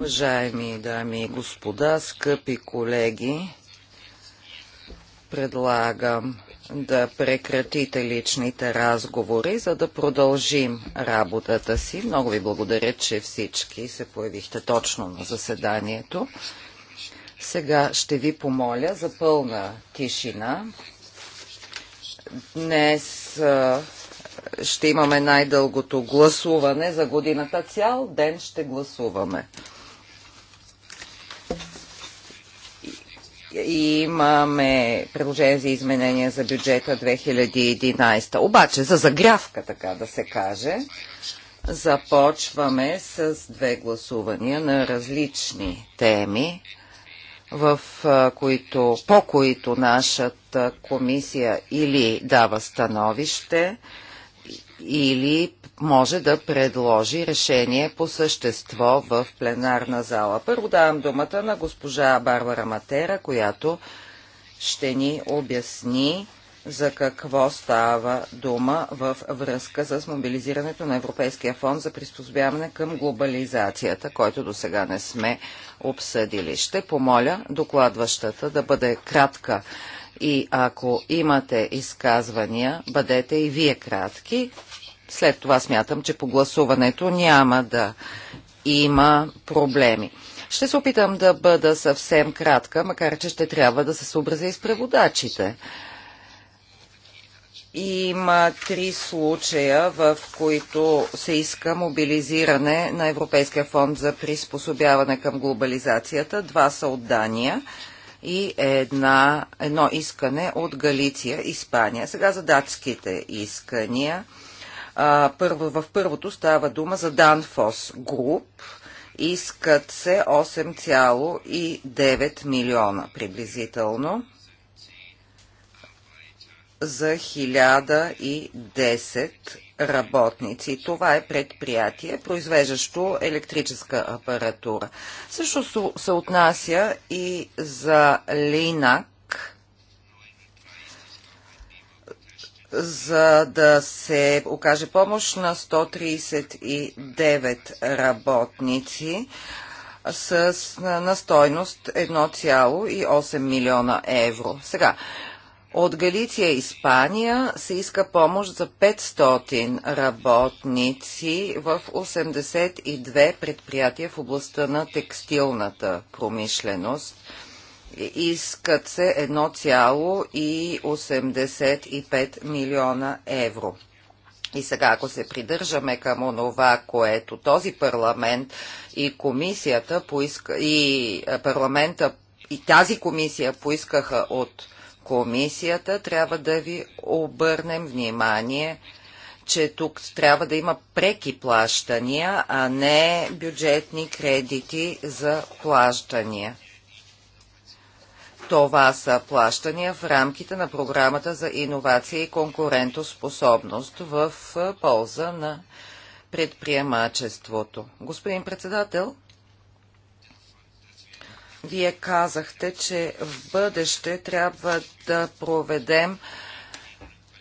Уважаеми дами и господа, скъпи колеги, предлагам да прекратите личните разговори, за да продължим работата си. Много ви благодаря, че всички се появихте точно на заседанието. Сега ще ви помоля за пълна тишина. Днес ще имаме най-дългото гласуване за годината. Цял ден ще гласуваме. И имаме предложение за изменение за бюджета 2011. Обаче, за загрявка, така да се каже, започваме с две гласувания на различни теми, в които, по които нашата комисия или дава становище, или може да предложи решение по същество в пленарна зала. Първо давам думата на госпожа Барбара Матера, която ще ни обясни за какво става дума в връзка с мобилизирането на Европейския фонд за приспособяване към глобализацията, който до сега не сме обсъдили. Ще помоля докладващата да бъде кратка и ако имате изказвания, бъдете и вие кратки. След това смятам, че по гласуването няма да има проблеми. Ще се опитам да бъда съвсем кратка, макар че ще трябва да се съобразя и с преводачите. Има три случая, в които се иска мобилизиране на Европейския фонд за приспособяване към глобализацията. Два са от Дания и една, едно искане от Галиция, Испания. Сега за датските искания – а, първо, в първото става дума за Данфос Груп. Искат се 8,9 милиона приблизително за 1010 работници. Това е предприятие, произвеждащо електрическа апаратура. Също се отнася и за Линак за да се окаже помощ на 139 работници с настойност 1,8 милиона евро. Сега, от Галиция и Испания се иска помощ за 500 работници в 82 предприятия в областта на текстилната промишленост – Искат се 1,85 милиона евро. И сега, ако се придържаме към онова, което този парламент и комисията поиска, и парламента и тази комисия поискаха от комисията, трябва да ви обърнем внимание, че тук трябва да има преки плащания, а не бюджетни кредити за плащания. Това са плащания в рамките на програмата за иновация и конкурентоспособност в полза на предприемачеството. Господин председател, вие казахте, че в бъдеще трябва да проведем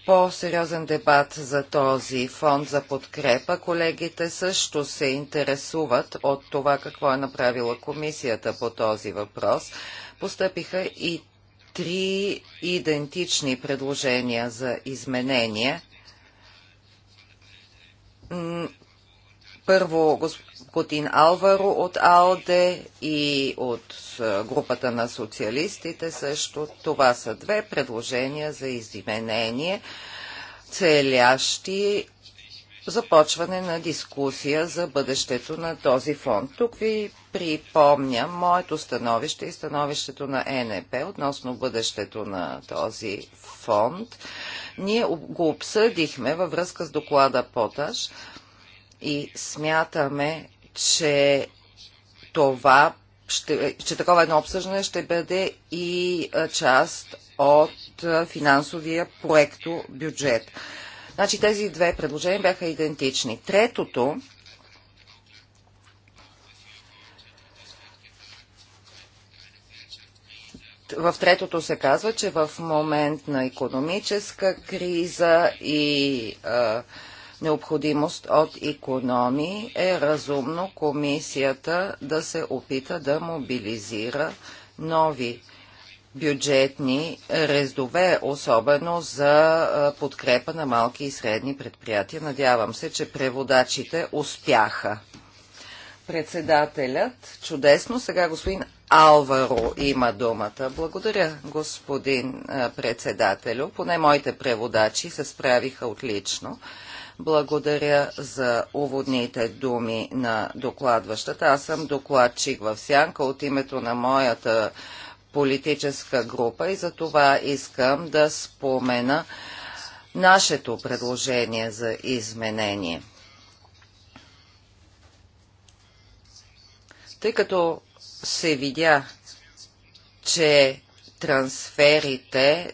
по-сериозен дебат за този фонд за подкрепа. Колегите също се интересуват от това какво е направила комисията по този въпрос. Постъпиха и три идентични предложения за изменения. Първо господин Алваро от АЛДЕ и от групата на социалистите също. Това са две предложения за изменение, целящи започване на дискусия за бъдещето на този фонд. Тук ви припомня моето становище и становището на ЕНЕП относно бъдещето на този фонд. Ние го обсъдихме във връзка с доклада Поташ и смятаме, че това ще, че такова едно обсъждане ще бъде и част от финансовия проекто бюджет. Значи тези две предложения бяха идентични. Третото в третото се казва, че в момент на економическа криза и а, необходимост от економии е разумно комисията да се опита да мобилизира нови бюджетни рездове, особено за подкрепа на малки и средни предприятия. Надявам се, че преводачите успяха. Председателят, чудесно, сега господин Алваро има думата. Благодаря, господин председателю. Поне моите преводачи се справиха отлично. Благодаря за уводните думи на докладващата. Аз съм докладчик в Сянка от името на моята политическа група и за това искам да спомена нашето предложение за изменение. Тъй като се видя, че трансферите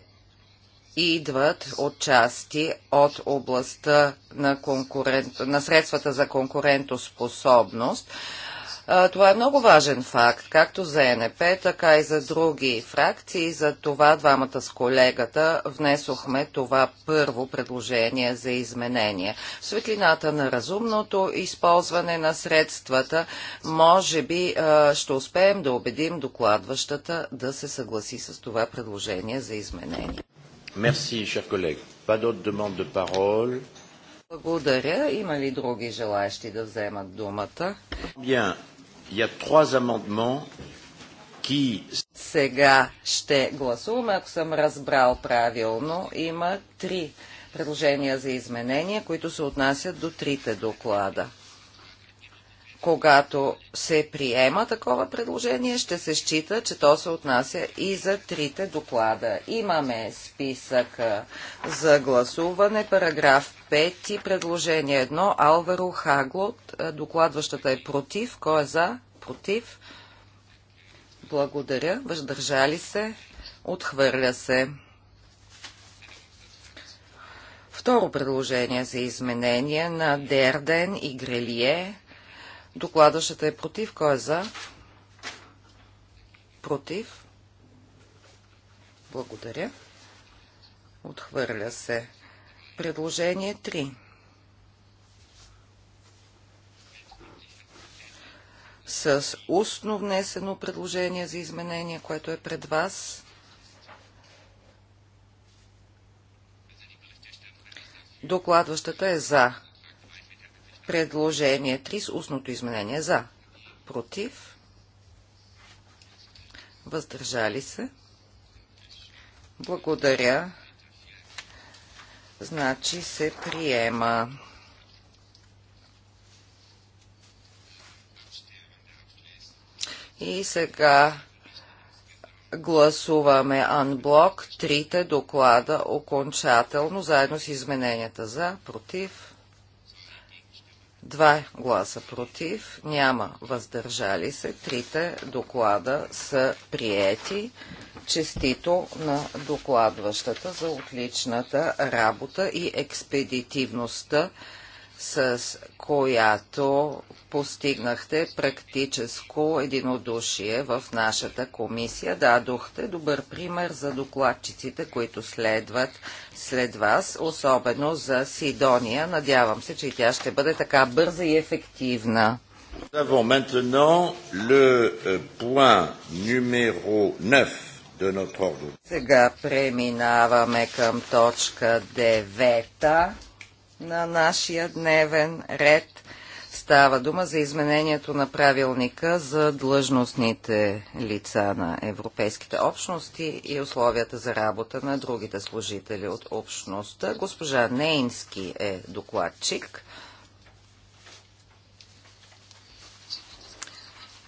идват от части от областта на, конкурент... на средствата за конкурентоспособност, това е много важен факт, както за НП, така и за други фракции. За това двамата с колегата внесохме това първо предложение за изменение. В светлината на разумното използване на средствата, може би ще успеем да убедим докладващата да се съгласи с това предложение за изменение. Merci, cher collègue. Pas d'autres demandes de parole. Благодаря. Има ли други желаящи да вземат думата? Bien. Сега ще гласуваме, ако съм разбрал правилно. Има три предложения за изменения, които се отнасят до трите доклада. Когато се приема такова предложение, ще се счита, че то се отнася и за трите доклада. Имаме списък за гласуване, параграф 5 и предложение 1. Алваро Хаглот, докладващата е против. Кой е за? Против. Благодаря. Въздържали се. Отхвърля се. Второ предложение за изменение на Дерден и Грелие. Докладващата е против. Кой е за? Против. Благодаря. Отхвърля се. Предложение 3. С устно внесено предложение за изменение, което е пред вас. Докладващата е за. Предложение 3 с устното изменение за. Против. Въздържали се. Благодаря. Значи се приема. И сега гласуваме анблок трите доклада окончателно, заедно с измененията за, против, Два гласа против, няма въздържали се. Трите доклада са приети. Честито на докладващата за отличната работа и експедитивността, с която постигнахте практическо единодушие в нашата комисия. Дадохте добър пример за докладчиците, които следват след вас, особено за Сидония. Надявам се, че тя ще бъде така бърза и ефективна. avons maintenant le euh, point numéro 9 de notre ordre. Сега преминаваме към точка 9 на нашия дневен ред. Става дума за изменението на правилника за длъжностните лица на европейските общности и условията за работа на другите служители от общността. Госпожа Нейнски е докладчик.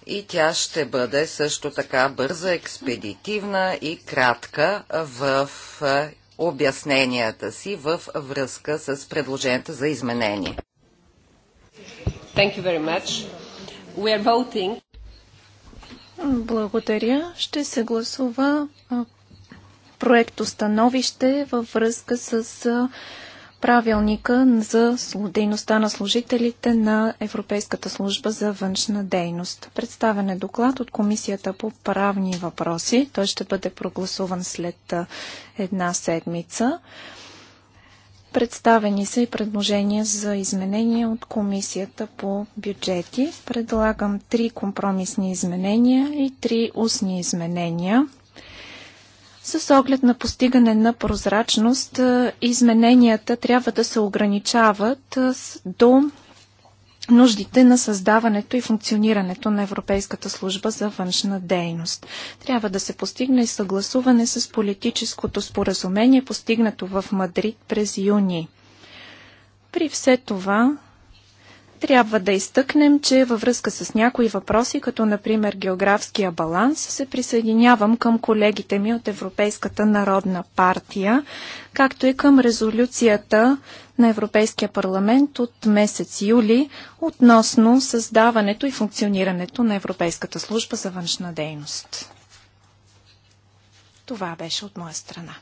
и тя ще бъде също така бърза, експедитивна и кратка в е, обясненията си в връзка с предложенията за изменение. Thank you very much. We are voting. Благодаря. Ще се гласува проекто становище във връзка с правилника за дейността на служителите на Европейската служба за външна дейност. Представен е доклад от Комисията по правни въпроси. Той ще бъде прогласуван след една седмица. Представени са и предложения за изменения от Комисията по бюджети. Предлагам три компромисни изменения и три устни изменения. С оглед на постигане на прозрачност, измененията трябва да се ограничават до нуждите на създаването и функционирането на Европейската служба за външна дейност. Трябва да се постигне и съгласуване с политическото споразумение, постигнато в Мадрид през юни. При все това, трябва да изтъкнем, че във връзка с някои въпроси, като например географския баланс, се присъединявам към колегите ми от Европейската народна партия, както и към резолюцията на Европейския парламент от месец юли относно създаването и функционирането на Европейската служба за външна дейност. Това беше от моя страна.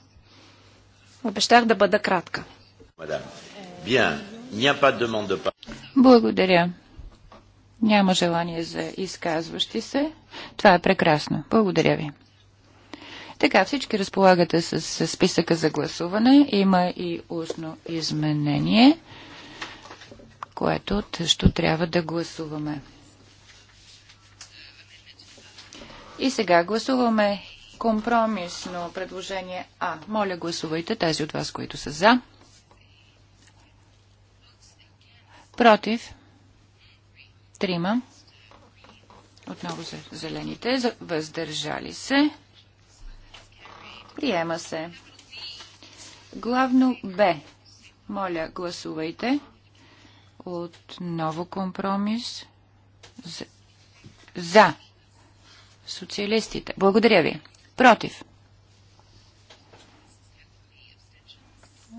Обещах да бъда кратка. Благодаря. Няма желание за изказващи се. Това е прекрасно. Благодаря ви. Така, всички разполагате с, списъка за гласуване. Има и устно изменение, което също трябва да гласуваме. И сега гласуваме компромисно предложение А. Моля, гласувайте тези от вас, които са за. Против. Трима. Отново за зелените. Въздържали се. Приема се. Главно Б. Моля, гласувайте. Отново компромис. За. За. Социалистите. Благодаря ви. Против.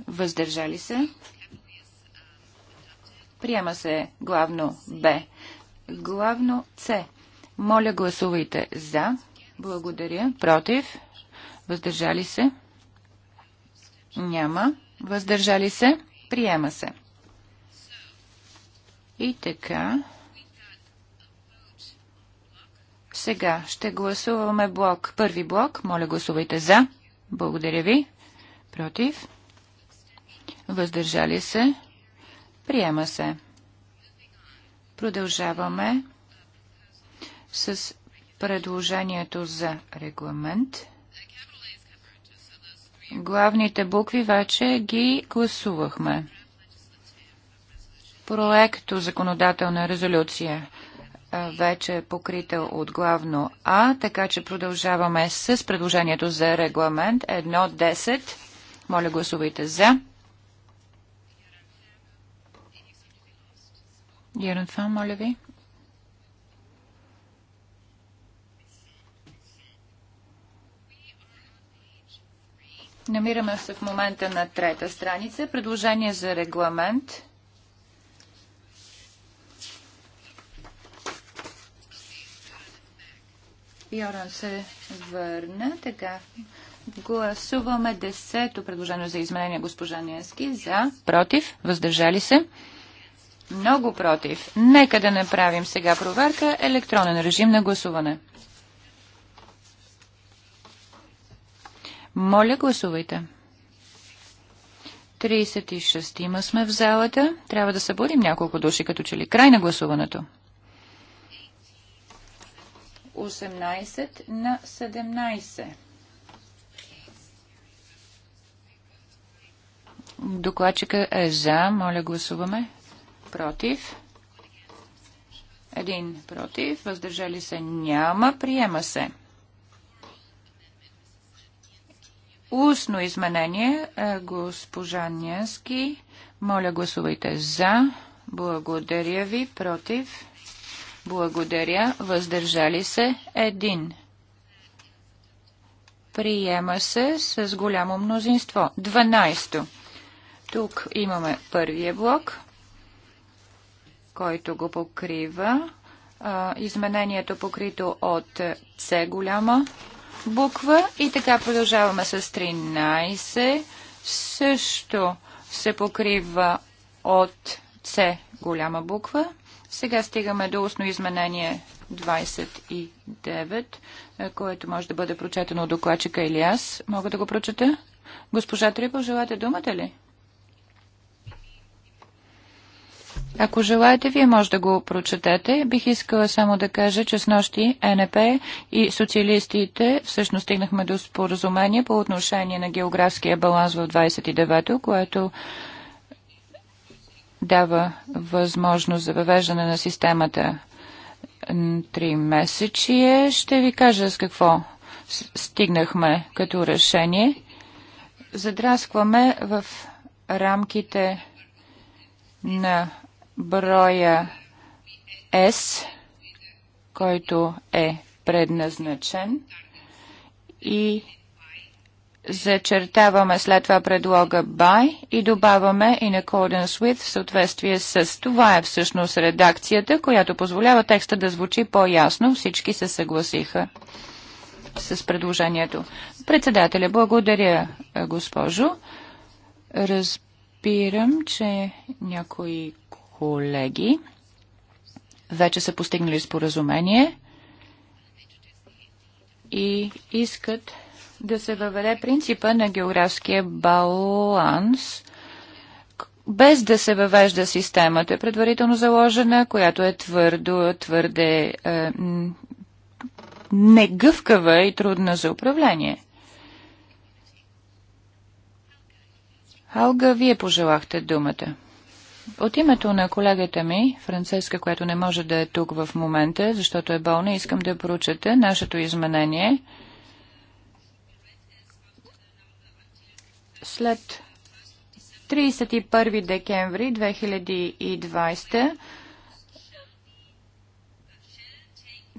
Въздържали се. Приема се главно Б. Главно С. Моля, гласувайте за. Благодаря. Против. Въздържали се? Няма. Въздържали се? Приема се. И така. Сега ще гласуваме блок. Първи блок. Моля гласувайте за. Благодаря ви. Против. Въздържали се. Приема се. Продължаваме с предложението за регламент. Главните букви вече ги гласувахме. Проекто законодателна резолюция вече е покрита от главно А, така че продължаваме с предложението за регламент 1.10. Моля гласувайте за. Ярнфан, моля ви. Намираме се в момента на трета страница. Предложение за регламент. Йоран се върна. Така. Гласуваме десето предложение за изменение госпожа Ненски. За. Против. Въздържали се. Много против. Нека да направим сега проверка. Електронен режим на гласуване. Моля, гласувайте. 36 има сме в залата. Трябва да събудим няколко души, като че ли край на гласуването. 18 на 17. Докладчика е за. Моля, гласуваме. Против. Един против. Въздържали се няма. Приема се. Устно изменение. Е, госпожа Нянски. Моля, гласувайте за. Благодаря ви. Против. Благодаря. Въздържали се. Един. Приема се с голямо мнозинство. 12. Тук имаме първия блок, който го покрива. Изменението покрито от С голяма буква и така продължаваме с 13. Също се покрива от С голяма буква. Сега стигаме до устно изменение 29, което може да бъде прочетено от докладчика или аз. Мога да го прочета? Госпожа Трипов, желате думата ли? Ако желаете, вие може да го прочетете. Бих искала само да кажа, че с нощи НП и социалистите всъщност стигнахме до споразумение по отношение на географския баланс в 29-то, което дава възможност за въвеждане на системата три месечие. Ще ви кажа с какво стигнахме като решение. Задраскваме в рамките на броя S, който е предназначен и зачертаваме след това предлога by и добавяме in accordance with в съответствие с. Това е всъщност редакцията, която позволява текста да звучи по-ясно. Всички се съгласиха с предложението. Председателя, благодаря, госпожо. Разбирам, че някои колеги вече са постигнали споразумение и искат да се въведе принципа на географския баланс, без да се въвежда системата предварително заложена, която е твърдо, твърде е, негъвкава и трудна за управление. Алга, вие пожелахте думата. От името на колегата ми, Францеска, която не може да е тук в момента, защото е болна, искам да прочета нашето изменение. След 31 декември 2020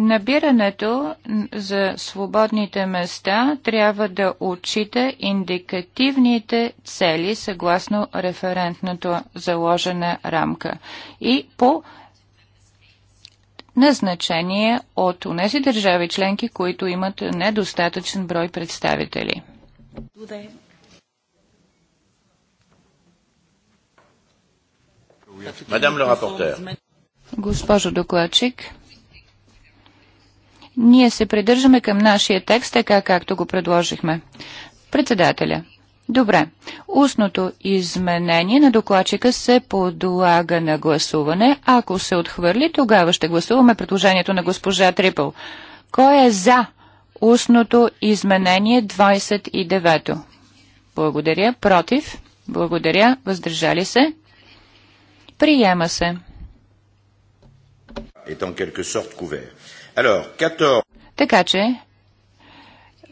Набирането за свободните места трябва да отчита индикативните цели съгласно референтното заложена рамка и по назначение от тези държави членки, които имат недостатъчен брой представители. Госпожо докладчик, ние се придържаме към нашия текст, така както го предложихме. Председателя. Добре. Устното изменение на докладчика се подлага на гласуване. Ако се отхвърли, тогава ще гласуваме предложението на госпожа Трипъл. Кой е за устното изменение 29? то Благодаря. Против? Благодаря. Въздържали се? Приема се. Est en quelque sorte couvert. Така че,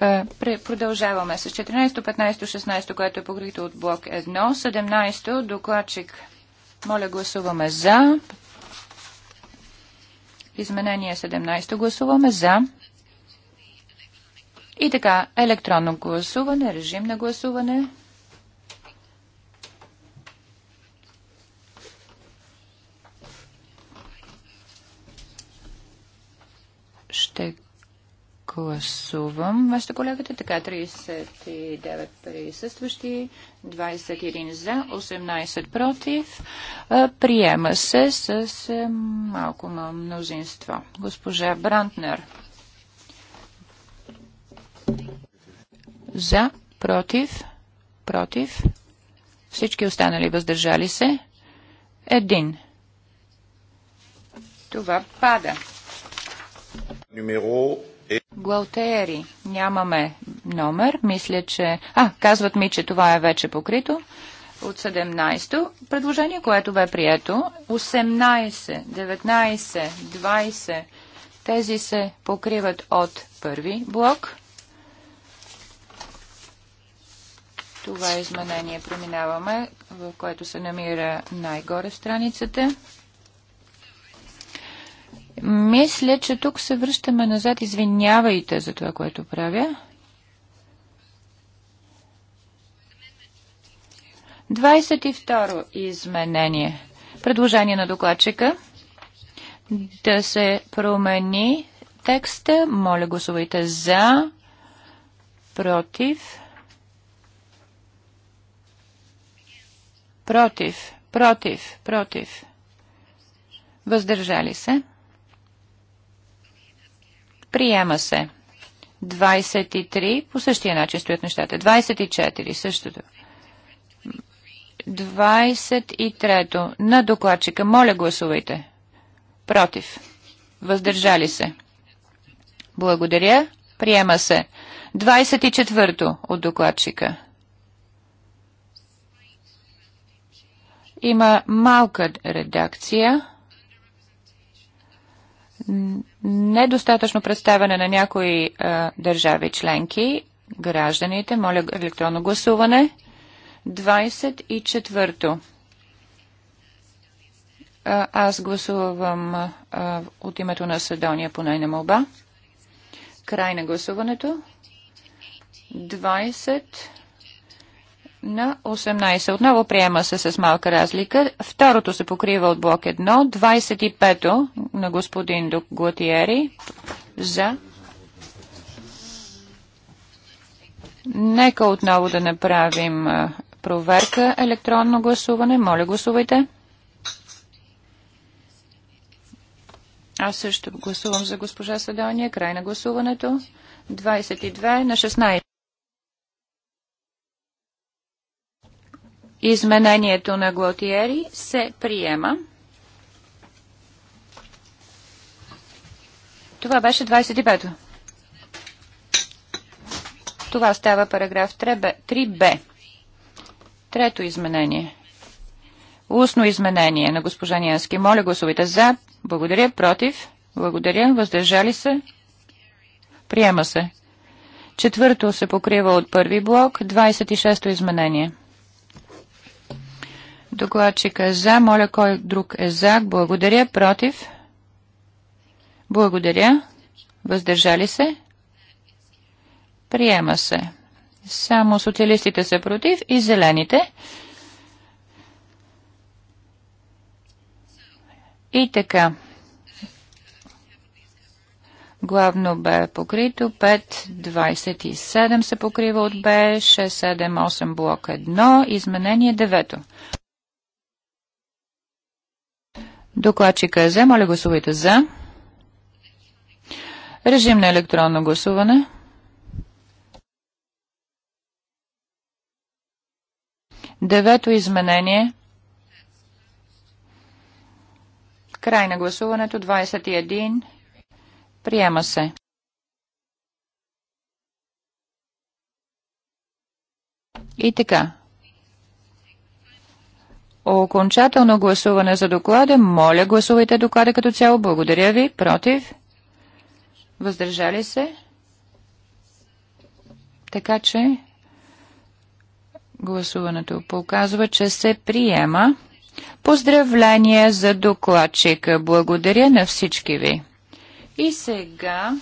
е, продължаваме с 14, 15, 16, което е покрито от блок 1, 17, докладчик. Моля, гласуваме за. Изменение 17 гласуваме за. И така, електронно гласуване, режим на гласуване. гласувам вашата колегата. Е така, 39 присъстващи, 21 за, 18 против. Приема се с е, малко мнозинство. Госпожа Брантнер. За, против, против. Всички останали въздържали се. Един. Това пада. Numéro Гуалтери. Нямаме номер. Мисля, че... А, казват ми, че това е вече покрито. От 17-то предложение, което бе прието. 18, 19, 20. Тези се покриват от първи блок. Това изменение преминаваме, в което се намира най-горе страницата. Мисля, че тук се връщаме назад. Извинявайте за това, което правя. 22 изменение. Предложение на докладчика да се промени текста. Моля, гласувайте за, против, против, против, против. Въздържали се. Приема се. 23. По същия начин стоят нещата. 24. Същото. 23. На докладчика. Моля гласувайте. Против. Въздържали се. Благодаря. Приема се. 24. От докладчика. Има малка редакция недостатъчно представяне на някои а, е, държави членки, гражданите, моля електронно гласуване. 24-то. Аз гласувам а, е, от името на Седония по най молба. Край на гласуването. 20 на 18. Отново приема се с малка разлика. Второто се покрива от блок 1. 25-то на господин Глатиери за. Нека отново да направим проверка електронно гласуване. Моля, гласувайте. Аз също гласувам за госпожа Седония. Край на гласуването. 22 на 16. Изменението на Глотиери се приема. Това беше 25-то. Това става параграф 3б. Трето изменение. Устно изменение на госпожа Ниански. Моля гласовите за. Благодаря. Против. Благодаря. Въздържали се. Приема се. Четвърто се покрива от първи блок. 26-то изменение. Докладчика е за. Моля, кой друг е за? Благодаря. Против? Благодаря. Въздържали се? Приема се. Само социалистите са против и зелените. И така. Главно бе покрито 5.27 се покрива от Б, 6.7.8 блок 1, изменение 9. Докладчика е за. Моля гласувайте за. Режим на електронно гласуване. Девето изменение. Край на гласуването 21. Приема се. И така окончателно гласуване за доклада. Моля, гласувайте доклада като цяло. Благодаря ви. Против? Въздържали се? Така че гласуването показва, че се приема. Поздравление за докладчика. Благодаря на всички ви. И сега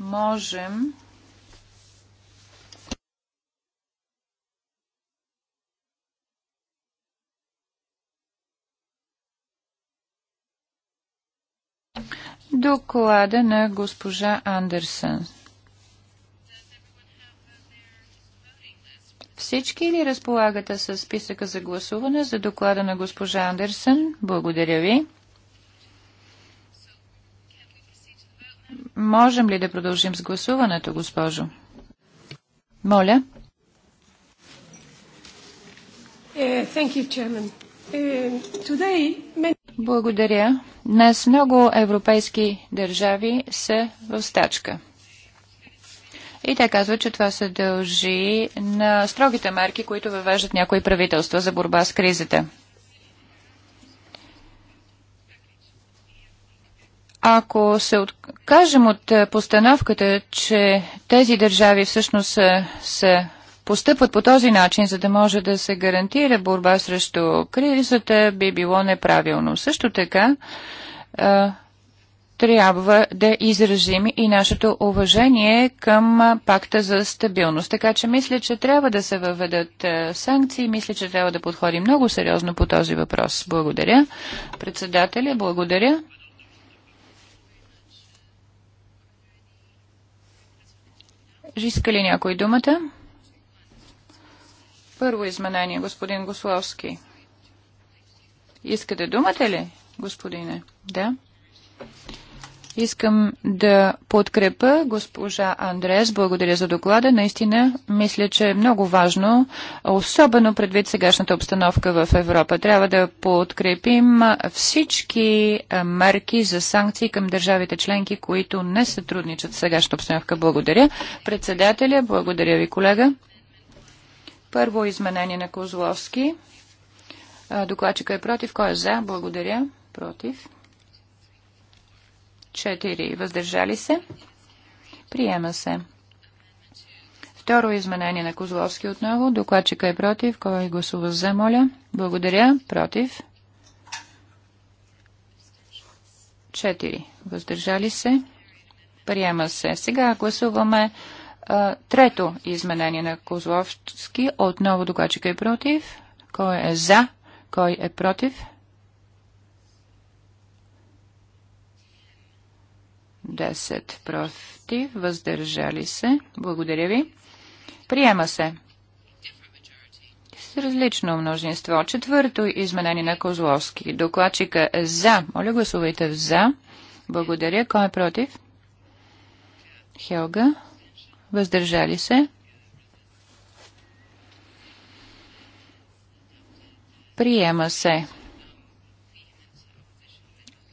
можем доклада на госпожа Андерсън. Всички ли разполагате с списъка за гласуване за доклада на госпожа Андерсън? Благодаря ви. Можем ли да продължим с гласуването, госпожо? Моля. Е, е, Благодаря. Днес много европейски държави са в стачка. И те казват, че това се дължи на строгите мерки, които въвеждат някои правителства за борба с кризата. Ако се откажем от постановката, че тези държави всъщност са, са постъпват по този начин, за да може да се гарантира борба срещу кризата, би било неправилно. Също така, трябва да изразим и нашето уважение към пакта за стабилност. Така че мисля, че трябва да се въведат санкции. Мисля, че трябва да подходим много сериозно по този въпрос. Благодаря. Председателя, благодаря. Жиска ли някой думата? Първо изменение, господин Гословски. Искате думата ли, господине? Да. Искам да подкрепа госпожа Андрес. Благодаря за доклада. Наистина, мисля, че е много важно, особено предвид сегашната обстановка в Европа. Трябва да подкрепим всички мерки за санкции към държавите членки, които не сътрудничат в сегашната обстановка. Благодаря. Председателя, благодаря ви, колега. Първо изменение на Козловски. Докладчика е против. Кой е за? Благодаря. Против. Четири. Въздържали се? Приема се. Второ изменение на Козловски отново. Докладчика е против. Кой гласува за, моля? Благодаря. Против. Четири. Въздържали се? Приема се. Сега гласуваме Трето изменение на Козловски. Отново докладчика е против. Кой е за? Кой е против? Десет против. Въздържали се. Благодаря ви. Приема се. С различно множество. Четвърто изменение на Козловски. Докладчика е за. Моля гласувайте за. Благодаря. Кой е против? Хелга въздържали се. Приема се.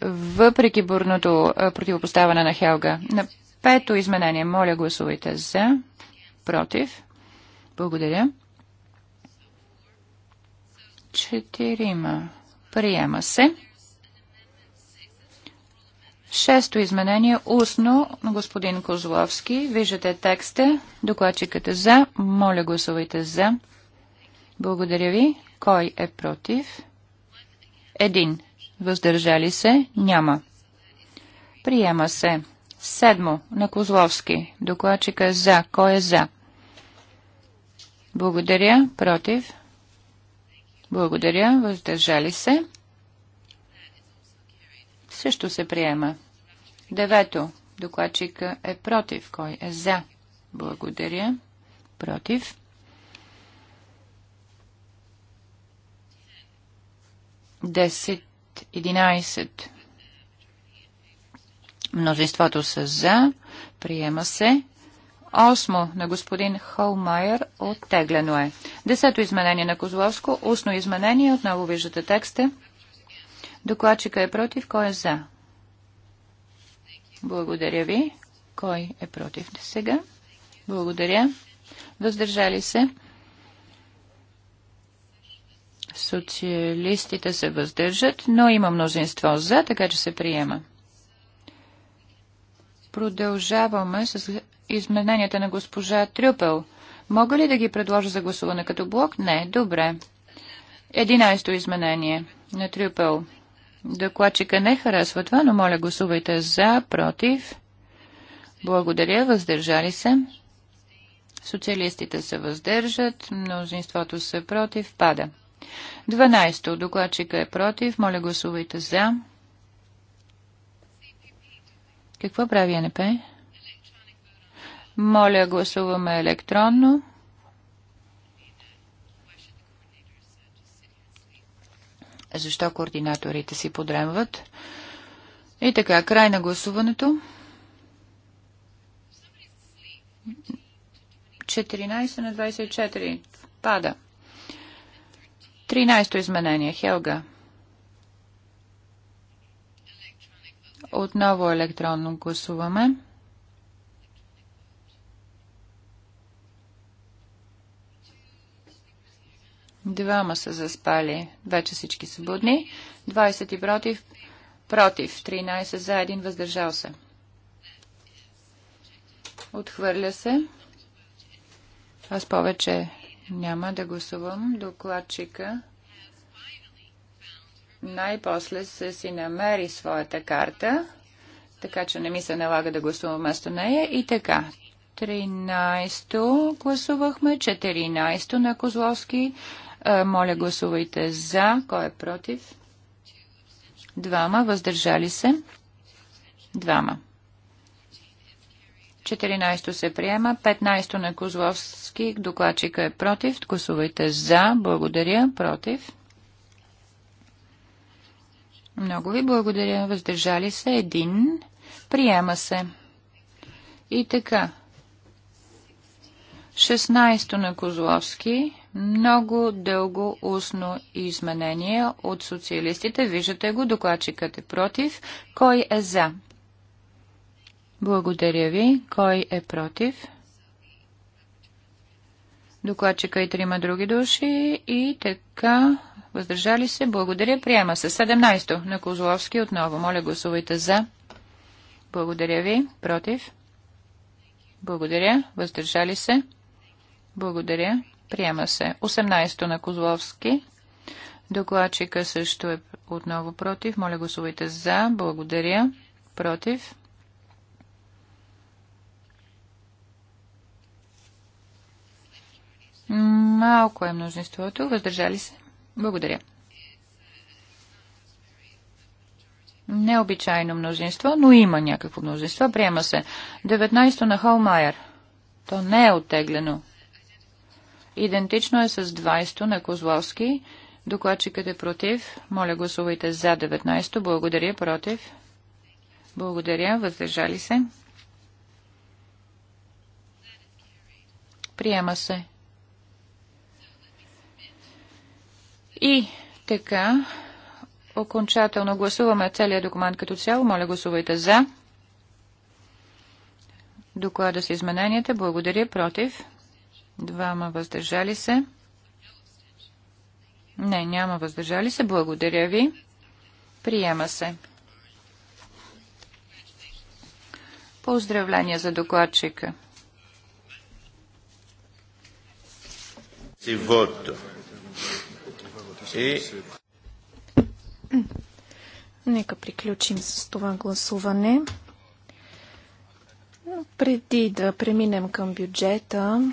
Въпреки бурното противопоставане на Хелга. На пето изменение, моля гласувайте за, против. Благодаря. Четирима. Приема се. Шесто изменение устно на господин Козловски. Виждате текста. Докладчикът е за. Моля гласувайте за. Благодаря ви. Кой е против? Един. Въздържали се? Няма. Приема се. Седмо на Козловски. Докладчика е за. Кой е за? Благодаря. Против? Благодаря. Въздържали се? Също се приема. Девето. Докладчика е против. Кой е за? Благодаря. Против. Десет. Единайсет. Мнозинството са за. Приема се. Осмо на господин Холмайер оттеглено е. Десето изменение на Козловско. Устно изменение. Отново виждате текста. Докладчика е против. Кой е за? Благодаря ви. Кой е против сега? Благодаря. Въздържали се? Социалистите се въздържат, но има мнозинство за, така че се приема. Продължаваме с измененията на госпожа Трюпел. Мога ли да ги предложа за гласуване като блок? Не. Добре. Единайсто изменение на Трюпел. Докладчика не харесва това, но моля гласувайте за, против. Благодаря, въздържали се. Социалистите се въздържат, мнозинството са против, пада. 12. Докладчика е против, моля гласувайте за. Какво прави НП? Моля гласуваме електронно. защо координаторите си подремват. И така, край на гласуването. 14 на 24. Пада. 13-то изменение. Хелга. Отново електронно гласуваме. Двама са заспали. Вече всички са будни. 20 против. Против. 13 за един въздържал се. Отхвърля се. Аз повече няма да гласувам. Докладчика най-после се си намери своята карта, така че не ми се налага да гласувам вместо нея. И така, 13-то гласувахме, 14-то на Козловски, е, моля, гласувайте за. Кой е против? Двама. Въздържали се? Двама. 14 се приема. 15 на Козловски. Докладчика е против. Гласувайте за. Благодаря. Против. Много ви благодаря. Въздържали се един. Приема се. И така. 16 на Козловски. Много дълго устно изменение от социалистите. Виждате го, докладчикът е против. Кой е за? Благодаря ви. Кой е против? Докладчика и трима други души. И така, въздържали се. Благодаря. Приема се. 17 то на Козловски отново. Моля, гласувайте за. Благодаря ви. Против? Благодаря. Въздържали се. Благодаря. Приема се. 18 на Козловски. Докладчика също е отново против. Моля гласувайте за. Благодаря. Против. Малко е множеството. Въздържали се. Благодаря. Необичайно множество, но има някакво множество. Приема се. 19 на Холмайер. То не е оттеглено. Идентично е с 20-то на Козловски. Докладчикът е против. Моля гласувайте за 19-то. Благодаря. Против. Благодаря. Въздържали се. Приема се. И така, окончателно гласуваме целият документ като цяло. Моля гласувайте за. Доклада с измененията. Благодаря. Против. Двама въздържали се. Не, няма въздържали се. Благодаря ви. Приема се. Поздравления за докладчика. Нека приключим с това гласуване. Преди да преминем към бюджета,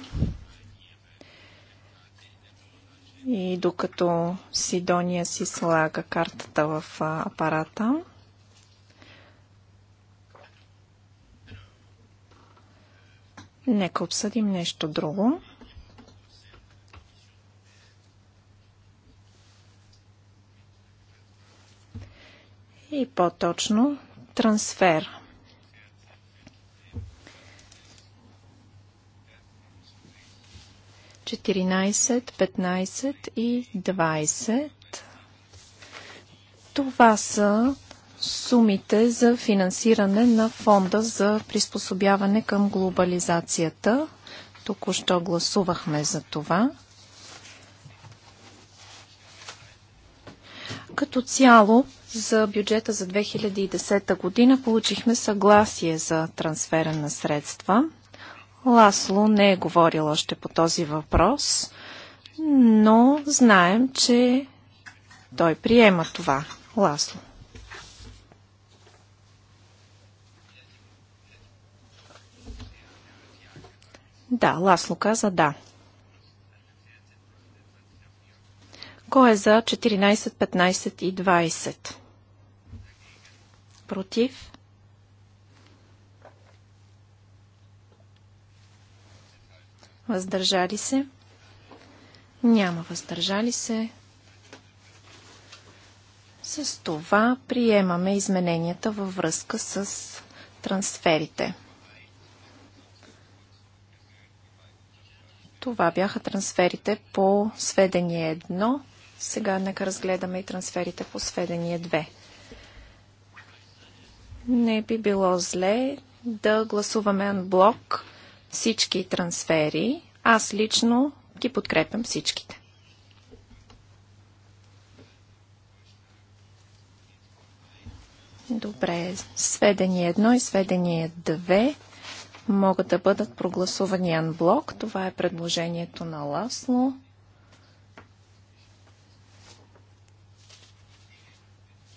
и докато Сидония си слага картата в апарата, нека обсъдим нещо друго. И по-точно трансфер 14, 15 и 20. Това са сумите за финансиране на фонда за приспособяване към глобализацията. Току-що гласувахме за това. Като цяло за бюджета за 2010 година получихме съгласие за трансфера на средства – Ласло не е говорил още по този въпрос, но знаем, че той приема това. Ласло. Да, Ласло каза да. Кой е за 14, 15 и 20? Против? Въздържали се? Няма въздържали се. С това приемаме измененията във връзка с трансферите. Това бяха трансферите по сведение 1. Сега нека разгледаме и трансферите по сведение 2. Не би било зле да гласуваме анблок всички трансфери. Аз лично ги подкрепям всичките. Добре, сведение едно и сведение две могат да бъдат прогласувани анблок. Това е предложението на Ласло.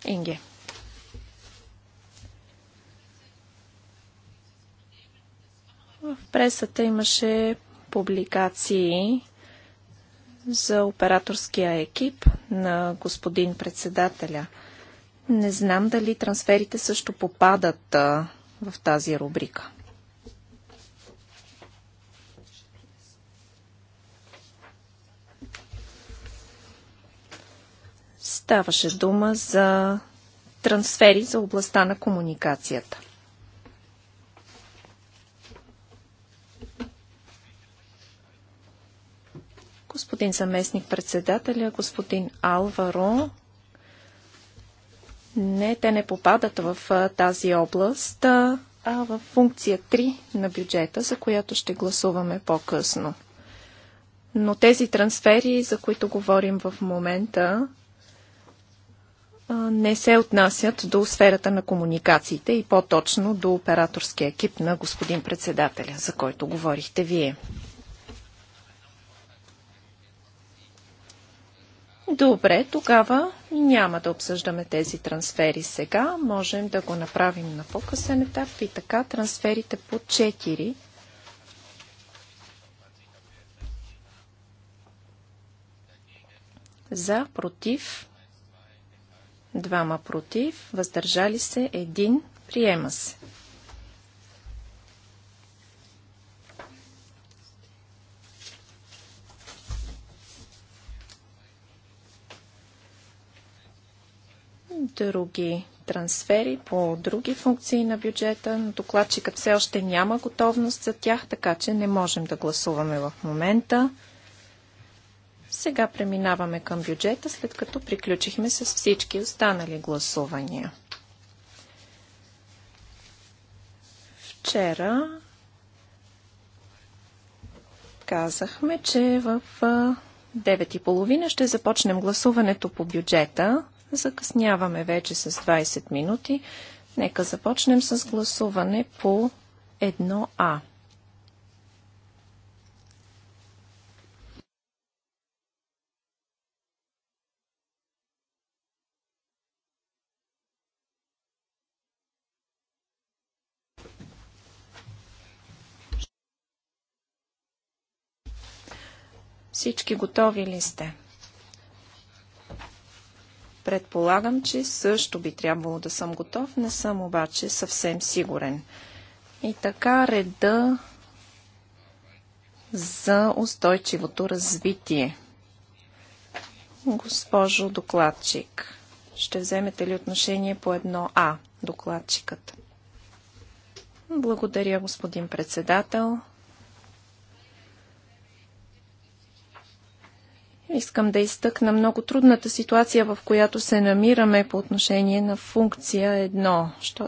Инге. В пресата имаше публикации за операторския екип на господин председателя. Не знам дали трансферите също попадат а, в тази рубрика. Ставаше дума за трансфери за областта на комуникацията. господин заместник председателя, господин Алваро. Не, те не попадат в тази област, а в функция 3 на бюджета, за която ще гласуваме по-късно. Но тези трансфери, за които говорим в момента, не се отнасят до сферата на комуникациите и по-точно до операторския екип на господин председателя, за който говорихте вие. Добре, тогава няма да обсъждаме тези трансфери сега. Можем да го направим на по-късен етап и така трансферите по 4 за, против, двама против, въздържали се, един, приема се. други трансфери по други функции на бюджета, но докладчикът все още няма готовност за тях, така че не можем да гласуваме в момента. Сега преминаваме към бюджета, след като приключихме с всички останали гласувания. Вчера казахме, че в 9.30 ще започнем гласуването по бюджета. Закъсняваме вече с 20 минути. Нека започнем с гласуване по 1А. Всички готови ли сте? Предполагам, че също би трябвало да съм готов, не съм обаче съвсем сигурен. И така реда за устойчивото развитие. Госпожо докладчик, ще вземете ли отношение по едно А, докладчикът? Благодаря, господин председател. Искам да изтъкна много трудната ситуация, в която се намираме по отношение на функция 1,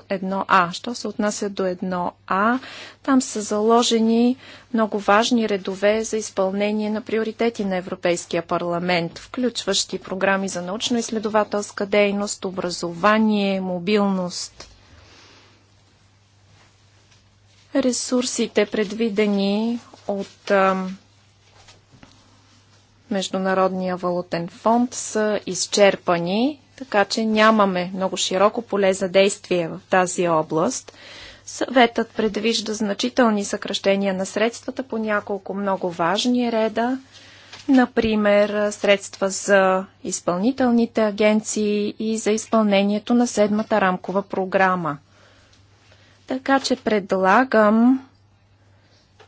1А. Що се отнася до 1А, там са заложени много важни редове за изпълнение на приоритети на Европейския парламент, включващи програми за научно-изследователска дейност, образование, мобилност. Ресурсите, предвидени от Международния валутен фонд са изчерпани, така че нямаме много широко поле за действие в тази област. Съветът предвижда значителни съкръщения на средствата по няколко много важни реда, например средства за изпълнителните агенции и за изпълнението на седмата рамкова програма. Така че предлагам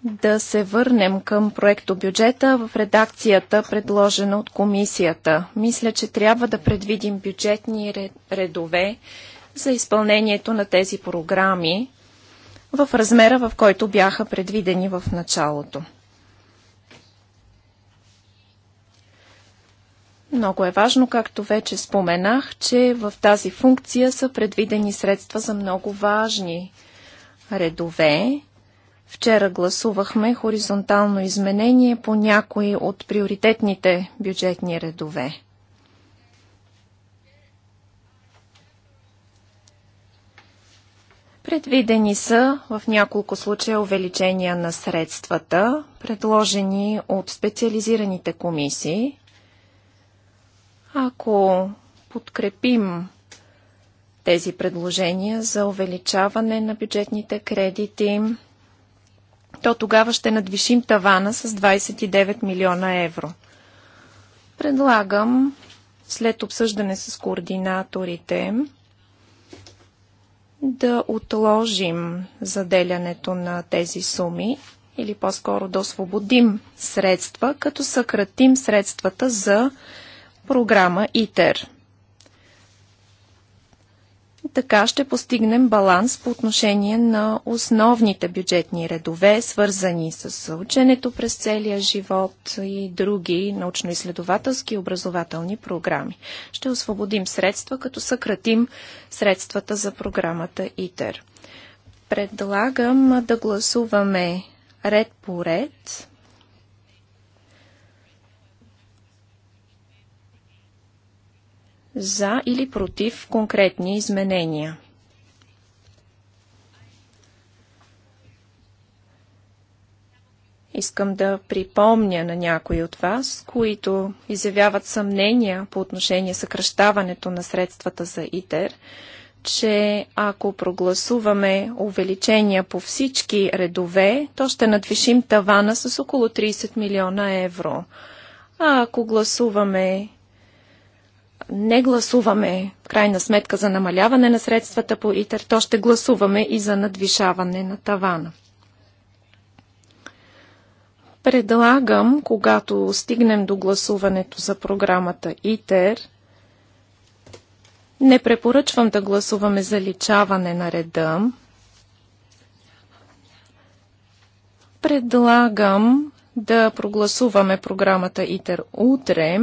да се върнем към проекто бюджета в редакцията, предложена от комисията. Мисля, че трябва да предвидим бюджетни редове за изпълнението на тези програми в размера, в който бяха предвидени в началото. Много е важно, както вече споменах, че в тази функция са предвидени средства за много важни редове, Вчера гласувахме хоризонтално изменение по някои от приоритетните бюджетни редове. Предвидени са в няколко случая увеличения на средствата, предложени от специализираните комисии. Ако подкрепим тези предложения за увеличаване на бюджетните кредити, то тогава ще надвишим тавана с 29 милиона евро. Предлагам след обсъждане с координаторите да отложим заделянето на тези суми или по-скоро да освободим средства, като съкратим средствата за програма ИТЕР. Така ще постигнем баланс по отношение на основните бюджетни редове, свързани с ученето през целия живот и други научно-изследователски и образователни програми. Ще освободим средства, като съкратим средствата за програмата ИТЕР. Предлагам да гласуваме ред по ред за или против конкретни изменения. Искам да припомня на някои от вас, които изявяват съмнения по отношение съкръщаването на средствата за ИТЕР, че ако прогласуваме увеличения по всички редове, то ще надвишим тавана с около 30 милиона евро. А ако гласуваме не гласуваме в крайна сметка за намаляване на средствата по ИТЕР, то ще гласуваме и за надвишаване на тавана. Предлагам, когато стигнем до гласуването за програмата ИТЕР, не препоръчвам да гласуваме заличаване на реда. Предлагам да прогласуваме програмата ИТЕР утре,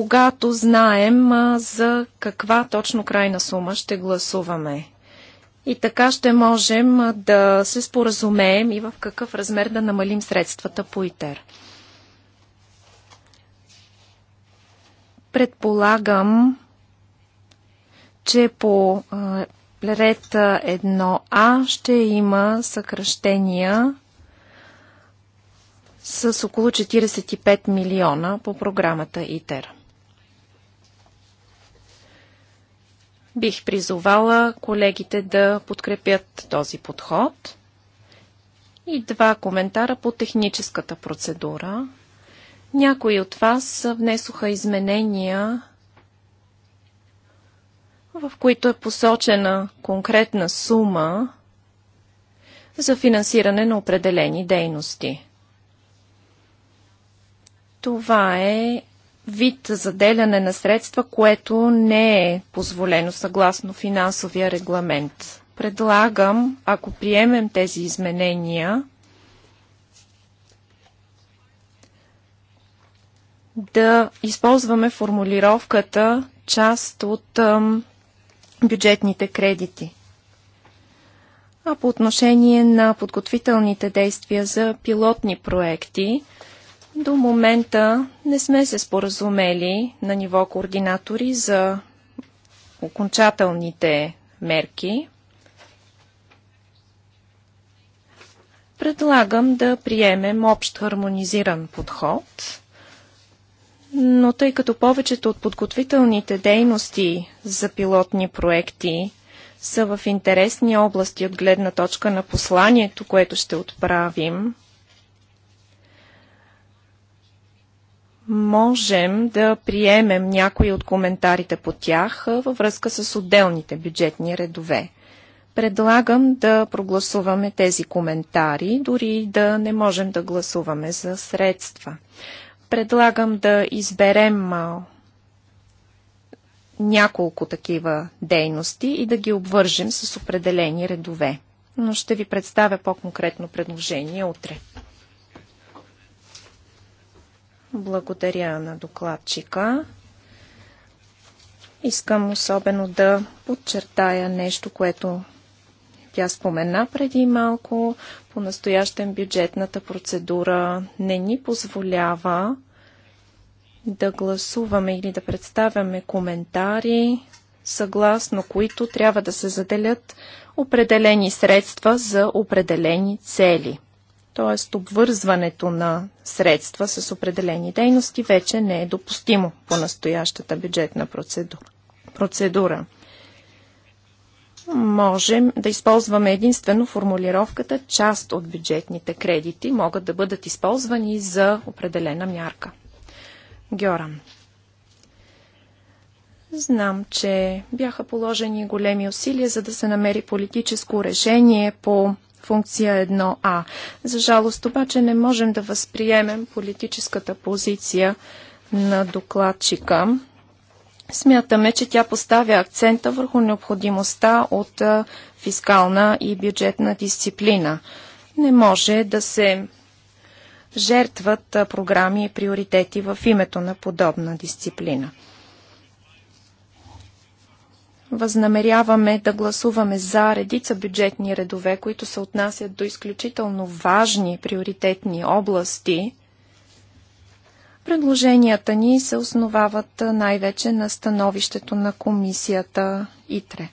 когато знаем за каква точно крайна сума ще гласуваме. И така ще можем да се споразумеем и в какъв размер да намалим средствата по ИТЕР. Предполагам, че по ред 1А ще има съкръщения с около 45 милиона по програмата ИТЕР. Бих призовала колегите да подкрепят този подход. И два коментара по техническата процедура. Някои от вас внесоха изменения, в които е посочена конкретна сума за финансиране на определени дейности. Това е вид заделяне на средства, което не е позволено съгласно финансовия регламент. Предлагам, ако приемем тези изменения, да използваме формулировката част от ъм, бюджетните кредити. А по отношение на подготвителните действия за пилотни проекти, до момента не сме се споразумели на ниво координатори за окончателните мерки. Предлагам да приемем общ хармонизиран подход, но тъй като повечето от подготвителните дейности за пилотни проекти са в интересни области от гледна точка на посланието, което ще отправим – можем да приемем някои от коментарите по тях във връзка с отделните бюджетни редове. Предлагам да прогласуваме тези коментари, дори да не можем да гласуваме за средства. Предлагам да изберем няколко такива дейности и да ги обвържем с определени редове. Но ще ви представя по-конкретно предложение утре. Благодаря на докладчика. Искам особено да подчертая нещо, което тя спомена преди малко. По настоящен бюджетната процедура не ни позволява да гласуваме или да представяме коментари, съгласно които трябва да се заделят определени средства за определени цели т.е. обвързването на средства с определени дейности вече не е допустимо по настоящата бюджетна процедура. Можем да използваме единствено формулировката част от бюджетните кредити могат да бъдат използвани за определена мярка. Гьоран. Знам, че бяха положени големи усилия, за да се намери политическо решение по функция 1А. За жалост обаче не можем да възприемем политическата позиция на докладчика. Смятаме, че тя поставя акцента върху необходимостта от фискална и бюджетна дисциплина. Не може да се жертват програми и приоритети в името на подобна дисциплина възнамеряваме да гласуваме за редица бюджетни редове, които се отнасят до изключително важни приоритетни области. Предложенията ни се основават най-вече на становището на комисията ИТРЕ.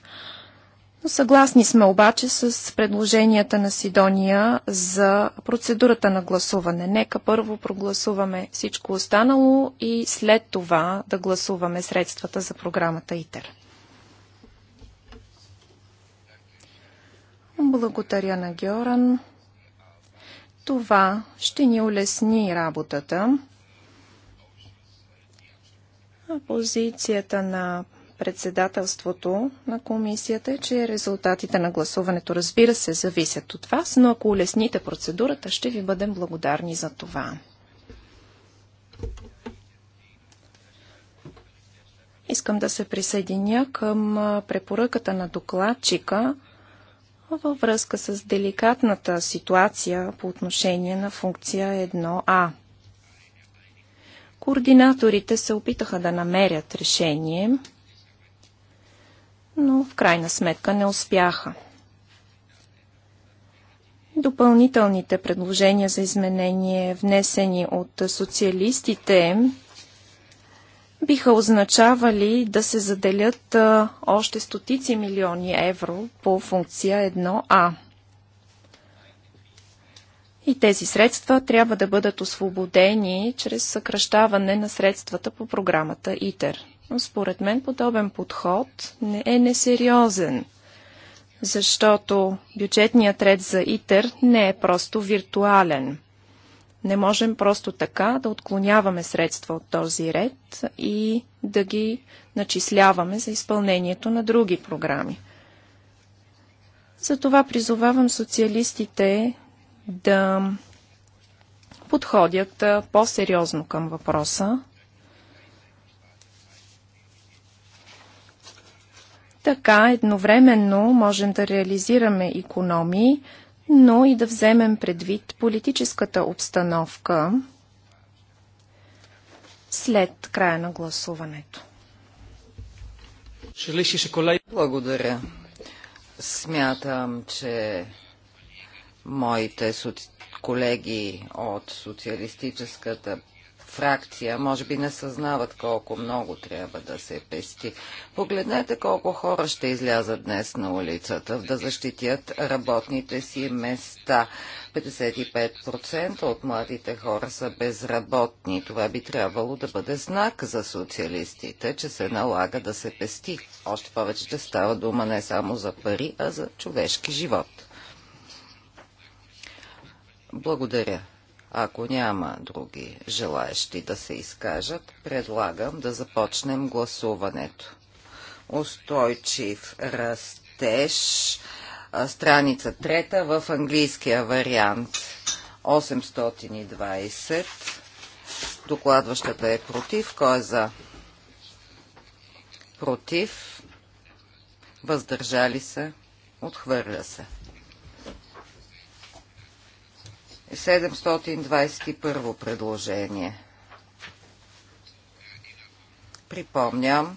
Но съгласни сме обаче с предложенията на Сидония за процедурата на гласуване. Нека първо прогласуваме всичко останало и след това да гласуваме средствата за програмата ИТЕР. Благодаря на Георан. Това ще ни улесни работата. Позицията на председателството на комисията е, че резултатите на гласуването, разбира се, зависят от вас, но ако улесните процедурата, ще ви бъдем благодарни за това. Искам да се присъединя към препоръката на докладчика – във връзка с деликатната ситуация по отношение на функция 1А. Координаторите се опитаха да намерят решение, но в крайна сметка не успяха. Допълнителните предложения за изменение, внесени от социалистите, биха означавали да се заделят още стотици милиони евро по функция 1А. И тези средства трябва да бъдат освободени чрез съкръщаване на средствата по програмата ИТЕР. Но според мен подобен подход не е несериозен, защото бюджетният ред за ИТЕР не е просто виртуален – не можем просто така да отклоняваме средства от този ред и да ги начисляваме за изпълнението на други програми. Затова призовавам социалистите да подходят по-сериозно към въпроса. Така едновременно можем да реализираме економии, но и да вземем предвид политическата обстановка след края на гласуването. Благодаря. Смятам, че моите колеги от Социалистическата фракция. Може би не съзнават колко много трябва да се пести. Погледнете колко хора ще излязат днес на улицата да защитят работните си места. 55% от младите хора са безработни. Това би трябвало да бъде знак за социалистите, че се налага да се пести. Още повече, че става дума не само за пари, а за човешки живот. Благодаря. Ако няма други желаящи да се изкажат, предлагам да започнем гласуването. Устойчив растеж, страница трета в английския вариант 820. Докладващата е против. Кой е за? Против. Въздържали се. Отхвърля се. 721 предложение. Припомням,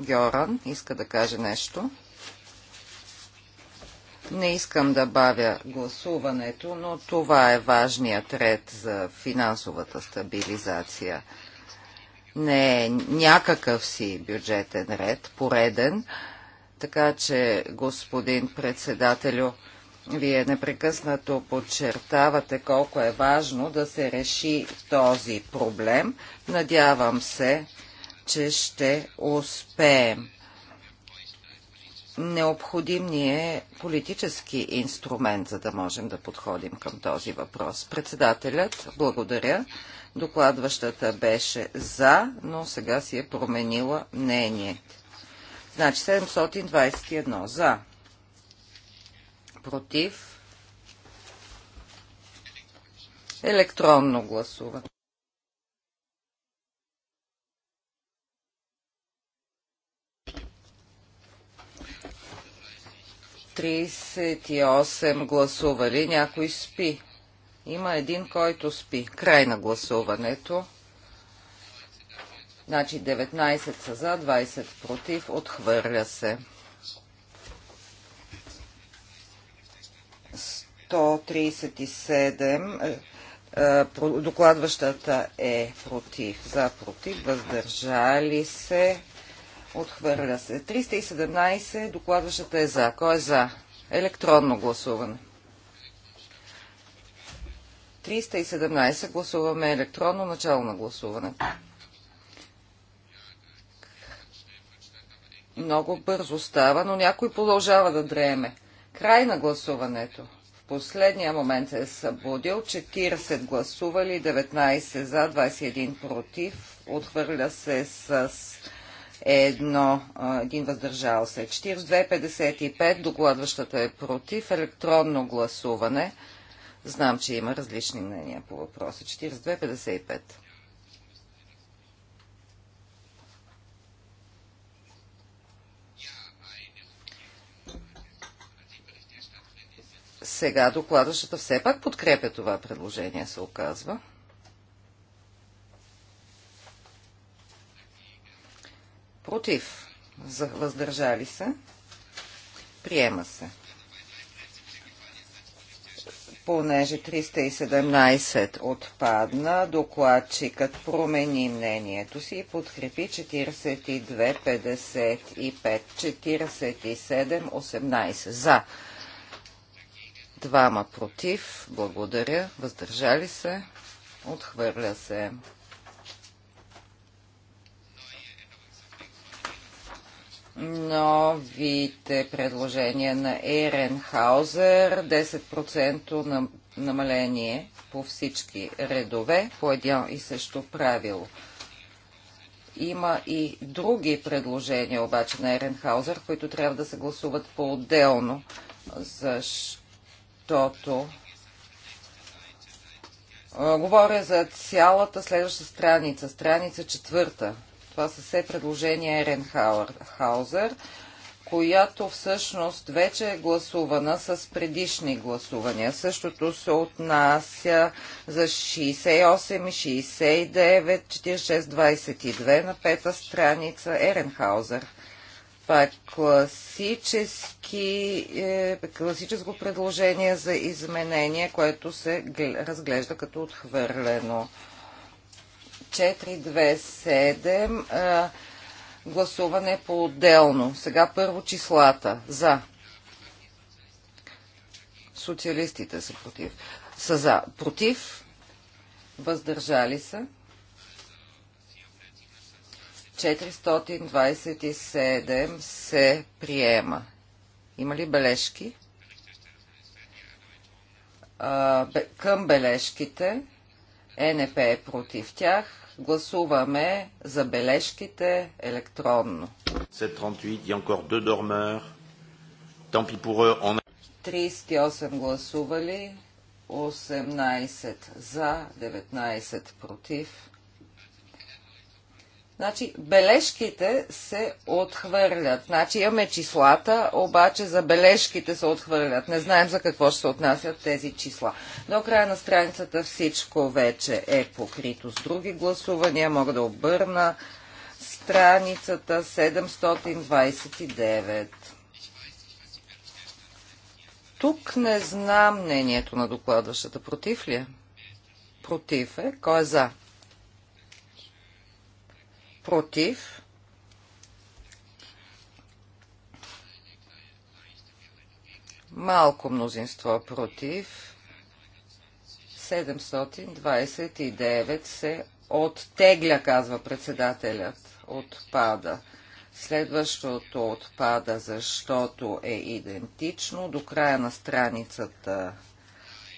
Гьоран иска да каже нещо. Не искам да бавя гласуването, но това е важният ред за финансовата стабилизация. Не е някакъв си бюджетен ред, пореден, така че, господин председателю, вие непрекъснато подчертавате колко е важно да се реши този проблем. Надявам се, че ще успеем. Необходим ни е политически инструмент, за да можем да подходим към този въпрос. Председателят, благодаря. Докладващата беше за, но сега си е променила мнението. Значи 721 за против, електронно гласуване. Тридесет и осем гласували, някой спи. Има един, който спи. Край на гласуването. Значи 19 са за, 20 против, отхвърля се. 137 е, е, докладващата е против, за против, въздържали се, отхвърля се. 317 докладващата е за. Кой е за? Електронно гласуване. 317 гласуваме електронно начало на гласуването. Много бързо става, но някой продължава да дреме. Край на гласуването последния момент се е събудил. 40 гласували, 19 за, 21 против. Отхвърля се с едно, един въздържал се. 42.55, докладващата е против. Електронно гласуване. Знам, че има различни мнения по въпроса. 42.55. Сега докладващата все пак подкрепя това предложение, се оказва. Против. За, въздържали се. Приема се. Понеже 317 отпадна, докладчикът промени мнението си и подкрепи 42, 55, 47, 18. За. Двама против. Благодаря. Въздържали се. Отхвърля се. новите предложения на Еренхаузер, 10% намаление по всички редове, по едно и също правило. Има и други предложения обаче на Еренхаузер, които трябва да се гласуват по-отделно, Защо? защото говоря за цялата следваща страница, страница четвърта. Това са все предложения Еренхаузер, която всъщност вече е гласувана с предишни гласувания. Същото се отнася за 68 69, 46, 22 на пета страница Еренхаузер. Това е класически, е, класическо предложение за изменение, което се разглежда като отхвърлено. 427 7 е, гласуване по-отделно. Сега първо числата. За. Социалистите са против. Са за. Против. Въздържали са. 427 се приема. Има ли бележки? към бележките НП е против тях. Гласуваме за бележките електронно. 38 гласували, 18 за, 19 против. Значи, бележките се отхвърлят. Значи, имаме числата, обаче за бележките се отхвърлят. Не знаем за какво ще се отнасят тези числа. До края на страницата всичко вече е покрито с други гласувания. Мога да обърна страницата 729. Тук не знам мнението на докладващата. Против ли е? Против е. Кой е за? против, малко мнозинство против, 729 се оттегля, казва председателят, отпада. Следващото отпада, защото е идентично. До края на страницата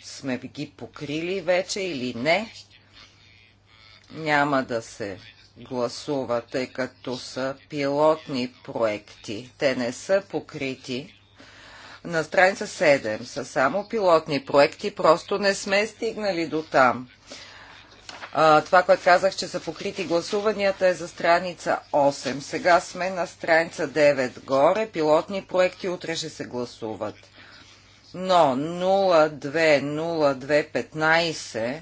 сме ги покрили вече или не. Няма да се гласува, тъй като са пилотни проекти. Те не са покрити. На страница 7 са само пилотни проекти, просто не сме стигнали до там. А, това, което казах, че са покрити гласуванията е за страница 8. Сега сме на страница 9 горе. Пилотни проекти утре ще се гласуват. Но 020215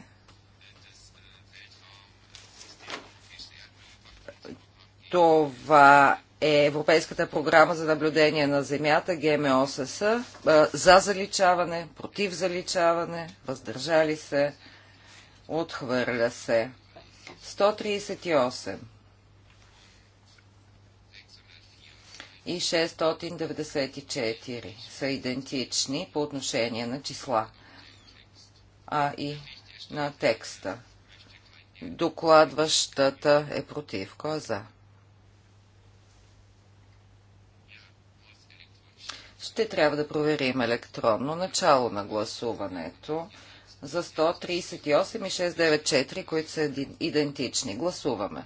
Това е Европейската програма за наблюдение на земята, ГМОСС, за заличаване, против заличаване, въздържали се, отхвърля се. 138 и 694 са идентични по отношение на числа, а и на текста. Докладващата е против. Кой е за? Ще трябва да проверим електронно начало на гласуването за 138 и 694, които са идентични. Гласуваме.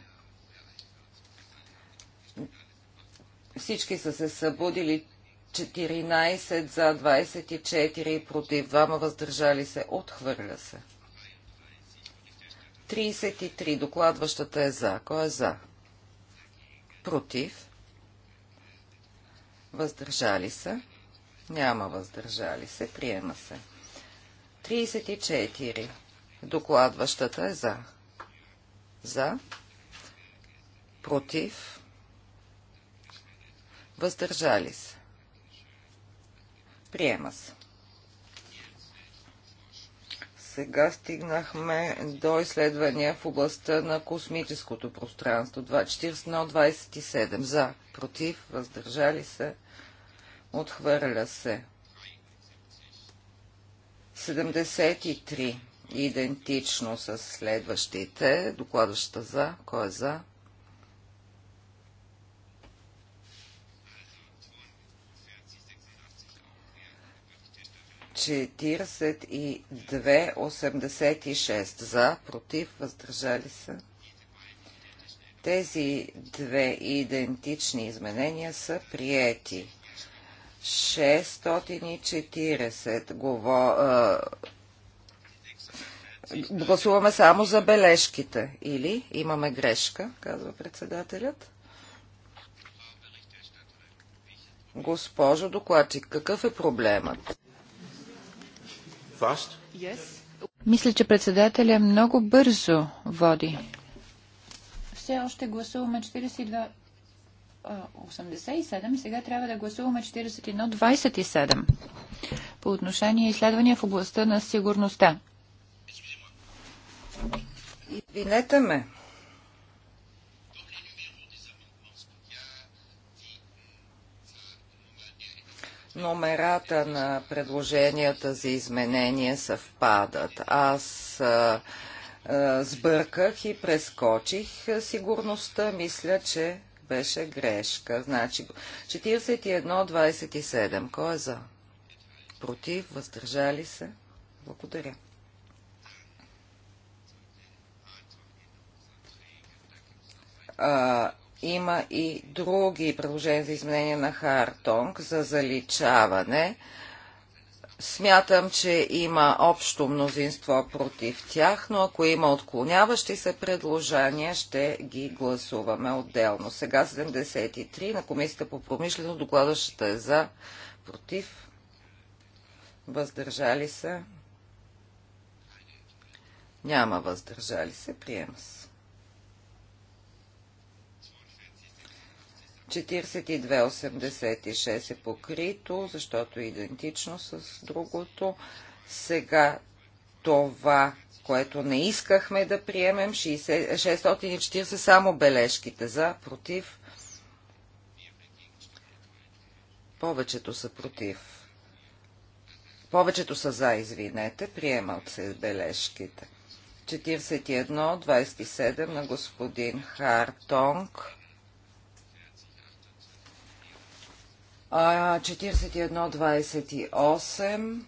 Всички са се събудили 14 за 24 против 2 въздържали се. Отхвърля се. 33. Докладващата е за. Кой е за? Против. Въздържали се. Няма въздържали се. Приема се. 34. Докладващата е за. За. Против. Въздържали се. Приема се. Сега стигнахме до изследвания в областта на космическото пространство. 241-27 за, против, въздържали се, Отхвърля се. 73. Идентично с следващите. Докладваща за. Кой е за? Четирсет и две, осемдесет и шест. За, против, въздържали се. Тези две идентични изменения са приети. 640. Гово, гласуваме само за бележките. Или имаме грешка, казва председателят. Госпожо докладчик, какъв е проблемът? Fast? Yes. Мисля, че председателя много бързо води. Все още гласуваме 42 87, сега трябва да гласуваме 41-27 по отношение изследвания в областта на сигурността. Извинете ме. Номерата на предложенията за изменение съвпадат. Аз а, а, сбърках и прескочих сигурността. Мисля, че беше грешка. Значи 41-27. Кой е за? Против? Въздържали се? Благодаря. А, има и други предложения за изменение на Хартонг за заличаване. А, Смятам, че има общо мнозинство против тях, но ако има отклоняващи се предложения, ще ги гласуваме отделно. Сега 73 на Комисията по промишлено докладващата е за, против, въздържали се, няма въздържали се, приема се. 4286 е покрито, защото е идентично с другото. Сега това, което не искахме да приемем, 60, 640 само бележките за, против. Повечето са против. Повечето са за, извинете, приемат се бележките. 41, 27 на господин Хартонг 41-28,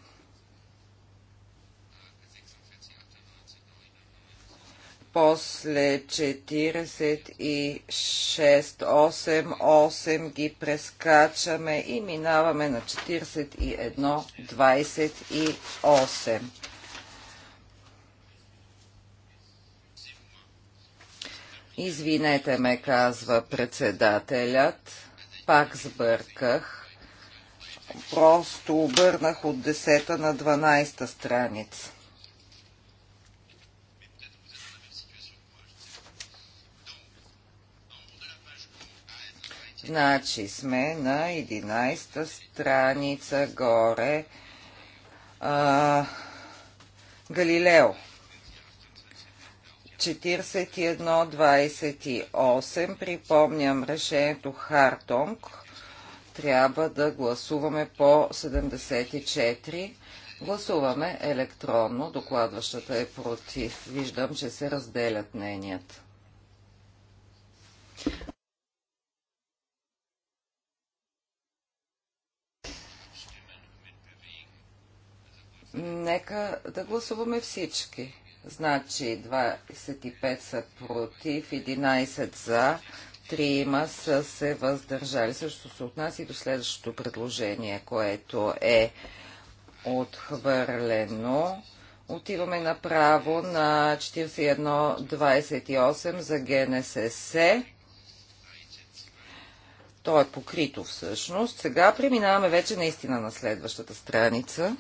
после 46-8-8 ги прескачаме и минаваме на 41-28. Извинете ме, казва председателят. Пак сбърках. Просто обърнах от 10 на 12 та страница. Значи сме на 11-та страница горе. А, Галилео. 41-28. Припомням решението Хартонг. Трябва да гласуваме по 74. Гласуваме електронно. Докладващата е против. Виждам, че се разделят мненият. Нека да гласуваме всички. Значи 25 са против, 11 за, 3 са се въздържали. Също се отнася и до следващото предложение, което е отхвърлено. Отиваме направо на 41.28 за ГНСС. То е покрито всъщност. Сега преминаваме вече наистина на следващата страница.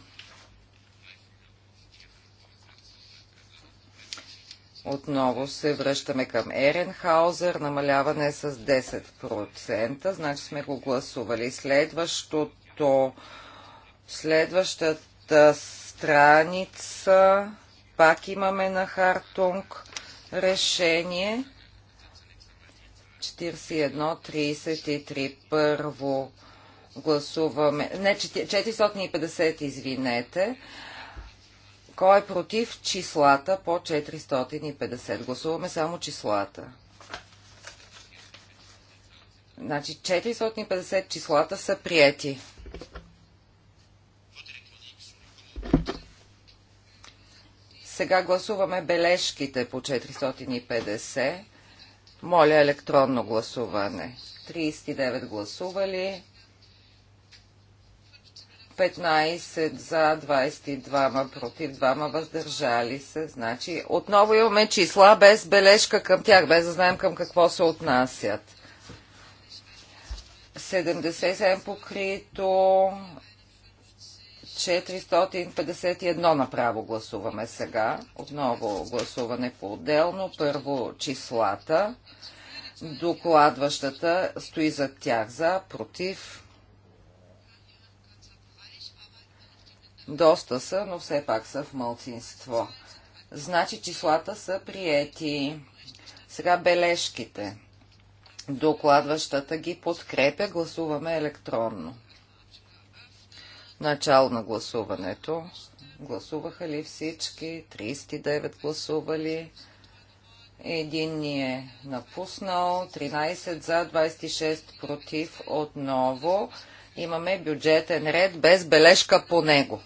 Отново се връщаме към Еренхаузер, намаляване с 10%, значи сме го гласували. Следващото, следващата страница, пак имаме на Хартунг решение 41-33 първо гласуваме, не 450 извинете, кой е против числата по 450? Гласуваме само числата. Значи 450 числата са прияти. Сега гласуваме бележките по 450. Моля електронно гласуване. 39 гласували, 15 за 22 против 2 въздържали се. Значи отново имаме числа без бележка към тях, без да знаем към какво се отнасят. 77 покрито, 451 направо гласуваме сега. Отново гласуване по-отделно. Първо числата. Докладващата стои зад тях за, против, Доста са, но все пак са в мълцинство. Значи числата са приети. Сега бележките. Докладващата ги подкрепя. Гласуваме електронно. Начало на гласуването. Гласуваха ли всички? 39 гласували. Един ни е напуснал. 13 за, 26 против отново. Имаме бюджетен ред без бележка по него.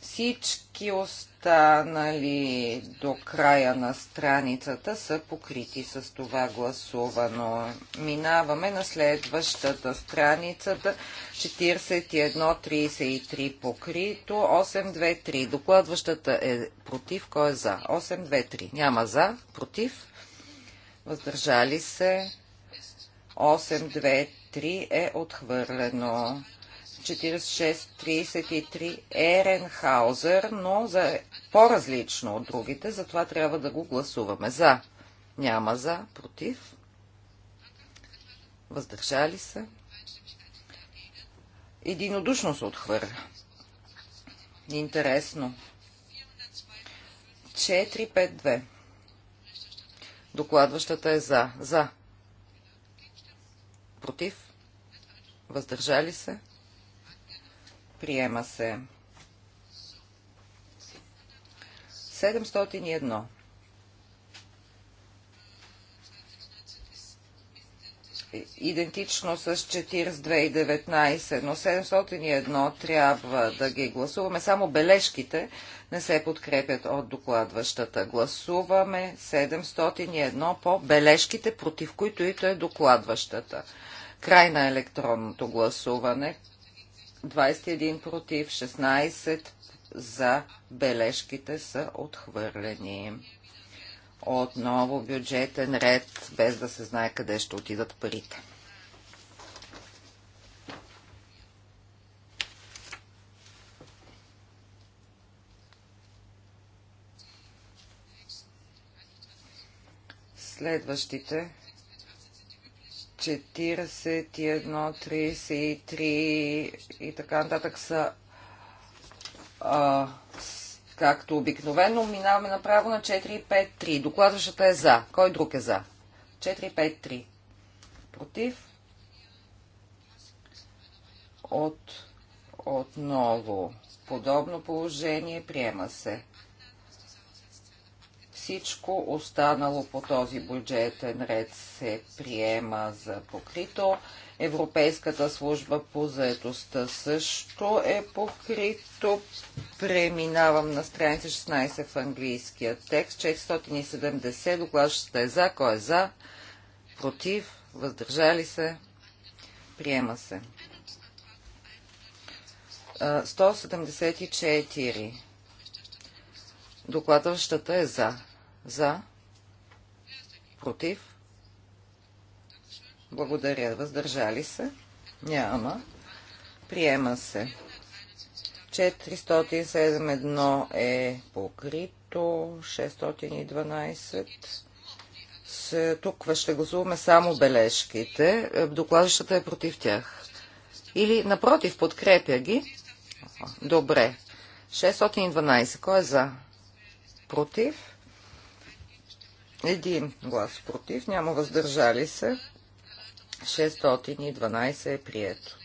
Всички останали до края на страницата са покрити с това гласувано. Минаваме на следващата страница. 41 покрито. 823. 3 Докладващата е против. Кой е за? 8-2-3. Няма за. Против. Въздържали се. 823 е отхвърлено. 4633 Еренхаузер, но за по-различно от другите, затова трябва да го гласуваме. За. Няма за. Против. Въздържали се. Единодушно се отхвърля. Интересно. 452. Докладващата е за. За. Против. Въздържали се. Приема се. 701. Идентично с 4219, но 701 трябва да ги гласуваме. Само бележките не се подкрепят от докладващата. Гласуваме 701 по бележките, против които и е докладващата. Край на електронното гласуване. 21 против, 16 за бележките са отхвърлени. Отново бюджетен ред, без да се знае къде ще отидат парите. Следващите 41, 33 и така нататък са а, както обикновено. Минаваме направо на 4-5-3. Докладващата е за. Кой друг е за? 4-5-3. Против? От, отново. Подобно положение приема се. Всичко останало по този бюджетен ред се приема за покрито. Европейската служба по заедостта също е покрито. Преминавам на страница 16 в английския текст. 470. Докладващата е за. Кой е за? Против? Въздържали се? Приема се. 174. Докладващата е за. За. Против. Благодаря. Въздържали се? Няма. Приема се. 471 е покрито. 612. С, тук ще гласуваме само бележките. Докладващата е против тях. Или напротив, подкрепя ги. Добре. 612. Кой е за? Против? Един глас против, няма въздържали се. 612 е прието.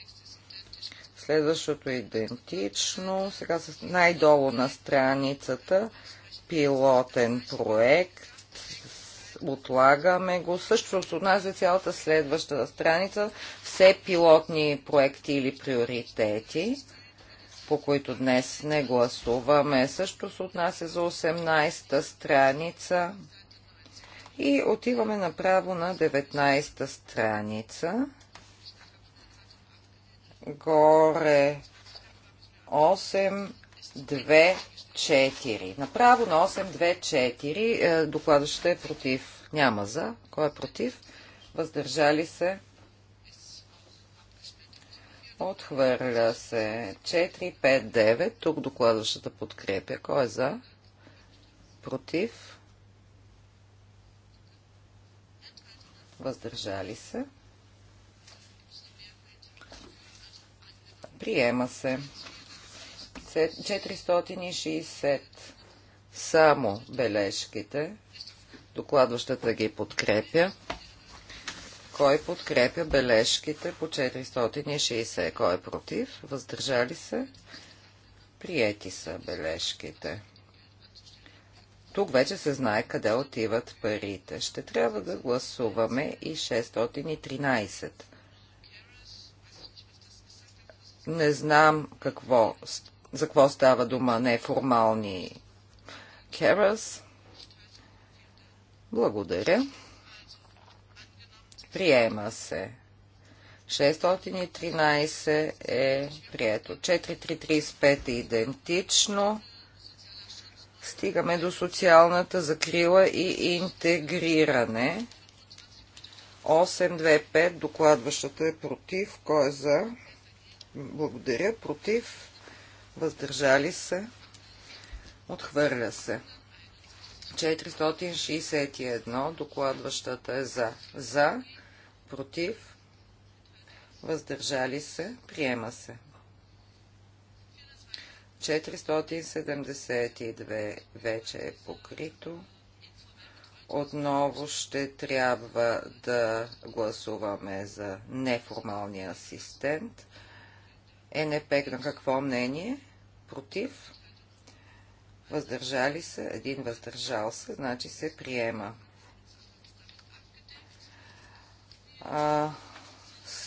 Следващото е идентично. Сега с най-долу на страницата пилотен проект. Отлагаме го. Също нас за цялата следваща страница. Все пилотни проекти или приоритети по които днес не гласуваме. Също се отнася за 18-та страница. И отиваме направо на 19-та страница. Горе 8 2 4. Направо на 8-2-4. Е, докладът ще е против. Няма за. Кой е против? Въздържали се. Отхвърля се 4-5-9. Тук докладващата подкрепя. Кой е за? Против? въздържали се. Приема се. 460 само бележките. Докладващата ги подкрепя. Кой подкрепя бележките по 460? Кой е против? Въздържали се? Приети са бележките. Тук вече се знае къде отиват парите. Ще трябва да гласуваме и 613. Не знам какво, за какво става дума неформални керас. Благодаря. Приема се. 613 е прието. 4335 е идентично. Стигаме до социалната закрила и интегриране. 825. Докладващата е против. Кой е за? Благодаря. Против. Въздържали се. Отхвърля се. 461. Докладващата е за. За. Против. Въздържали се. Приема се. 472 вече е покрито. Отново ще трябва да гласуваме за неформалния асистент. Е, НП на какво мнение? Против? Въздържали се? Един въздържал се, значи се приема. А,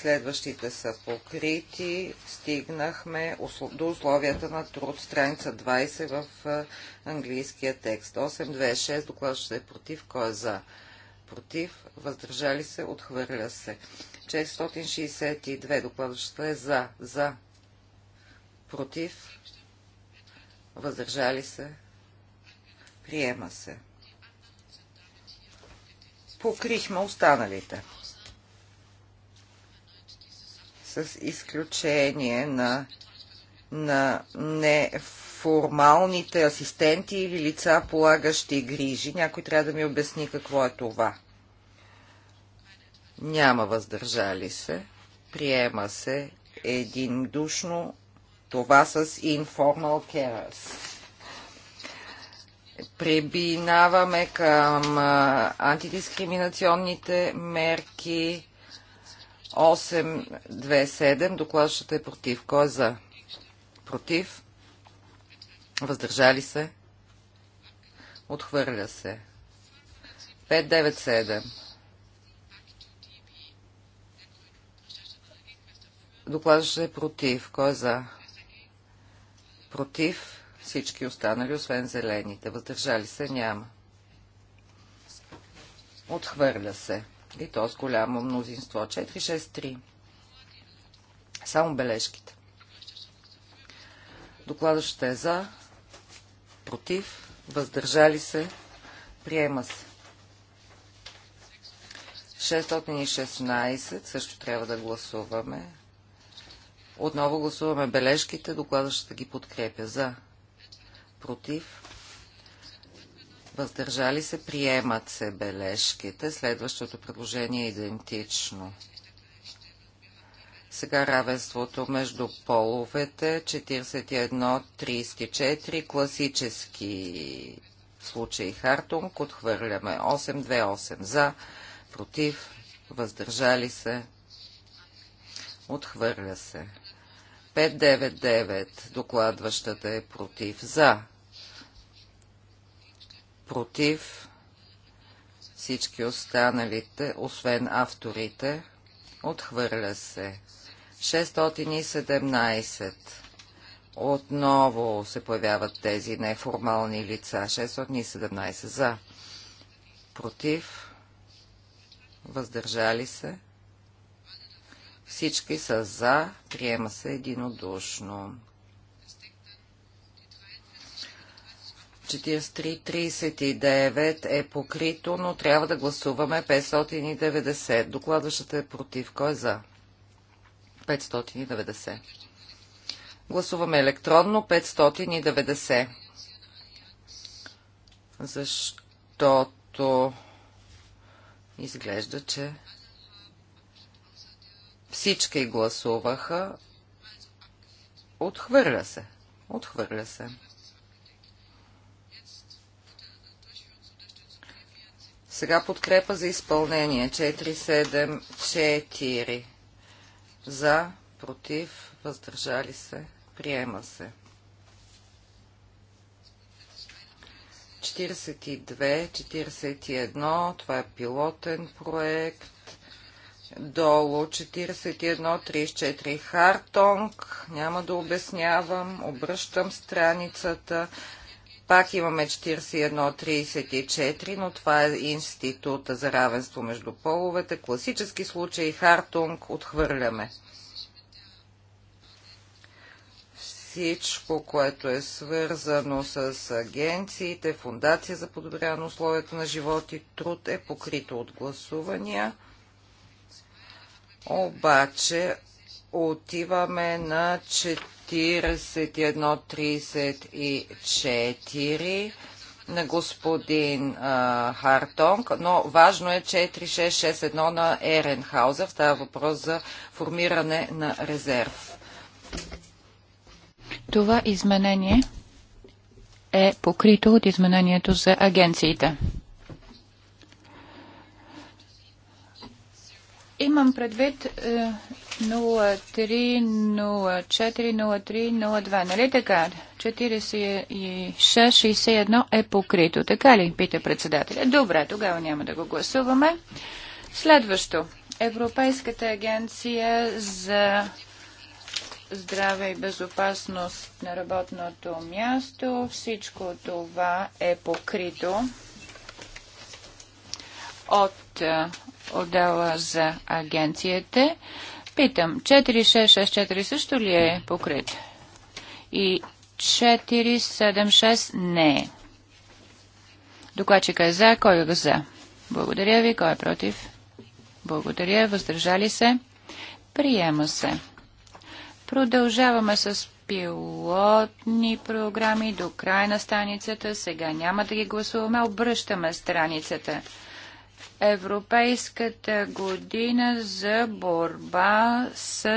следващите са покрити. Стигнахме до условията на труд, страница 20 в английския текст. 826, доклад ще е против, кой е за? Против, въздържали се, отхвърля се. 462, доклад е за, за, против, въздържали се, приема се. Покрихме останалите с изключение на, на неформалните асистенти или лица, полагащи грижи. Някой трябва да ми обясни какво е това. Няма въздържали се. Приема се единдушно това с informal carers. Пребинаваме към антидискриминационните мерки 827. Докладчата е против. Кой е за? Против. Въздържали се. Отхвърля се. 597. Докладът е против. Кой е за? Против всички останали, освен зелените. Въздържали се няма. Отхвърля се и то с голямо мнозинство. 4-6-3. Само бележките. Доклада ще е за, против, въздържали се, приема се. 616 също трябва да гласуваме. Отново гласуваме бележките, докладът ще ги подкрепя за, против, въздържали се, приемат се бележките. Следващото предложение е идентично. Сега равенството между половете 41-34, класически случай Хартунг, отхвърляме 8-2-8 за, против, въздържали се, отхвърля се. 599 докладващата е против за, против всички останалите, освен авторите, отхвърля се. 617. Отново се появяват тези неформални лица. 617 за. Против. Въздържали се. Всички са за. Приема се единодушно. 43-39 е покрито, но трябва да гласуваме 590. Докладващата е против. Кой е за? 590. Гласуваме електронно 590. Защото изглежда, че всички гласуваха. Отхвърля се. Отхвърля се. Сега подкрепа за изпълнение. 474. За, против, въздържали се, приема се. 42, 41, това е пилотен проект. Долу 41, 34 Хартонг, няма да обяснявам, обръщам страницата. Пак имаме 41-34, но това е Института за равенство между половете. Класически случай Хартунг отхвърляме. Всичко, което е свързано с агенциите, Фундация за подобряване на условията на живот и труд е покрито от гласувания. Обаче отиваме на 4 41-34 на господин а, Хартонг, но важно е 4661 на Еренхауза. Става въпрос за формиране на резерв. Това изменение е покрито от изменението за агенциите. Имам предвид 03-04-03-02, е, нали така? 46-61 е покрито, така ли? Пита председателя. Добре, тогава няма да го гласуваме. Следващо. Европейската агенция за здраве и безопасност на работното място. Всичко това е покрито от е, отдела за агенциите. Питам, 4664 също ли е покрит? И 476 не е. Докладчика е за, кой е за? Благодаря ви, кой е против? Благодаря, въздържали се. Приема се. Продължаваме с пилотни програми до края на страницата. Сега няма да ги гласуваме, обръщаме страницата. Европейската година за борба с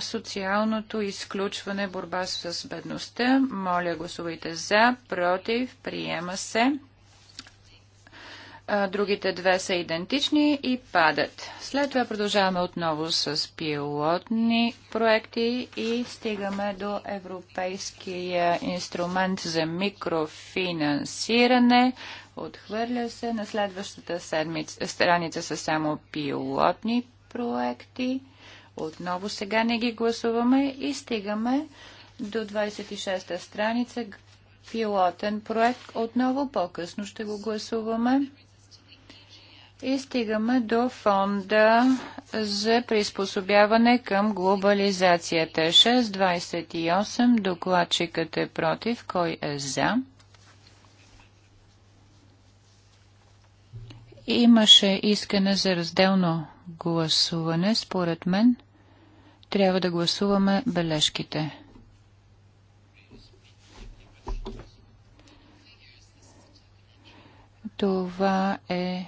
социалното изключване, борба с бедността. Моля, гласувайте за, против, приема се. Другите две са идентични и падат. След това продължаваме отново с пилотни проекти и стигаме до Европейския инструмент за микрофинансиране. Отхвърля се. На следващата седмица, страница са само пилотни проекти. Отново сега не ги гласуваме и стигаме до 26-та страница. Пилотен проект. Отново по-късно ще го гласуваме. И стигаме до фонда за приспособяване към глобализацията. 6.28. Докладчикът е против. Кой е за? Имаше искане за разделно гласуване. Според мен трябва да гласуваме бележките. Това е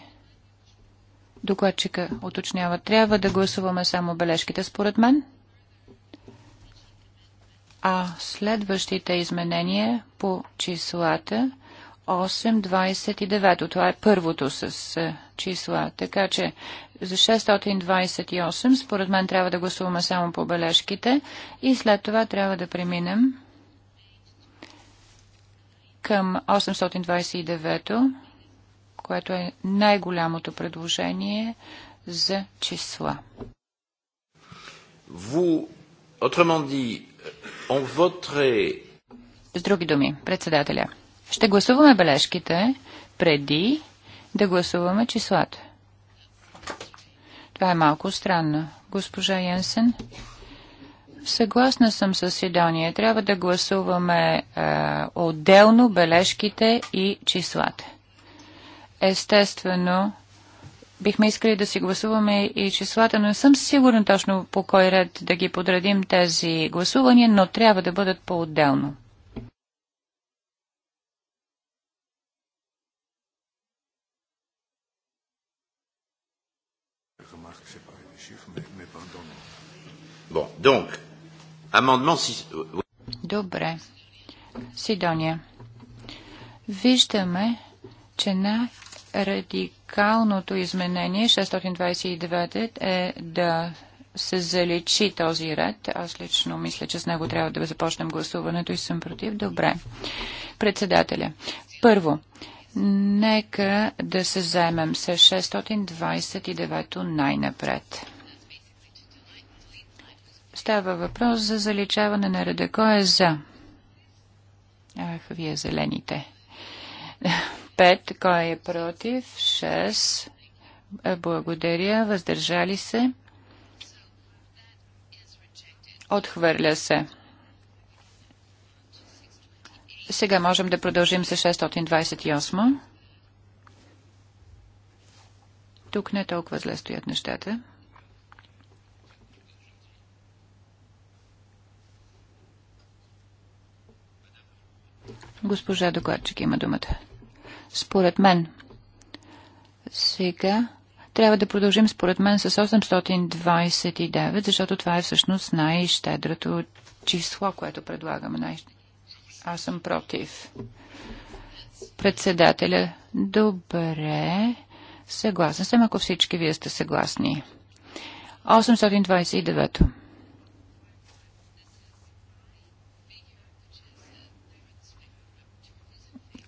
докладчика уточнява. Трябва да гласуваме само бележките, според мен. А следващите изменения по числата – 8,29. Това е първото с е, числа. Така че за 628 според мен трябва да гласуваме само по бележките и след това трябва да преминем към 829, което е най-голямото предложение за числа. Vous, dit, on voterait... С други думи, председателя. Ще гласуваме бележките преди да гласуваме числата. Това е малко странно. Госпожа Янсен, съгласна съм с Сидония. Трябва да гласуваме е, отделно бележките и числата. Естествено, бихме искали да си гласуваме и числата, но не съм сигурна точно по кой ред да ги подредим тези гласувания, но трябва да бъдат по-отделно. Bon, donc, amendement 6... Euh, Добре. Сидония. Виждаме, че на радикалното изменение 629 е да се заличи този ред. Аз лично мисля, че с него трябва да започнем гласуването и съм против. Добре. Председателя. Първо, нека да се заемем с 629 най-напред. Става въпрос за заличаване на реда. Кой е за? Ах, вие зелените. 5. Кой е против? 6. Е, благодаря. Въздържали се. Отхвърля се. Сега можем да продължим с 628. Тук не толкова зле стоят нещата. Госпожа докладчик има думата. Според мен, сега трябва да продължим според мен с 829, защото това е всъщност най-щедрото число, което предлагаме. Най- Аз съм против. Председателя, добре. Съгласен съм, ако всички вие сте съгласни. 829.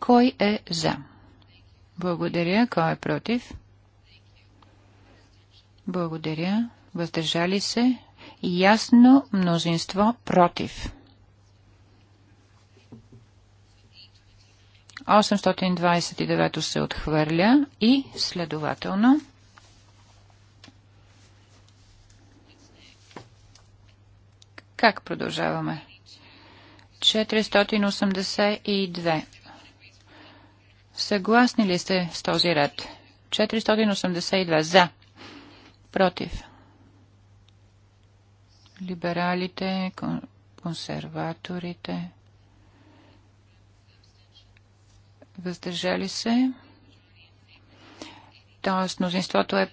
Кой е за? Благодаря. Кой е против? Благодаря. Въздържали се? Ясно мнозинство против. 829 се отхвърля и следователно Как продължаваме? 482 Съгласни ли сте с този ред? 482 за. Против. Либералите, консерваторите. Въздържали се. Тоест, мнозинството е...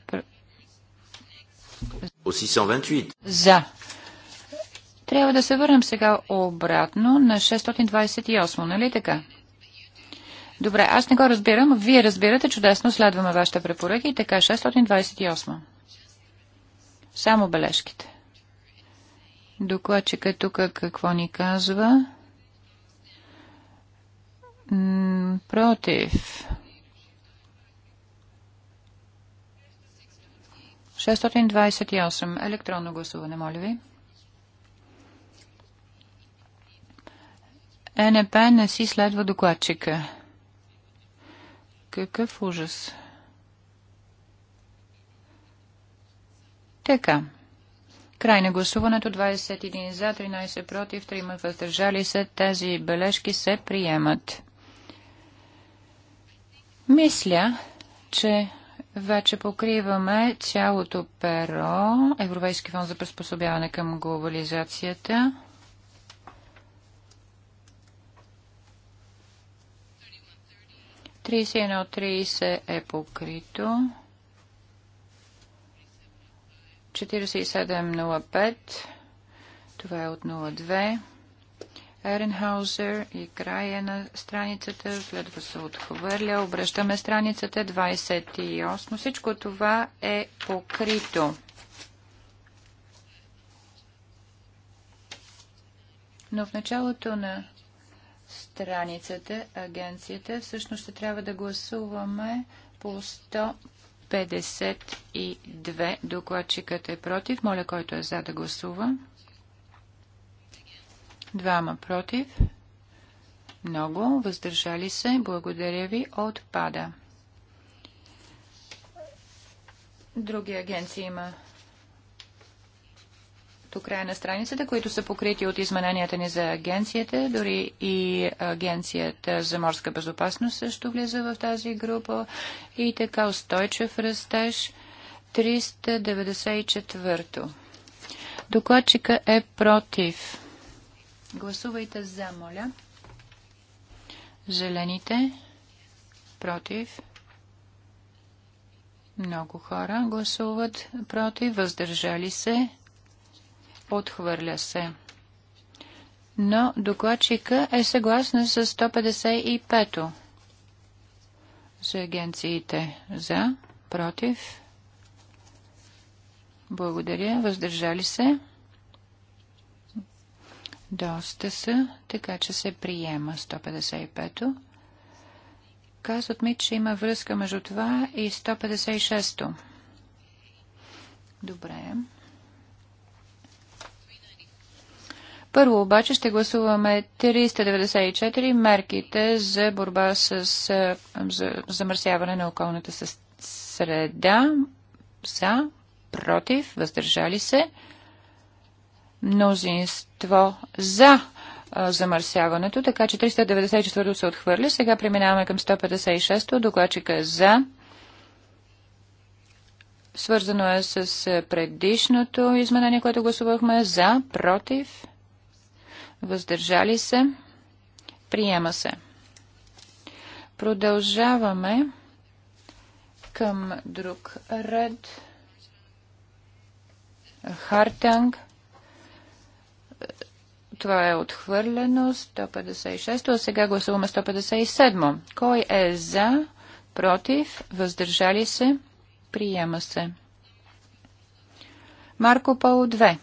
За. Трябва да се върнем сега обратно на 628, нали така? Добре, аз не го разбирам. Вие разбирате чудесно, следваме вашите препоръки и така 628. Само бележките. Докладчика е тук какво ни казва? против. 628. Електронно гласуване, моля ви. Е, НП не си следва докладчика. Какъв ужас! Така. Край на гласуването 21 за, 13 против, 3 въздържали се. Тези бележки се приемат. Мисля, че вече покриваме цялото перо Европейски фонд за приспособяване към глобализацията. 31.30 е покрито. 47.05. Това е от 02. Еренхаузер и края на страницата, следва се отхвърля, обръщаме страницата 28. Всичко това е покрито. Но в началото на страницата, агенцията. Всъщност ще трябва да гласуваме по 152. Докладчикът е против. Моля, който е за да гласува. Двама против. Много. Въздържали се. Благодаря ви. Отпада. Други агенции има до края на страницата, които са покрити от измененията ни за агенцията, дори и агенцията за морска безопасност също влиза в тази група и така устойчив растеж 394. Докладчика е против. Гласувайте за, моля. Зелените. Против. Много хора гласуват против. Въздържали се. Отхвърля се. Но докладчика е съгласна с 155-то. За агенциите. За. Против. Благодаря. Въздържали се. Доста са, така че се приема 155-то. Казват ми, че има връзка между това и 156-то. Добре. Първо обаче ще гласуваме 394 мерките за борба с за, замърсяване на околната среда. За, против, въздържали се. Мнозинство за замърсяването, така че 394 се отхвърля. Сега преминаваме към 156. то Докладчика е за. Свързано е с предишното изменение, което гласувахме. За, против, въздържали се, приема се. Продължаваме към друг ред. Хартанг. Това е отхвърлено. 156. А сега гласуваме 157. Кой е за? Против? Въздържали се? Приема се. Марко Поло 2.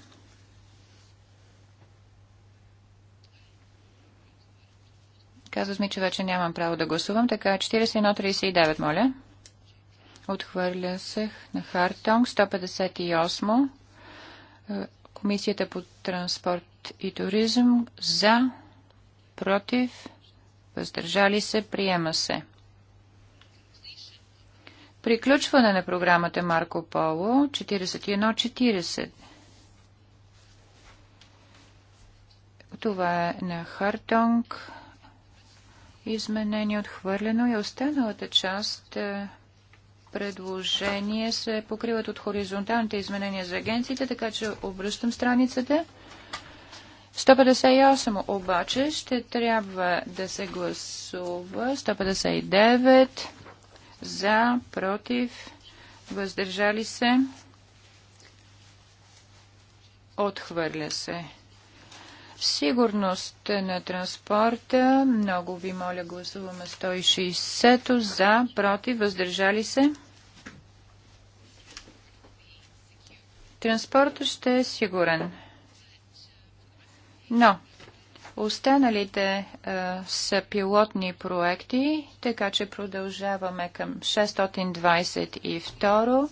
Казват ми, че вече нямам право да гласувам, така 41.39, моля. Отхвърля се на Хартонг. 158. Е, Комисията по транспорт и туризъм за, против, въздържали се, приема се. Приключване на програмата Марко Поло 41.40. Това е на Хартонг изменение е отхвърлено и останалата част е, предложение се покриват от хоризонталните изменения за агенциите, така че обръщам страницата. 158 обаче ще трябва да се гласува. 159 за, против, въздържали се, отхвърля се. Сигурност на транспорта. Много ви моля, гласуваме 160-то за, против, въздържали се. Транспортът ще е сигурен. Но останалите а, е, са пилотни проекти, така че продължаваме към 622.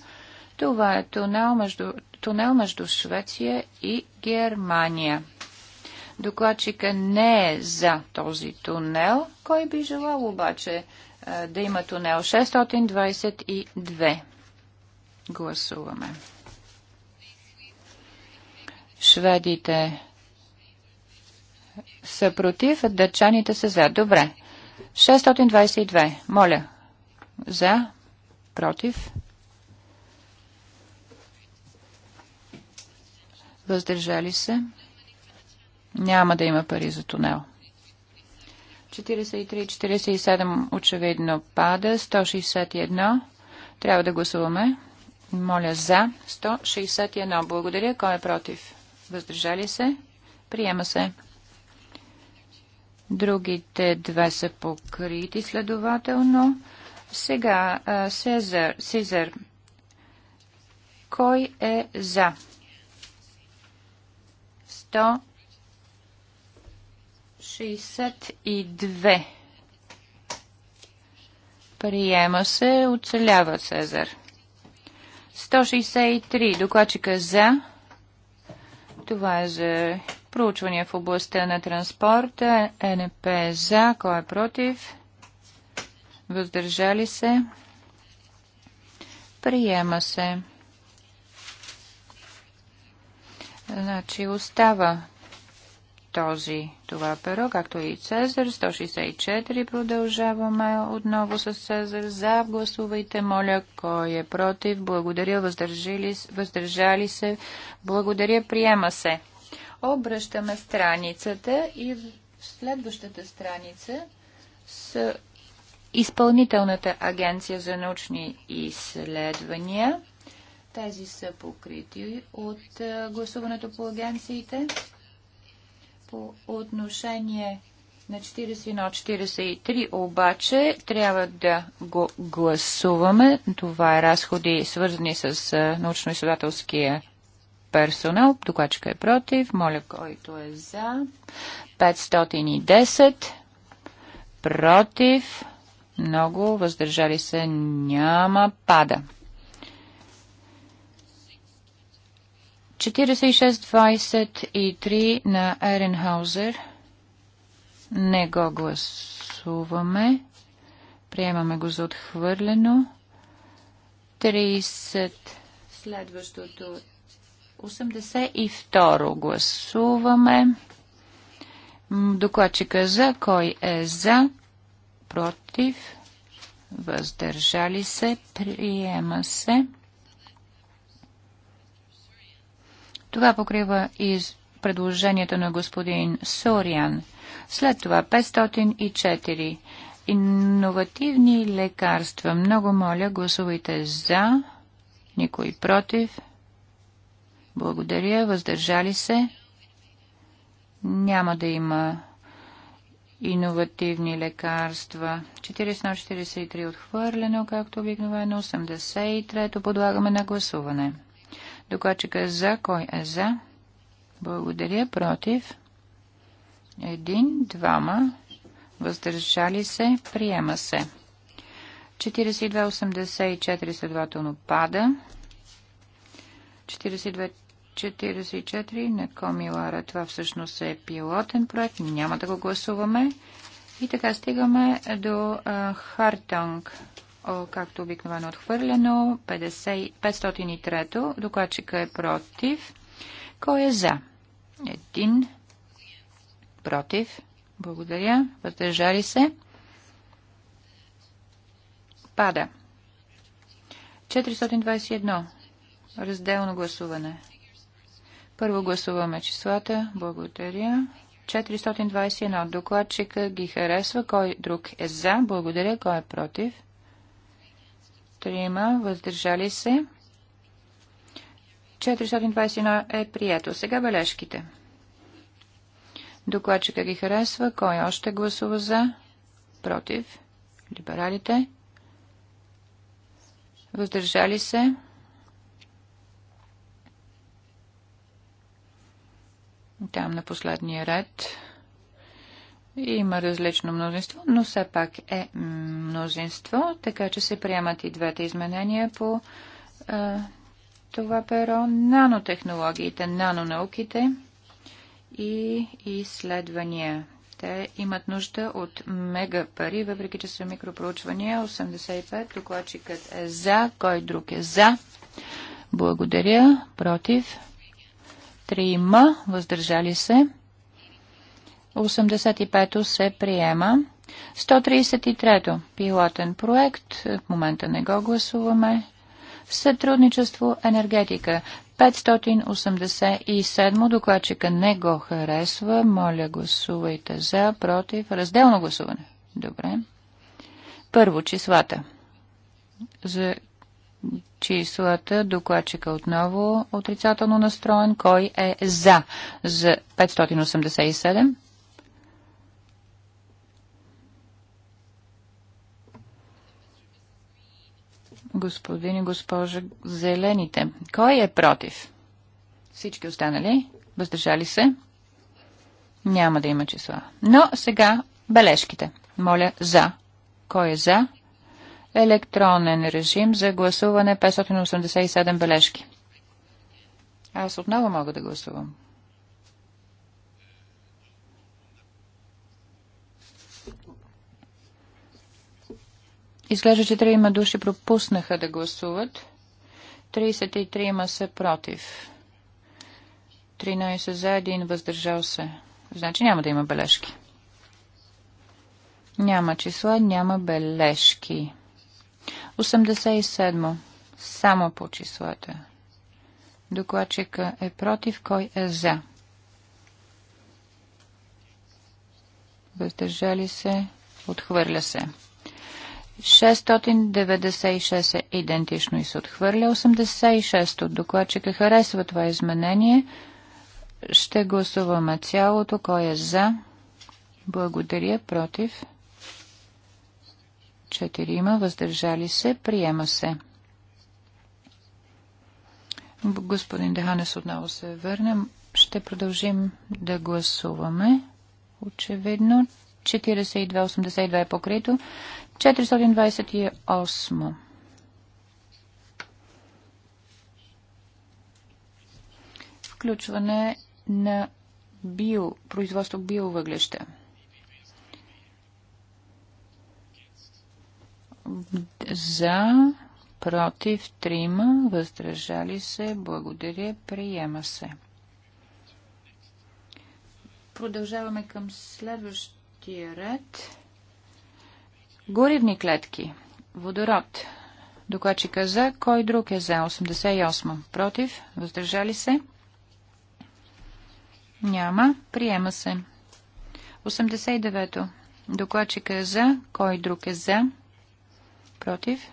Това е тунел между, тунел между Швеция и Германия. Докладчика не е за този тунел. Кой би желал обаче е, да има тунел 622? Гласуваме. Шведите са против, дъчаните са за. Добре. 622. Моля. За. Против. Въздържали се няма да има пари за тунел. 43-47 очевидно пада. 161. Трябва да гласуваме. Моля за. 161. Благодаря. Кой е против? Въздържали се? Приема се. Другите две са покрити следователно. Сега Сезар. Сезар. Кой е за? 100 62. Приема се, оцелява Цезар. 163. Докладчика е за. Това е за проучвания в областта на транспорта. НП е за. Кой е против? Въздържали се. Приема се. Значи остава този, това перо, както и Цезар. 164 продължаваме отново с Цезар. За, гласувайте, моля, кой е против. Благодаря, въздържали, въздържали се. Благодаря, приема се. Обръщаме страницата и в следващата страница с Изпълнителната агенция за научни изследвания. Тези са покрити от гласуването по агенциите. По отношение на 41 43 обаче трябва да го гласуваме. Това е разходи свързани с научно-изследователския персонал. Докладчика е против. Моля, който е за. 510 против. Много въздържали се няма. Пада. 4623 на Еренхаузер. Не го гласуваме. Приемаме го за отхвърлено. 30. Следващото 82 гласуваме. Докладчика за. Кой е за? Против. Въздържали се. Приема се. Това покрива и предложението на господин Сориан. След това 504. Инновативни лекарства. Много моля, гласувайте за. Никой против. Благодаря. Въздържали се. Няма да има иновативни лекарства. 443 отхвърлено, както обикновено. 83-то подлагаме на гласуване. Докладчика е за. Кой е за? Благодаря. Против. Един, двама. Въздържали се. Приема се. 4284 следователно пада. 42 44 на Комилара. Това всъщност е пилотен проект. Няма да го гласуваме. И така стигаме до Хартонг както обикновено е отхвърлено. 503. Докладчика е против. Кой е за? Един. Против. Благодаря. Въздържали се. Пада. 421. Разделно гласуване. Първо гласуваме числата. Благодаря. 421. Докладчика ги харесва. Кой друг е за? Благодаря. Кой е против? трима, въздържали се. 421 е прието. Сега бележките. Докладчика ги харесва. Кой още гласува за? Против. Либералите. Въздържали се. Там на последния ред. Има различно мнозинство, но все пак е мнозинство, така че се приемат и двете изменения по а, това перо. Нанотехнологиите, нанонауките и изследвания. Те имат нужда от мега пари, въпреки че са микропроучвания. 85, докладчикът е за, кой друг е за. Благодаря, против. Трима, въздържали се. 85-то се приема. 133-то пилотен проект. В момента не го гласуваме. Сътрудничество енергетика. 587 докладчика не го харесва. Моля, гласувайте за, против. Разделно гласуване. Добре. Първо, числата. За числата докладчика отново отрицателно настроен. Кой е за? За 587. господин и госпожа Зелените. Кой е против? Всички останали? Въздържали се? Няма да има числа. Но сега бележките. Моля за. Кой е за? Електронен режим за гласуване 587 бележки. Аз отново мога да гласувам. Изглежда, че трима души пропуснаха да гласуват. 33 са против. 13 за, един въздържал се. Значи няма да има бележки. Няма числа, няма бележки. 87. Само по числата. Докладчика е против, кой е за? Въздържали се, отхвърля се. 696 е идентично и се отхвърля. 86 от докладчика харесва това изменение. Ще гласуваме цялото. Кой е за? Благодаря. Против? 4 има, Въздържали се. Приема се. Господин Деханес отново се върна. Ще продължим да гласуваме. Очевидно. 42-82 е покрито. 428. Включване на био, производство биовъглеща. За, против, трима, въздържали се, благодаря, приема се. Продължаваме към следващия ред. Горивни клетки. Водород. Докладчика за. Кой друг е за? 88. Против. Въздържали се. Няма. Приема се. 89-то. Докладчика е за. Кой друг е за? Против.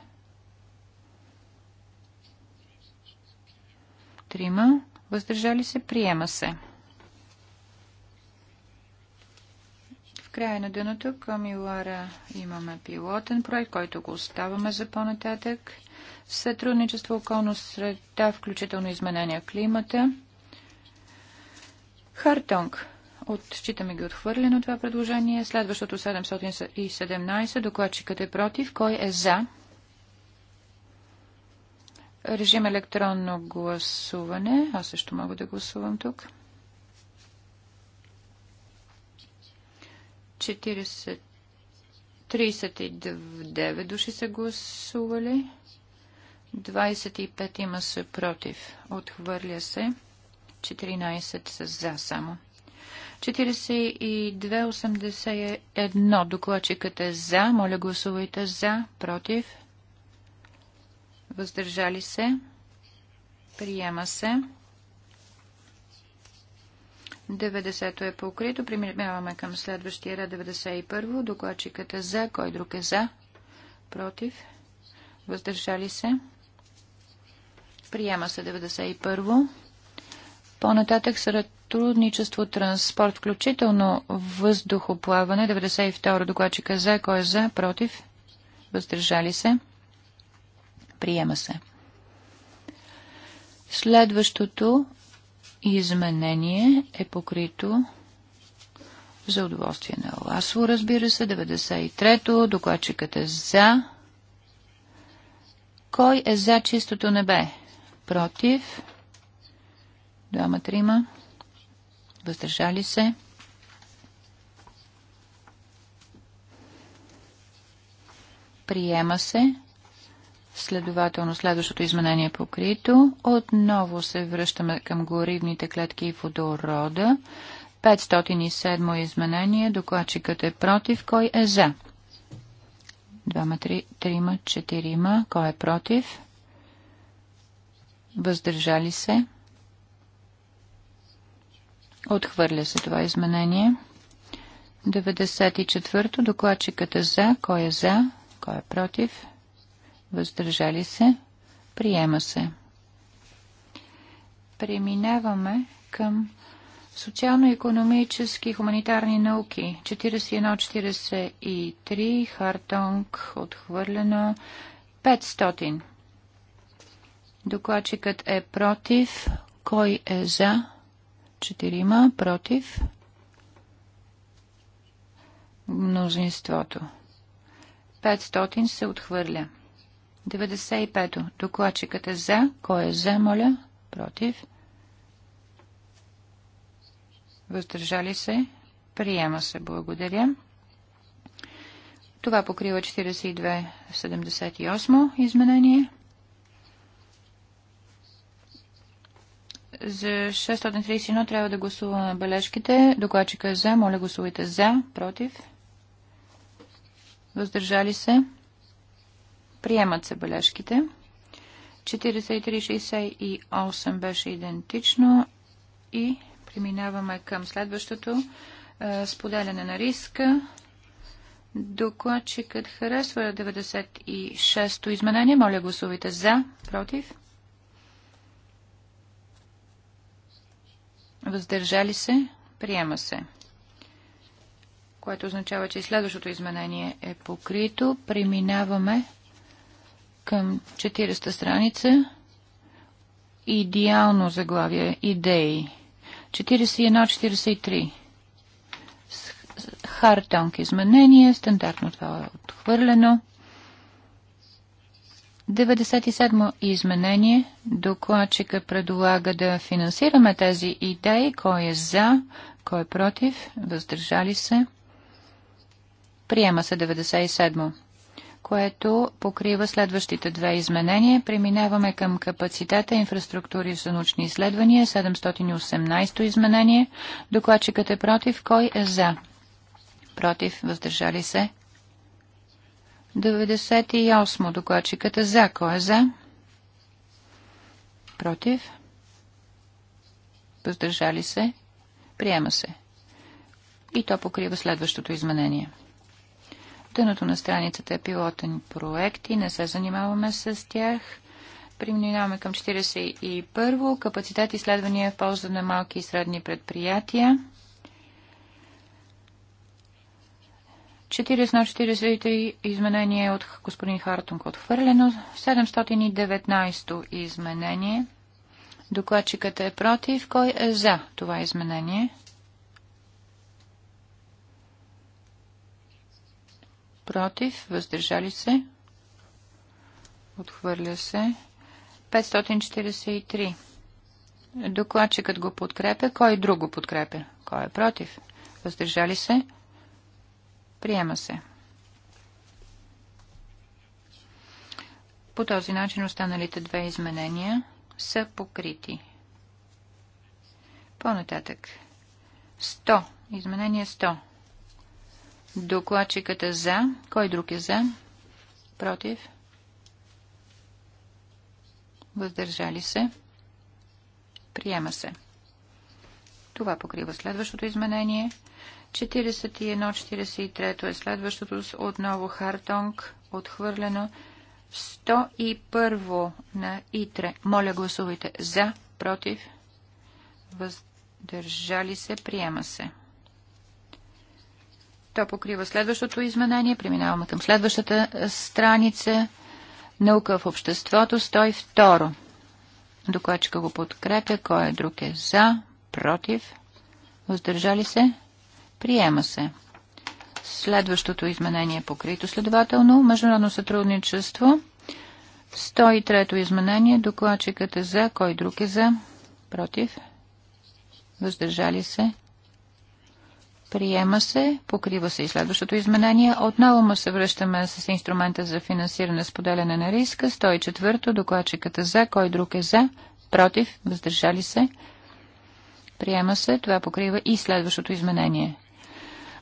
Трима. Въздържали се. Приема се. края на дъното към Илара имаме пилотен проект, който го оставаме за по-нататък. Сътрудничество околно среда, включително изменения климата. Хартонг. Отчитаме ги отхвърлено това предложение. Следващото 717. Докладчикът е против. Кой е за? Режим електронно гласуване. Аз също мога да гласувам тук. 39 души са гласували. 25 има са против. Отхвърля се. 14 са за само. 4281 докладчикът е за. Моля гласувайте за, против. Въздържали се. Приема се. 90-то е покрито. Примеряваме към следващия ред 91-во. Докладчикът е за. Кой друг е за? Против. Въздържали се. Приема се 91-во. По-нататък сътрудничество транспорт, включително въздухоплаване. 92-ро докладчика е за. Кой е за? Против. Въздържали се. Приема се. Следващото изменение е покрито за удоволствие на Ласло, разбира се. 93-то, докладчикът е за. Кой е за чистото небе? Против. Двама, трима. Въздържали се. Приема се. Следователно, следващото изменение е покрито. Отново се връщаме към горивните клетки и водорода. 507 изменение. Докладчикът е против. Кой е за? Двама, три, трима, четирима. Кой е против? Въздържали се? Отхвърля се това изменение. 94-то. Докладчикът е за. Кой е за? Кой е против? въздържали се, приема се. Преминаваме към социално-економически и хуманитарни науки. 41-43, Хартонг, отхвърлено, 500. Докладчикът е против. Кой е за? Четирима против. Мнозинството. 500 се отхвърля. 95-то. Докладчикът е за. Кой е за, моля? Против. Въздържали се. Приема се. Благодаря. Това покрива 42-78 изменение. За 631 трябва да гласуваме бележките. Докладчика е за. Моля гласувайте за. Против. Въздържали се. Приемат се бележките. 4368 беше идентично и преминаваме към следващото е, споделяне на риска. Докладчикът харесва 96-то изменение. Моля гласувайте за, против. Въздържали се, приема се. Което означава, че и следващото изменение е покрито. Преминаваме към 40-та страница. Идеално заглавие. Идеи. 41-43. Хартонг изменение. Стандартно това е отхвърлено. 97 изменение. Докладчика предлага да финансираме тези идеи. Кой е за, кой е против, въздържали се. Приема се 97 което покрива следващите две изменения. Преминаваме към капацитета инфраструктури за научни изследвания, 718 то изменение. Докладчикът е против. Кой е за? Против. Въздържали се. 98. Докладчикът е за. Кой е за? Против. Въздържали се. Приема се. И то покрива следващото изменение. Тъното на страницата е пилотен проект и не се занимаваме с тях. Преминаваме към 41. Капацитет изследвания в полза на малки и средни предприятия. 41-43 изменение е от господин Хартунг отхвърлено. 719 изменение. Докладчикът е против. Кой е за това изменение? против, въздържали се, отхвърля се. 543. Докладчикът го подкрепя. Кой друг го подкрепя? Кой е против? Въздържали се? Приема се. По този начин останалите две изменения са покрити. По-нататък. 100. Изменение 100. Докладчикът е за. Кой друг е за? Против? Въздържали се? Приема се. Това покрива следващото изменение. 41-43 е следващото отново Хартонг, отхвърлено. 101 на Итре. Моля, гласувайте за, против, въздържали се, приема се. То покрива следващото изменение. Преминаваме към следващата е, страница. Наука в обществото 102. Докладчика го подкрепя. Кой е друг е за? Против? Въздържали се? Приема се. Следващото изменение е покрито следователно. Международно сътрудничество. 103-то изменение. Докладчикът е за. Кой друг е за? Против? Въздържали се? Приема се, покрива се и следващото изменение. Отново му се връщаме с инструмента за финансиране с поделяне на риска. 104. Докладчиката за. Кой друг е за? Против. Въздържали се. Приема се. Това покрива и следващото изменение.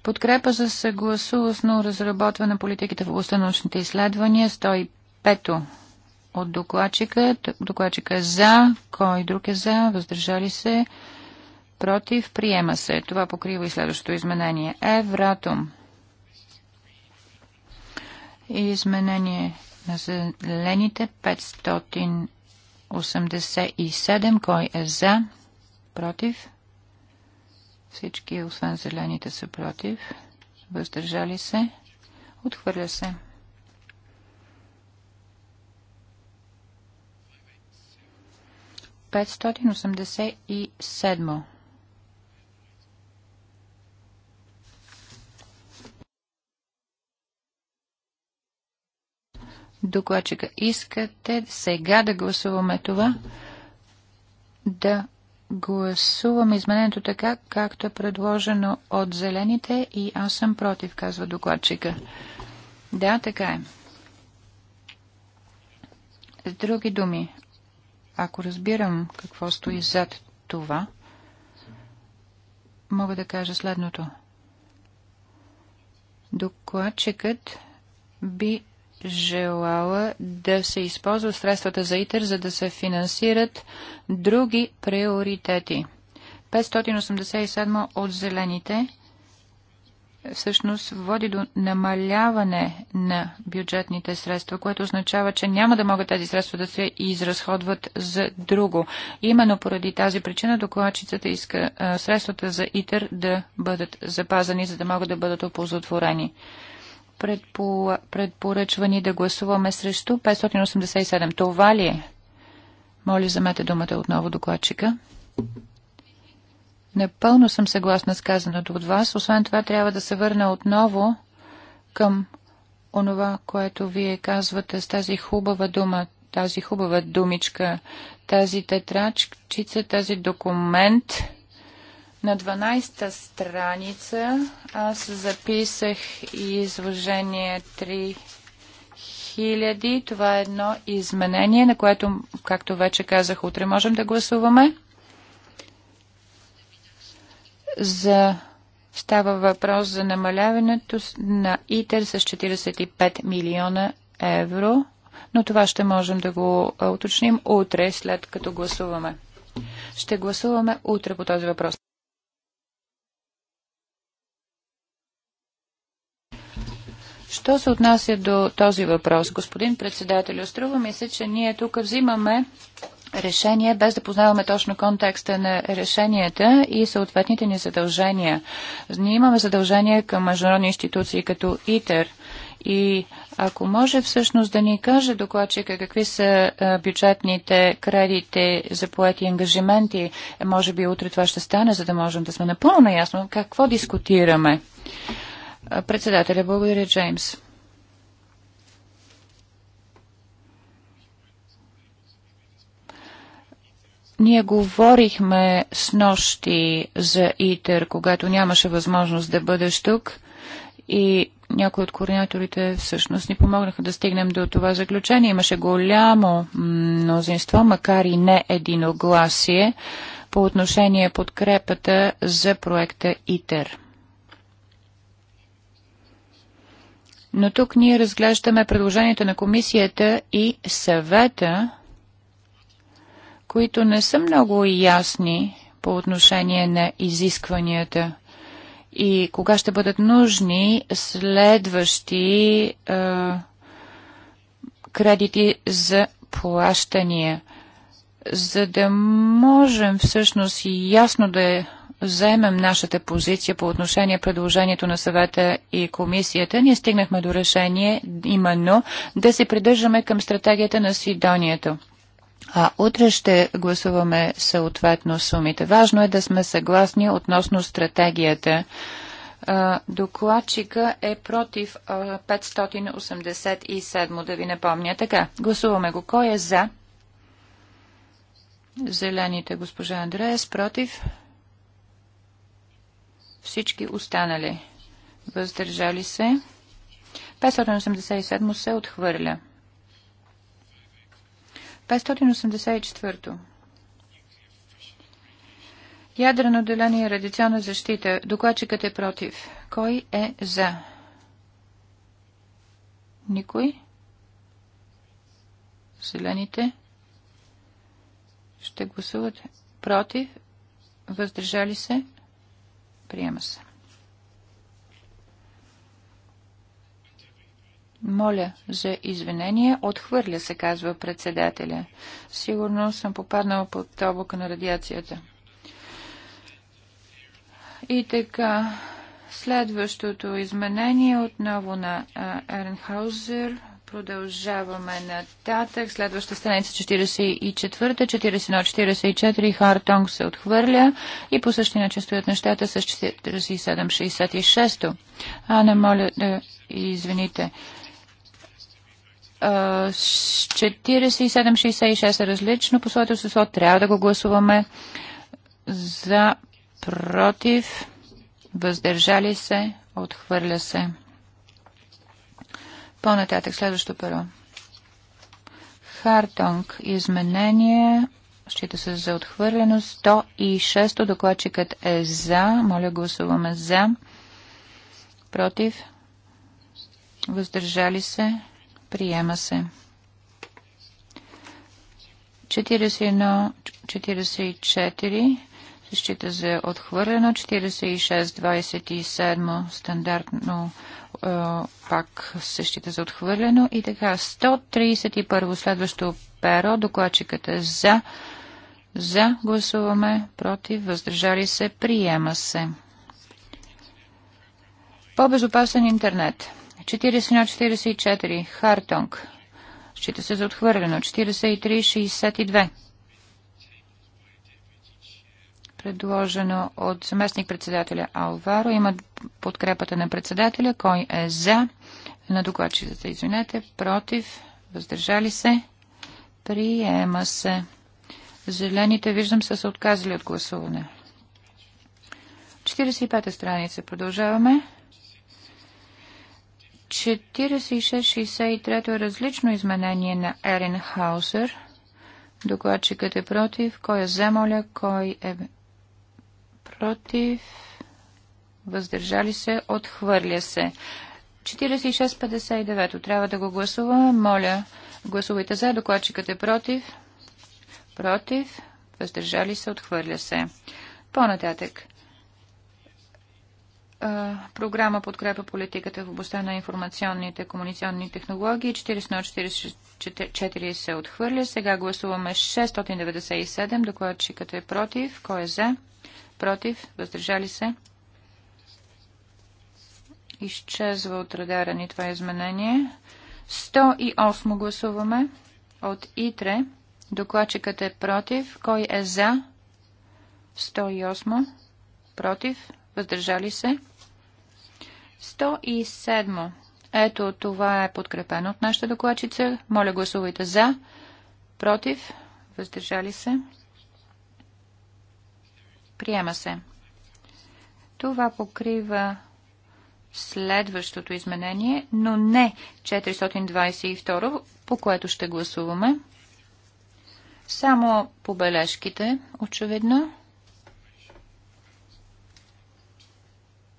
Подкрепа за съгласувано разработване на политиките в областта на научните изследвания. 105. От докладчика. Докладчика е за. Кой друг е за? Въздържали се против, приема се. Това покрива и следващото изменение. Евратум. Изменение на зелените 587. Кой е за? Против? Всички, освен зелените, са против. Въздържали се? Отхвърля се. 587. докладчика. Искате сега да гласуваме това? Да гласуваме изменението така, както е предложено от зелените и аз съм против, казва докладчика. Да, така е. С други думи, ако разбирам какво стои зад това, мога да кажа следното. Докладчикът би желала да се използва средствата за ИТЕР, за да се финансират други приоритети. 587 от зелените всъщност води до намаляване на бюджетните средства, което означава, че няма да могат тези средства да се изразходват за друго. Именно поради тази причина докладчицата иска средствата за ИТЕР да бъдат запазени, за да могат да бъдат оползотворени предпо, предпоръчвани да гласуваме срещу 587. Това ли е? Моля, замете думата отново докладчика. Напълно съм съгласна с казаното от вас. Освен това, трябва да се върна отново към онова, което вие казвате с тази хубава дума, тази хубава думичка, тази тетраччица, тази документ – на 12-та страница аз записах изложение 3000. Това е едно изменение, на което, както вече казах, утре можем да гласуваме. За Става въпрос за намаляването на ИТЕР с 45 милиона евро, но това ще можем да го уточним утре, след като гласуваме. Ще гласуваме утре по този въпрос. Що се отнася до този въпрос, господин председател, струва ми се, че ние тук взимаме решение, без да познаваме точно контекста на решенията и съответните ни задължения. Ние имаме задължения към международни институции като ИТЕР и ако може всъщност да ни каже докладчика какви са бюджетните кредити за поети ангажименти, е, може би утре това ще стане, за да можем да сме напълно наясно какво дискутираме. Председателя, благодаря, Джеймс. Ние говорихме с нощи за ИТЕР, когато нямаше възможност да бъдеш тук и някои от координаторите всъщност ни помогнаха да стигнем до това заключение. Имаше голямо мнозинство, макар и не единогласие, по отношение подкрепата за проекта ИТЕР. Но тук ние разглеждаме предложенията на комисията и съвета, които не са много ясни по отношение на изискванията и кога ще бъдат нужни следващи е, кредити за плащания, за да можем всъщност ясно да вземем нашата позиция по отношение предложението на съвета и комисията, ние стигнахме до решение именно да се придържаме към стратегията на Сидонието. А утре ще гласуваме съответно сумите. Важно е да сме съгласни относно стратегията. Докладчика е против 587, да ви напомня. Така, гласуваме го. Кой е за? Зелените, госпожа Андреас, против? Всички останали. Въздържали се. 587 се отхвърля. 584. Ядрено отделение и защита. Докладчикът е против. Кой е за? Никой? Зелените? Ще гласуват против? Въздържали се? Приема се. Моля за извинение, отхвърля се, казва председателя. Сигурно съм попаднал под тълбока на радиацията. И така, следващото изменение отново на Ернхаузер Продължаваме нататък. Следваща страница 44, 41-44, Хартонг се отхвърля и по същия начин стоят нещата с 47-66. Ана, моля да извините. 47-66 е различно. Посолителство трябва да го гласуваме за против. Въздържали се. Отхвърля се. По-нататък, следващо перо. Хартонг. Изменение. Счита се за отхвърлено. 106. Докладчикът е за. Моля, гласуваме за. Против. Въздържали се. Приема се. 41-44 се счита за отхвърлено. 46-27 стандартно е, пак се счита за отхвърлено. И така, 131 следващо перо, докладчикът е за, за, гласуваме, против, въздържали се, приема се. По-безопасен интернет. 41-44, Хартонг. Счита се за отхвърлено. 43-62 предложено от заместник председателя Алваро. Има подкрепата на председателя. Кой е за? На докладчицата, извинете. Против? Въздържали се? Приема се. Зелените, виждам, са се отказали от гласуване. 45-та страница. Продължаваме. 46-63 е различно изменение на Ерен Хаусер. Докладчикът е против. Кой е за, моля? Кой е против, въздържали се, отхвърля се. 46-59. Трябва да го гласуваме. Моля, гласувайте за. Докладчикът е против. Против. Въздържали се. Отхвърля се. По-нататък. Програма подкрепа политиката в областта на информационните и комуникационни технологии. 44 се отхвърля. Сега гласуваме 697. Докладчикът е против. Кой е за? против, въздържали се. Изчезва от радара ни това изменение. 108 гласуваме от ИТРЕ. Докладчикът е против. Кой е за? 108. Против. Въздържали се. 107. Ето това е подкрепено от нашата докладчица. Моля гласувайте за. Против. Въздържали се. Приема се. Това покрива следващото изменение, но не 422, по което ще гласуваме. Само побележките, очевидно.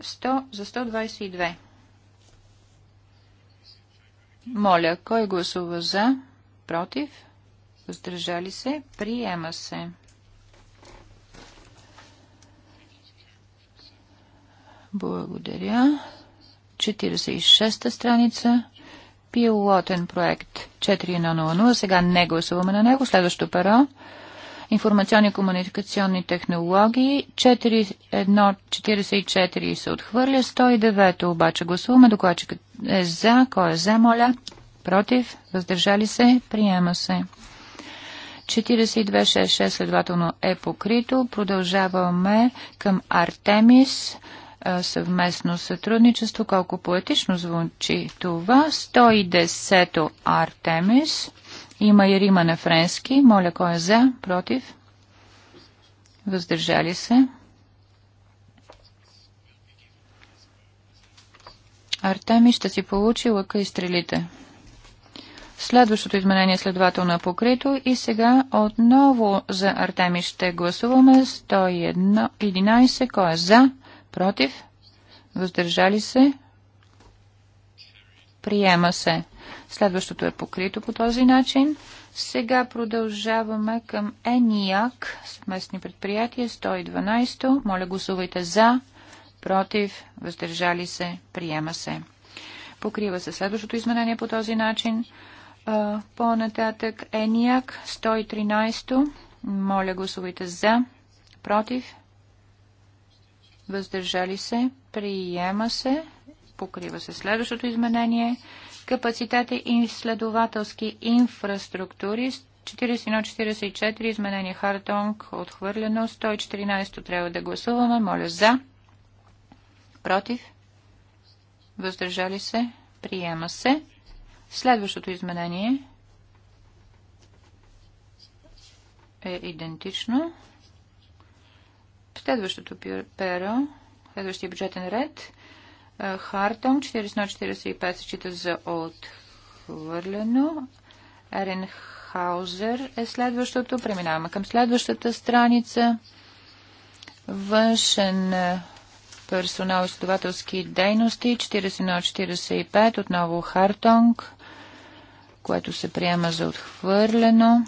100 за 122. Моля, кой гласува за? Против? Въздържали се? Приема се. Благодаря. 46-та страница. Пилотен проект 4100. Сега не гласуваме на него. Следващо перо. Информационни и комуникационни технологии. 4144 се отхвърля. 109 обаче гласуваме. Докладчикът е за. Кой е за, моля? Против? Въздържали се? Приема се. 4266 следователно е покрито. Продължаваме към Артемис съвместно сътрудничество, колко поетично звучи това. 110-то Артемис. Има и Рима на френски. Моля, кой е за? Против? Въздържали се? Артеми ще си получи лъка и стрелите. Следващото изменение е следователно е покрито и сега отново за Артеми ще гласуваме 111. Кой е за? Против? Въздържали се? Приема се. Следващото е покрито по този начин. Сега продължаваме към ЕНИАК, съвместни предприятия, 112. Моля гласувайте за, против, въздържали се, приема се. Покрива се следващото изменение по този начин. По-нататък ЕНИАК, 113. Моля гласувайте за, против, въздържали се, приема се, покрива се следващото изменение, капацитета и изследователски инфраструктури 41-44, изменение Хартонг, отхвърлено, 114 трябва да гласуваме, моля за, против, въздържали се, приема се. Следващото изменение е идентично. Следващото перо, следващия бюджетен ред, е, Хартон 4145 се чита за отхвърлено. Еренхаузер е следващото. Преминаваме към следващата страница. Външен е, персонал и изследователски дейности 4145, отново Хартонг, което се приема за отхвърлено.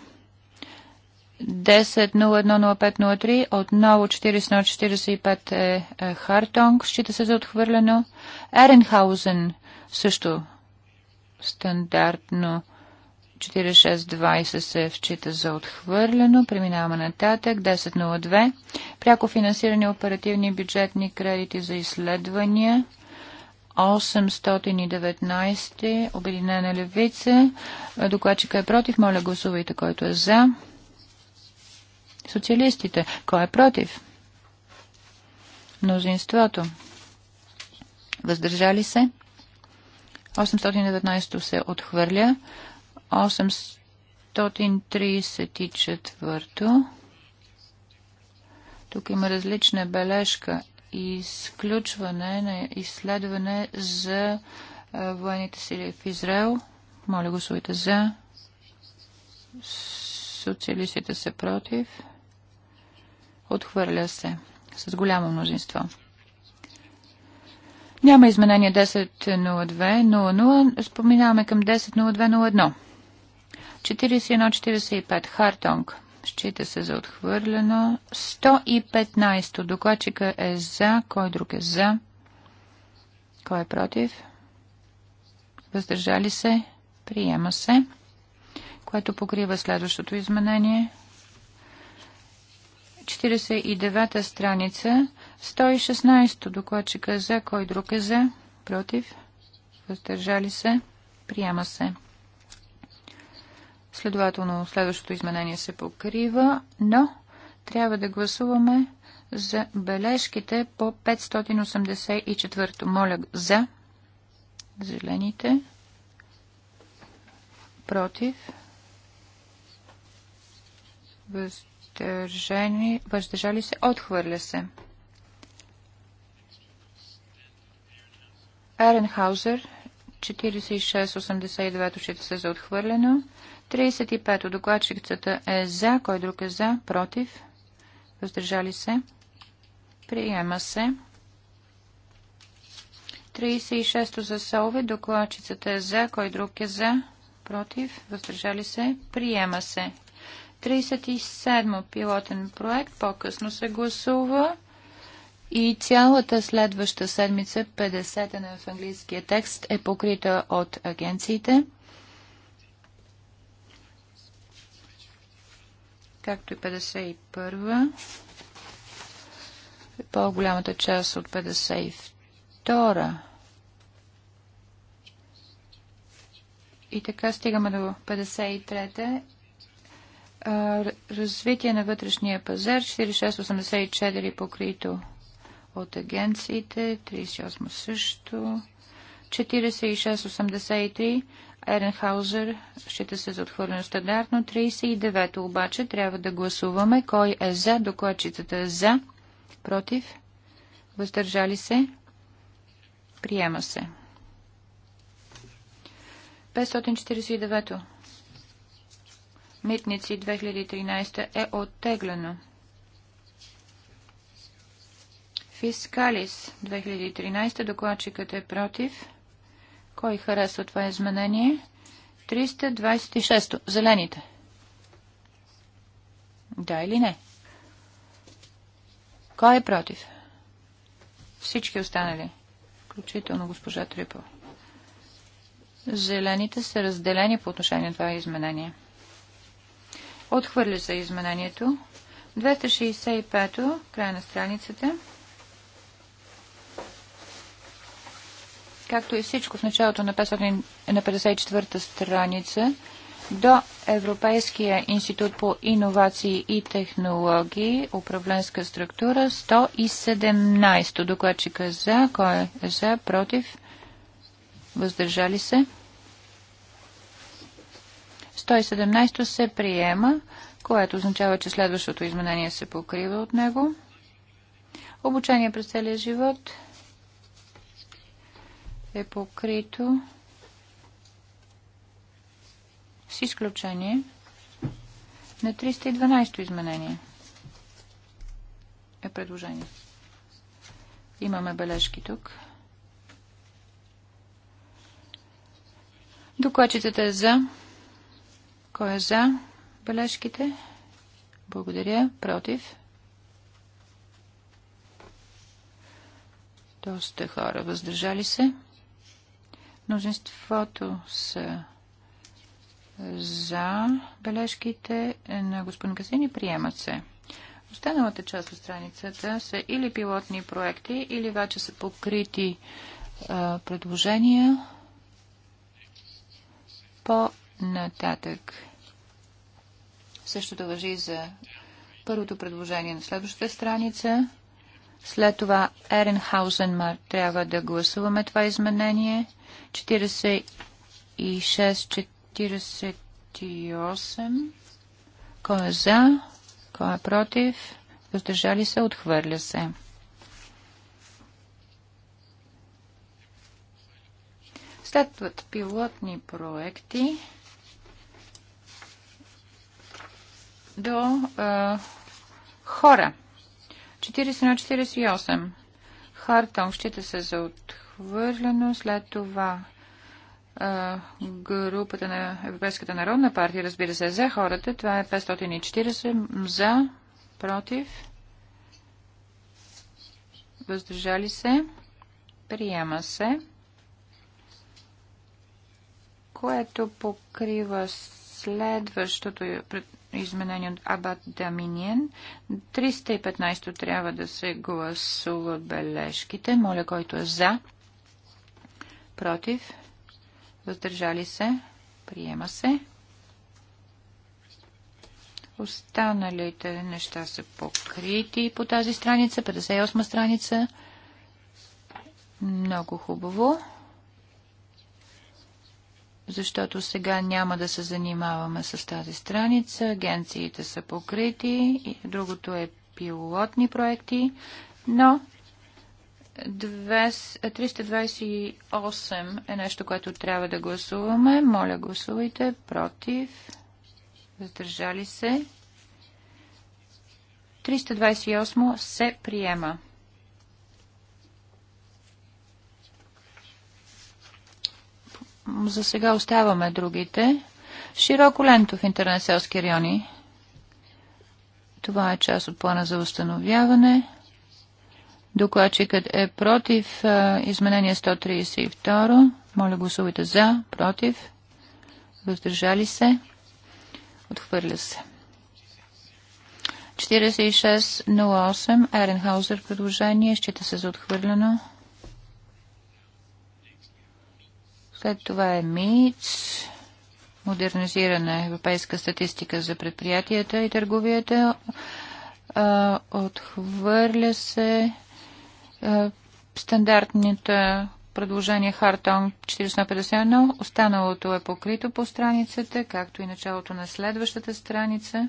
10.01.05.03, отново 40.45 е, е, Хартонг, счита се за отхвърлено. Еренхаузен също стандартно 46.20 се вчита за отхвърлено. Преминаваме нататък. 10.02. Пряко финансирани оперативни бюджетни кредити за изследвания. 819. Обединена левица. Докладчика е против. Моля гласувайте, който е за социалистите. Кой е против? Мнозинството. Въздържали се? 819 се отхвърля. 834. Тук има различна бележка. Изключване на изследване за военните сили в Израел. Моля гласувайте за. Социалистите са против. Отхвърля се. С голямо мнозинство. Няма изменение 10.02.00. Споминаваме към 10.02.01. 41.45. Хартонг. Счита се за отхвърлено. 115. Докладчика е за. Кой друг е за? Кой е против? Въздържали се? Приема се. Което покрива следващото изменение. 49-та страница, 116-то докладчика е за, кой друг е за, против, въздържали се, приема се. Следователно, следващото изменение се покрива, но трябва да гласуваме за бележките по 584. то Моля за зелените, против, въздържали въздържани, въздържали се, отхвърля се. Еренхаузер, 46-89 се за отхвърлено. 35 докладчикцата е за, кой друг е за, против, въздържали се, приема се. 36 за Солве, докладчицата е за, кой друг е за, против, въздържали се, приема се. 37 пилотен проект по-късно се гласува и цялата следваща седмица 50 на в английския текст е покрита от агенциите. Както и 51 по-голямата част от 52 И така стигаме до 53-та развитие на вътрешния пазар 4684 покрито от агенциите, 38 също, 4683 Еренхаузер счита се за отхвърлено стандартно, 39 обаче трябва да гласуваме кой е за, докладчицата е за, против, въздържали се, приема се. 549 Митници 2013 е оттеглено. Фискалис 2013. Докладчикът е против. Кой харесва това изменение? 326. Зелените. Да или не? Кой е против? Всички останали, включително госпожа Трипъл. Зелените са разделени по отношение на това изменение. Отхвърля се изменението. 265-то, края на страницата. Както и всичко в началото на 54-та страница, до Европейския институт по иновации и технологии, управленска структура 117. Докладчика за, кой е за, против, въздържали се, 117 се приема, което означава, че следващото изменение се покрива от него. Обучение през целия живот е покрито с изключение на 312 изменение е предложение. Имаме бележки тук. Докладчицата е за. Кой е за бележките? Благодаря. Против? Доста хора въздържали се. Мнозинството са за бележките на господин Касини приемат се. Останалата част от страницата са или пилотни проекти, или вече са покрити а, предложения по нататък. Същото въжи за първото предложение на следващата страница. След това Еренхаузен трябва да гласуваме това изменение. 46-48. Кой е за? Кой е против? Въздържали се? Отхвърля се. Следват пилотни проекти. до а, хора. 40 на 48. Хартон счита се за отхвърлено. След това е, групата на Европейската народна партия, разбира се, е за хората. Това е 540 за, против, въздържали се, приема се, което покрива следващото изменение от Абат Даминиен. 315 трябва да се гласува бележките. Моля, който е за, против, въздържали се, приема се. Останалите неща са покрити по тази страница, 58 страница. Много хубаво защото сега няма да се занимаваме с тази страница. Агенциите са покрити, и другото е пилотни проекти, но 328 е, е нещо, което трябва да гласуваме. Моля, гласувайте против. Въздържали се. 328 се приема. За сега оставаме другите. Широко лентов интернет селски райони. Това е част от плана за установяване. Докладчикът е против изменение 132. Моля гласувайте за, против. Въздържали се. Отхвърля се. 4608 Еренхаузер предложение. Счита се за отхвърлено. След това е МИЦ, модернизирана европейска статистика за предприятията и търговията. отхвърля се стандартните предложения Хартон 451. Останалото е покрито по страницата, както и началото на следващата страница.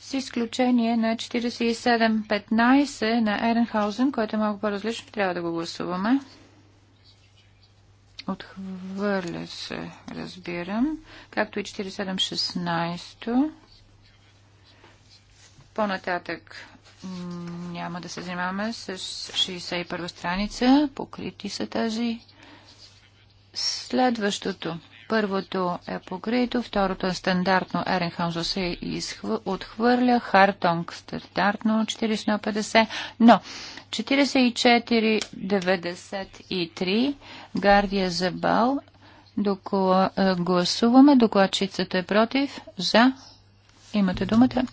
С изключение на 4715 на Еренхаузен, което е малко по-различно, трябва да го гласуваме. Отхвърля се, разбирам. Както и 47-16. По-нататък няма да се занимаваме с 61 страница. Покрити са тази. Следващото. Първото е покрито, второто е стандартно Еренхаузо се изхв... отхвърля, Хартонг стандартно 450, но 4493 Гардия Забал Докла... Е, гласуваме, докладчицата е против, за, имате думата. Е,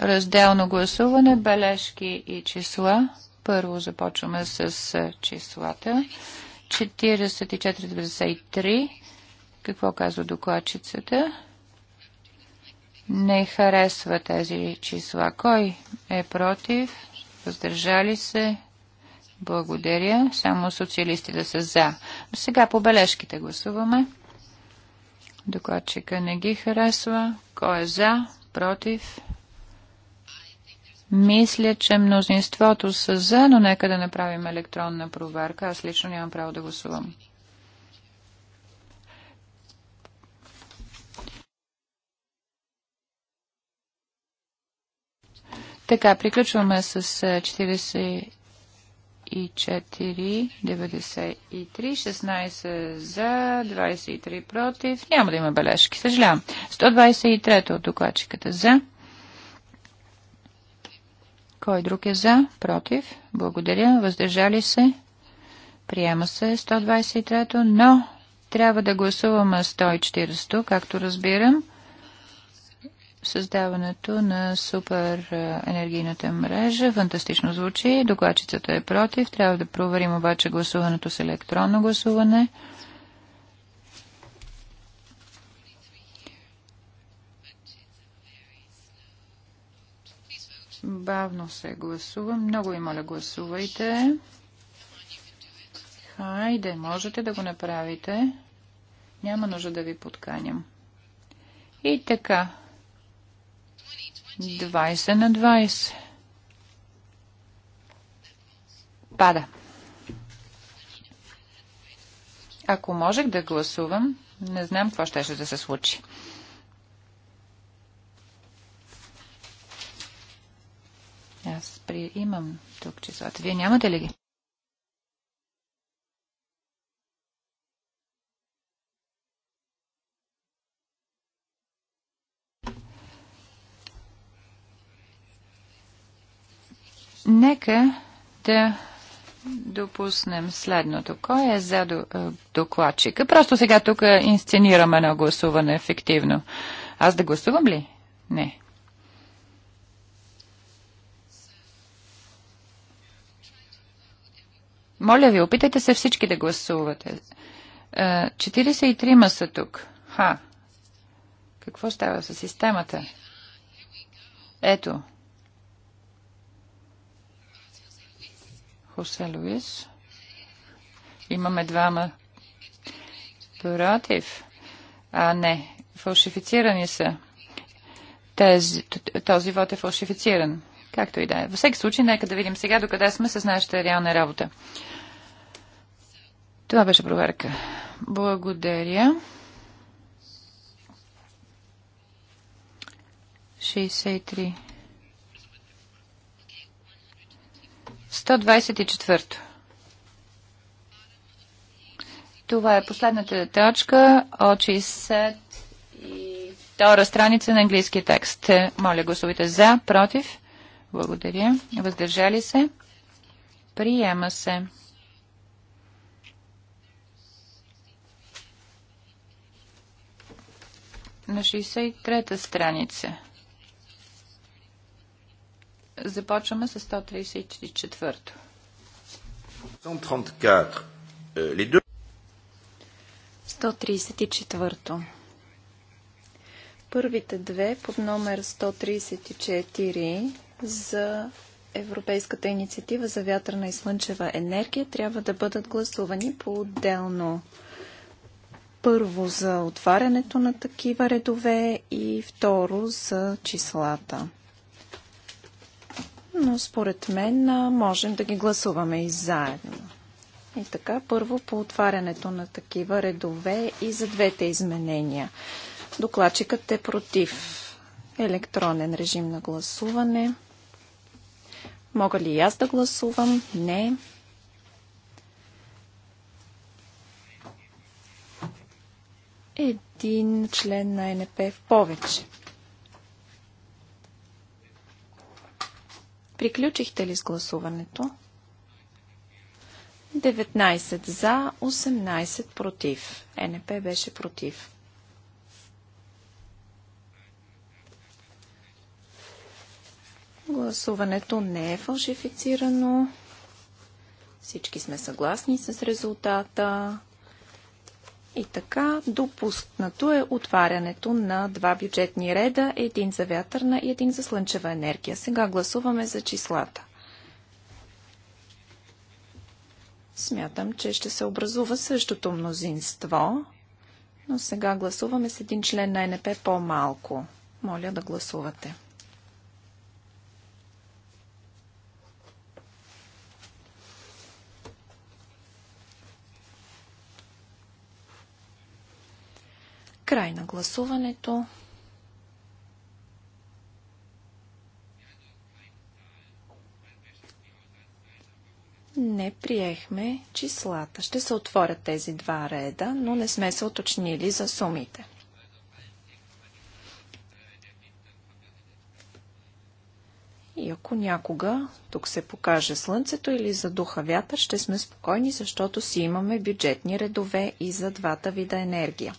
разделно гласуване, бележки и числа. Първо започваме с е, числата. 4493. Какво казва докладчицата? Не харесва тези числа. Кой е против? Въздържали се? Благодаря. Само социалистите са за. Сега по бележките гласуваме. Докладчика не ги харесва. Кой е за? Против? Мисля, че мнозинството са за, но нека да направим електронна проверка. Аз лично нямам право да гласувам. Така, приключваме с 44, 93, 16 за, 23 против. Няма да има бележки, съжалявам. 123 от докладчиката за. Кой друг е за? Против. Благодаря. Въздържали се. Приема се 123-то, но трябва да гласуваме 140-то, както разбирам. Създаването на супер енергийната мрежа фантастично звучи. Докладчицата е против. Трябва да проверим обаче гласуването с електронно гласуване. Гласуване. Бавно се гласува. Много и моля, гласувайте. Хайде, можете да го направите. Няма нужда да ви подканям. И така. 20 на 20. Пада. Ако можех да гласувам, не знам какво ще, ще да се случи. Аз при... имам тук числата. Вие нямате ли ги? Нека да допуснем следното. Кой е за е, докладчика? Просто сега тук инсценираме на гласуване ефективно. Аз да гласувам ли? Не. Моля ви, опитайте се всички да гласувате. 43-ма е, са тук. Ха. Какво става с системата? Ето. Хосе Луис. Имаме двама против. А, не. Фалшифицирани са. Тези, този вод е фалшифициран. Както и да е. Във всеки случай, нека да видим сега докъде сме с нашата реална работа. Това беше проверка. Благодаря. 63. 124. Това е последната точка от 62 страница на английски текст. Моля, гласувайте за, против. Благодаря. Въздържали се? Приема се. На 63-та страница. Започваме с 134-то. 134-то. Е, Първите две под номер 134 за Европейската инициатива за вятърна и слънчева енергия трябва да бъдат гласувани по-отделно. Първо за отварянето на такива редове и второ за числата. Но според мен можем да ги гласуваме и заедно. И така, първо по отварянето на такива редове и за двете изменения. Докладчикът е против електронен режим на гласуване. Мога ли и аз да гласувам? Не. Един член на НП в повече. Приключихте ли с гласуването? 19 за, 18 против. НП беше против. Гласуването не е фалшифицирано. Всички сме съгласни с резултата. И така, допуснато е отварянето на два бюджетни реда, един за вятърна и един за слънчева енергия. Сега гласуваме за числата. Смятам, че ще се образува същото мнозинство, но сега гласуваме с един член на НП по-малко. Моля да гласувате. Край на гласуването. не приехме числата. Ще се отворят тези два реда, но не сме се уточнили за сумите. И ако някога тук се покаже слънцето или задуха вятър, ще сме спокойни, защото си имаме бюджетни редове и за двата вида енергия.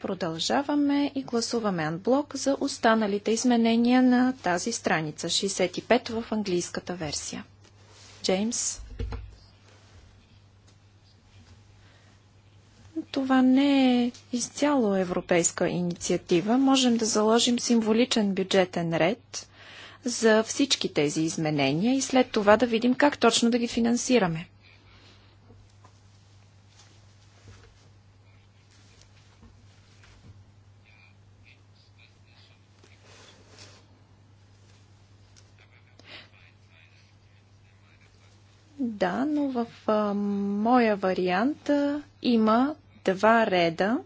Продължаваме и гласуваме анблок за останалите изменения на тази страница, 65 в английската версия. Джеймс. Това не е изцяло европейска инициатива. Можем да заложим символичен бюджетен ред за всички тези изменения и след това да видим как точно да ги финансираме. Да, но в а, моя вариант а, има два реда.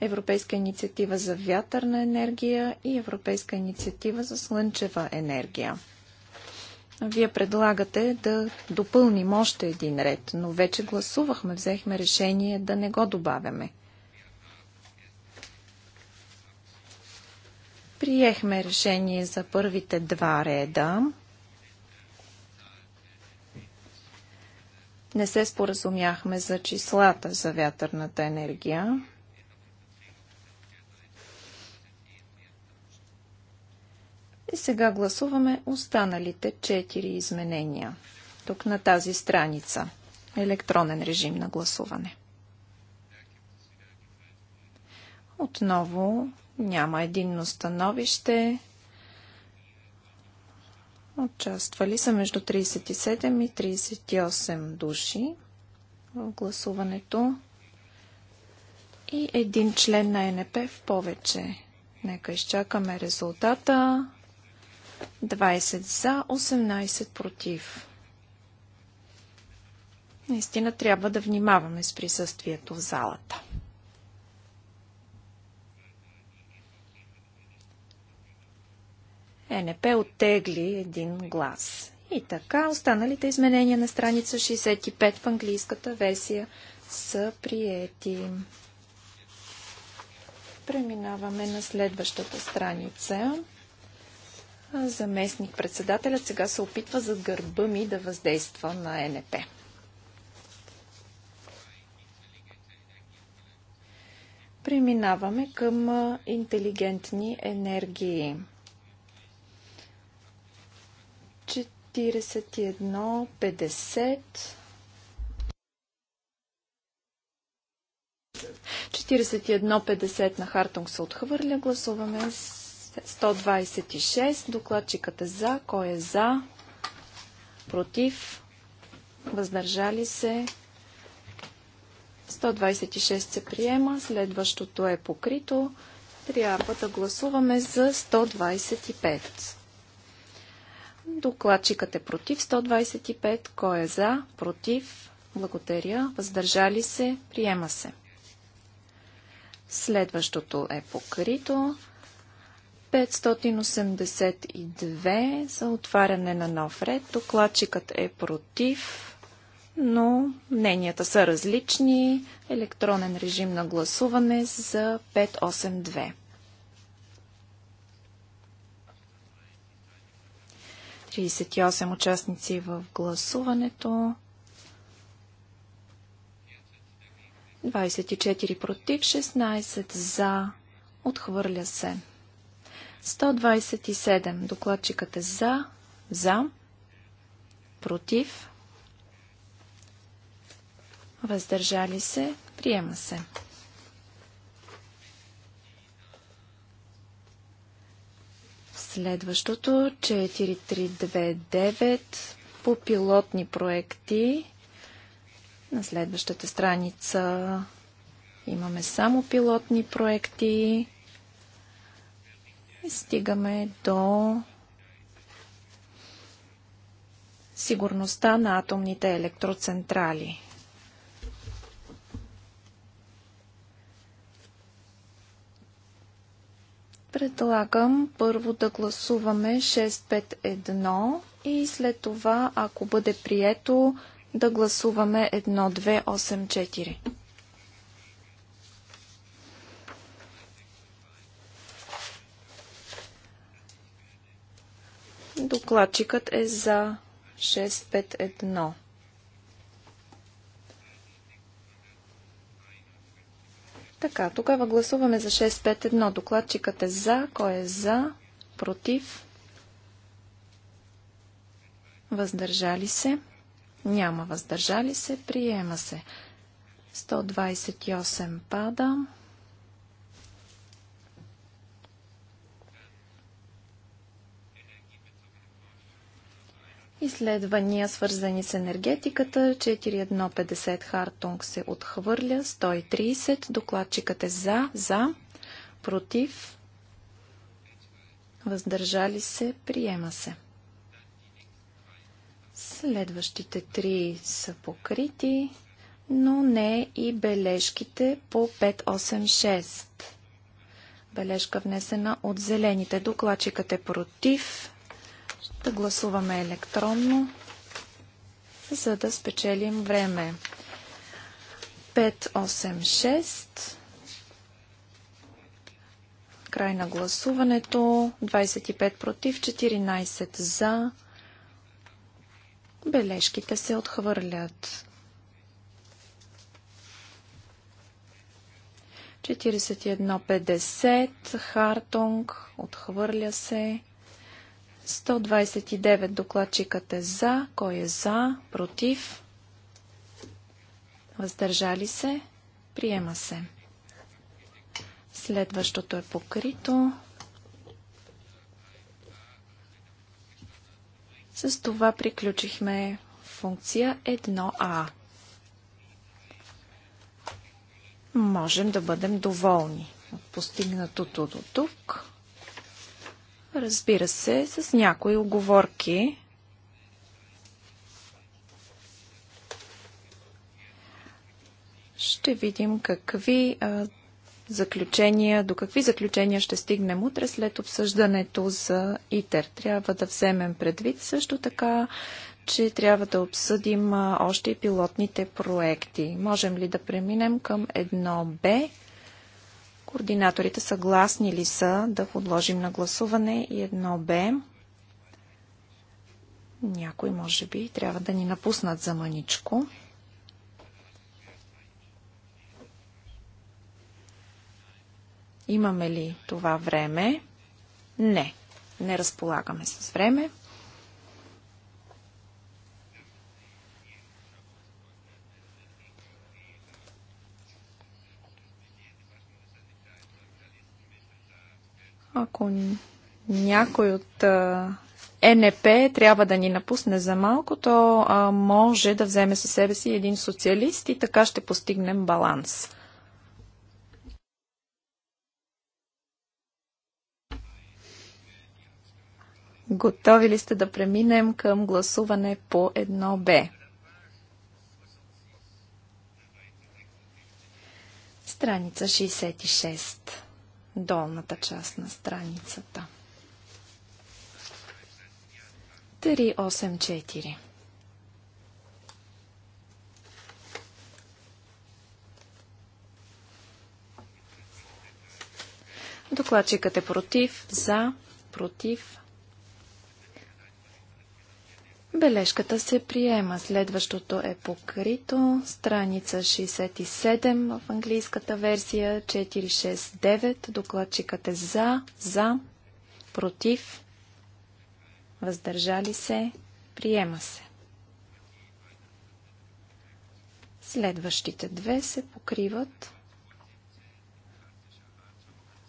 Европейска инициатива за вятърна енергия и Европейска инициатива за слънчева енергия. Вие предлагате да допълним още един ред, но вече гласувахме, взехме решение да не го добавяме. Приехме решение за първите два реда Не се споразумяхме за числата за вятърната енергия. И сега гласуваме останалите 4 изменения. Тук на тази страница. Електронен режим на гласуване. Отново няма единно становище. Участвали са между 37 и 38 души в гласуването и един член на НП в повече. Нека изчакаме резултата. 20 за, 18 против. Наистина трябва да внимаваме с присъствието в залата. ЕНП оттегли един глас. И така, останалите изменения на страница 65 в английската версия са приети. Преминаваме на следващата страница. Заместник председателят сега се опитва за гърба ми да въздейства на НП. Преминаваме към интелигентни енергии. 41, 50, 41-50 на Хартунг се отхвърля. Гласуваме 126. Докладчикът е за. Кой е за? Против? Въздържали се? 126 се приема. Следващото е покрито. Трябва да гласуваме за 125. Докладчикът е против 125. Кой е за? Против. Благодаря. Въздържали се. Приема се. Следващото е покрито. 582 за отваряне на нов ред. Докладчикът е против, но мненията са различни. Електронен режим на гласуване за 582. 38 участници в гласуването. 24 против, 16 за. Отхвърля се. 127. Докладчикът е за. За. Против. Въздържали се. Приема се. Следващото 4329 по пилотни проекти. На следващата страница имаме само пилотни проекти. И стигаме до сигурността на атомните електроцентрали. Предлагам първо да гласуваме 651 и след това, ако бъде прието, да гласуваме 1284. Докладчикът е за 651. Така, тогава гласуваме за 651. Докладчикът е за. Кой е за? Против? Въздържали се? Няма въздържали се. Приема се. 128 пада. Изследвания, свързани с енергетиката, 4150 Хартунг се отхвърля, 130, докладчикът е за, за, против, въздържали се, приема се. Следващите три са покрити, но не и бележките по 586. Бележка внесена от зелените. Докладчикът е против, да гласуваме електронно, за да спечелим време. 586. Край на гласуването. 25 против, 14 за. Бележките се отхвърлят. 41.50. Хартонг. Отхвърля се. 129 докладчикът е за. Кой е за? Против? Въздържали се? Приема се. Следващото е покрито. С това приключихме функция 1а. Можем да бъдем доволни от постигнатото до тук. Разбира се, с някои оговорки. Ще видим какви а, заключения, до какви заключения ще стигнем утре след обсъждането за ИТЕР. Трябва да вземем предвид също така, че трябва да обсъдим а, още и пилотните проекти. Можем ли да преминем към едно Б Координаторите съгласни ли са да подложим на гласуване и едно Б? Някой, може би, трябва да ни напуснат за мъничко. Имаме ли това време? Не, не разполагаме с време. Ако някой от НП трябва да ни напусне за малко, то може да вземе със себе си един социалист и така ще постигнем баланс. Готови ли сте да преминем към гласуване по 1Б? Страница 66 долната част на страницата. 384 Докладчикът е против, за, против, Бележката се приема. Следващото е покрито. Страница 67 в английската версия 469. Докладчикът е за, за, против, въздържали се, приема се. Следващите две се покриват.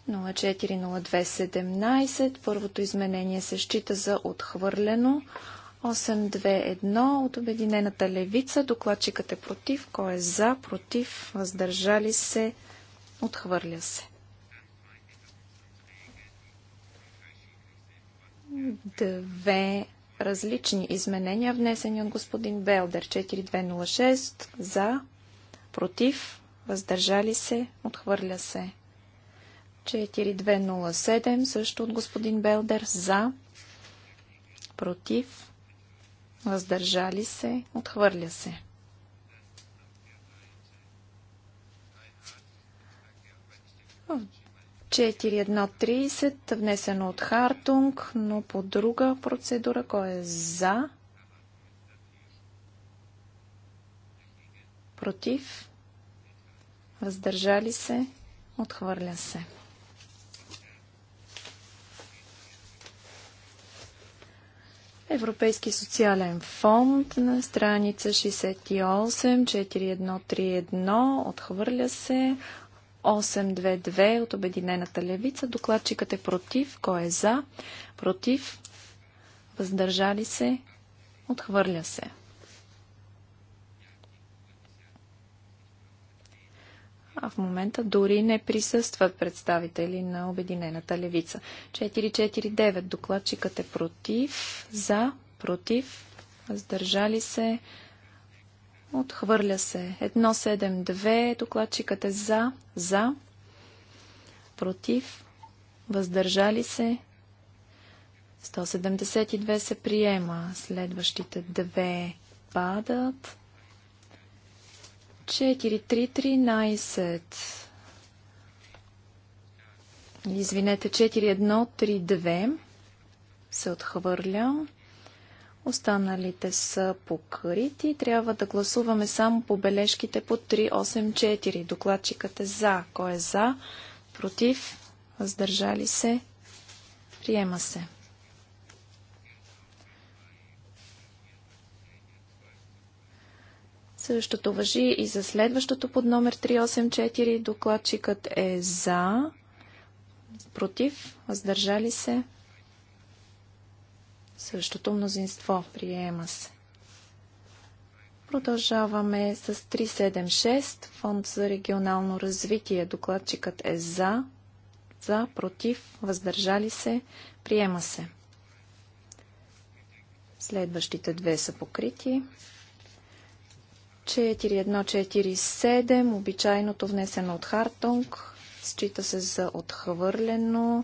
040217. Първото изменение се счита за отхвърлено. 821 от Обединената левица. Докладчикът е против. Кой е за? Против. Въздържали се. Отхвърля се. Две различни изменения, внесени от господин Белдер. 4206 за, против, въздържали се, отхвърля се. 4207 също от господин Белдер за, против, въздържали се, отхвърля се. В 4.1.30, внесено от Хартунг, но по друга процедура, кой е за? Против? Въздържали се? Отхвърля се. Европейски социален фонд на страница 68, 4131, отхвърля се, 822 от Обединената левица. Докладчикът е против. Кой е за? Против. Въздържали се. Отхвърля се. а в момента дори не присъстват представители на Обединената левица. 449. Докладчикът е против, за, против, въздържали се, отхвърля се. 172. Докладчикът е за, за, против, въздържали се. 172 се приема. Следващите две падат. 4.3.13. Извинете, 4.1.3.2 се отхвърля. Останалите са покрити. Трябва да гласуваме само по бележките по 3.8.4. Докладчикът е за. Кой е за? Против? Въздържали се? Приема се. Същото въжи и за следващото под номер 384. Докладчикът е за, против, въздържали се. Същото мнозинство приема се. Продължаваме с 376. Фонд за регионално развитие. Докладчикът е за, за, против, въздържали се, приема се. Следващите две са покрити. 4147, обичайното внесено от Хартонг, счита се за отхвърлено.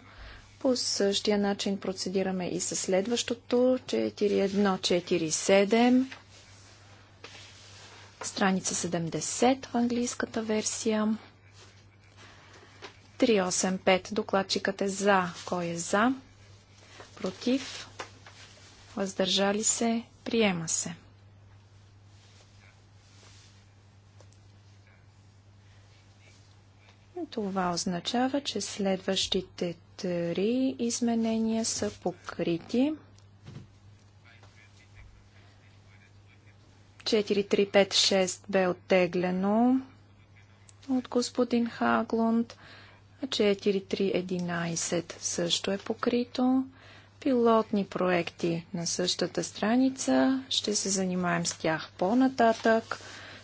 По същия начин процедираме и със следващото 4147, страница 70 в английската версия. 385. Докладчикът е за. Кой е за? Против? Въздържали се? Приема се. Това означава, че следващите три изменения са покрити. 4356 бе оттеглено от господин Хаглунд. 4311 също е покрито. Пилотни проекти на същата страница. Ще се занимаем с тях по-нататък.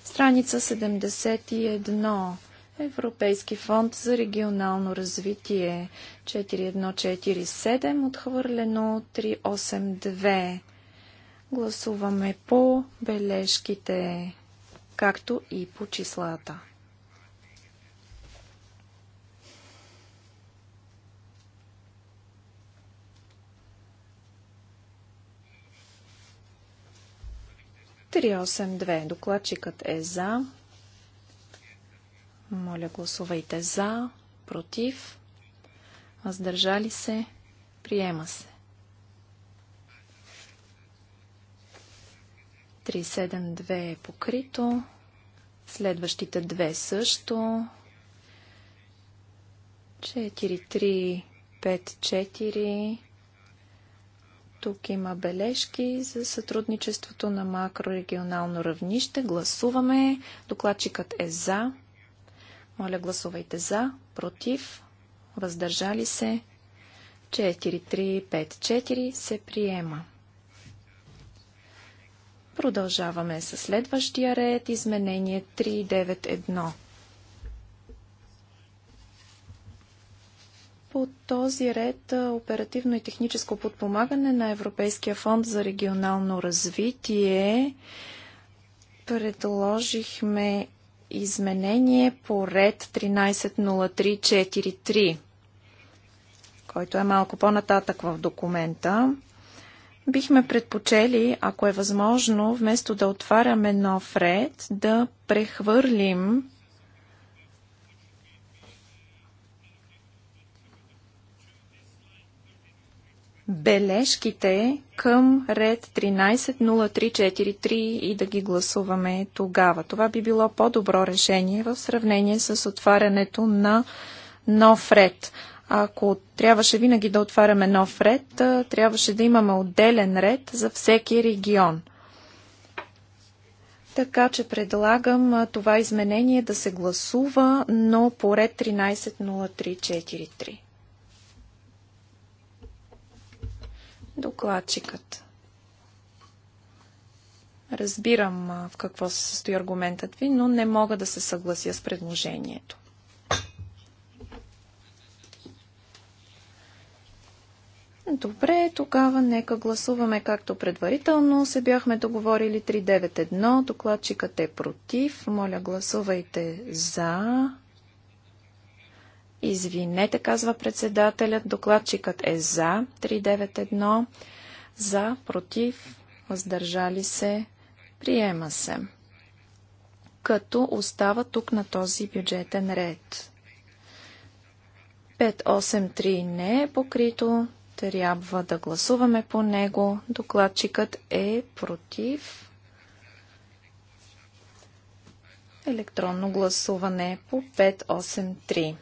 Страница 71. Европейски фонд за регионално развитие 4147, отхвърлено 382. Гласуваме по бележките, както и по числата. Три осем две. Докладчикът е за. Моля, гласувайте за, против, въздържали се, приема се. 372 е покрито, следващите две също. 4354. Тук има бележки за сътрудничеството на макрорегионално равнище. Гласуваме. Докладчикът е за. Моля, гласувайте за, против, въздържали се. 4354 се приема. Продължаваме с следващия ред, изменение 391. По този ред оперативно и техническо подпомагане на Европейския фонд за регионално развитие предложихме изменение по ред 130343, който е малко по-нататък в документа. Бихме предпочели, ако е възможно, вместо да отваряме нов ред, да прехвърлим бележките към ред 13.03.4.3 и да ги гласуваме тогава. Това би било по-добро решение в сравнение с отварянето на нов ред. Ако трябваше винаги да отваряме нов ред, трябваше да имаме отделен ред за всеки регион. Така че предлагам това изменение да се гласува, но по ред 13.03.4.3. Докладчикът. Разбирам в какво се състои аргументът ви, но не мога да се съглася с предложението. Добре, тогава нека гласуваме както предварително. Се бяхме договорили 391. Докладчикът е против. Моля, гласувайте за. Извинете, казва председателят. Докладчикът е за 391. За, против, въздържали се, приема се. Като остава тук на този бюджетен ред. 583 не е покрито, трябва да гласуваме по него. Докладчикът е против. Електронно гласуване по 583.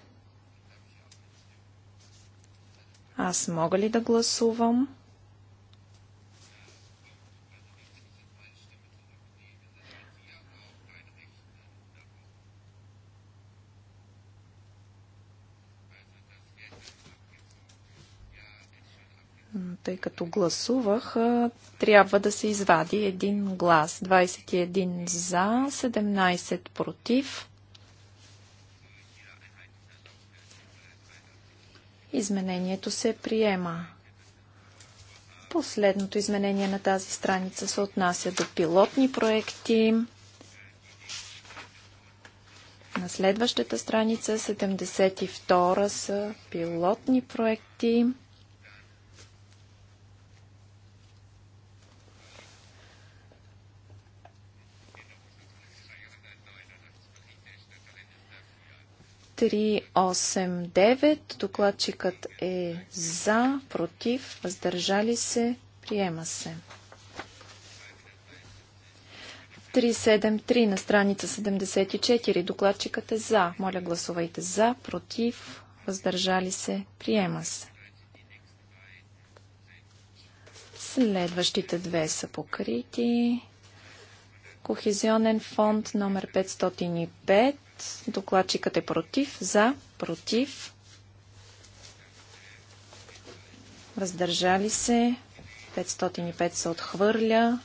Аз мога ли да гласувам? тъй като гласувах, трябва да се извади един глас. 21 за, 17 против. Изменението се приема. Последното изменение на тази страница се отнася до пилотни проекти. На следващата страница 72 са пилотни проекти. 389. Докладчикът е за, против, въздържали се, приема се. 373 на страница 74. Докладчикът е за. Моля, гласувайте за, против, въздържали се, приема се. Следващите две са покрити. Кохезионен фонд номер 505. Докладчикът е против. За. Против. Въздържали се. 505 се отхвърля.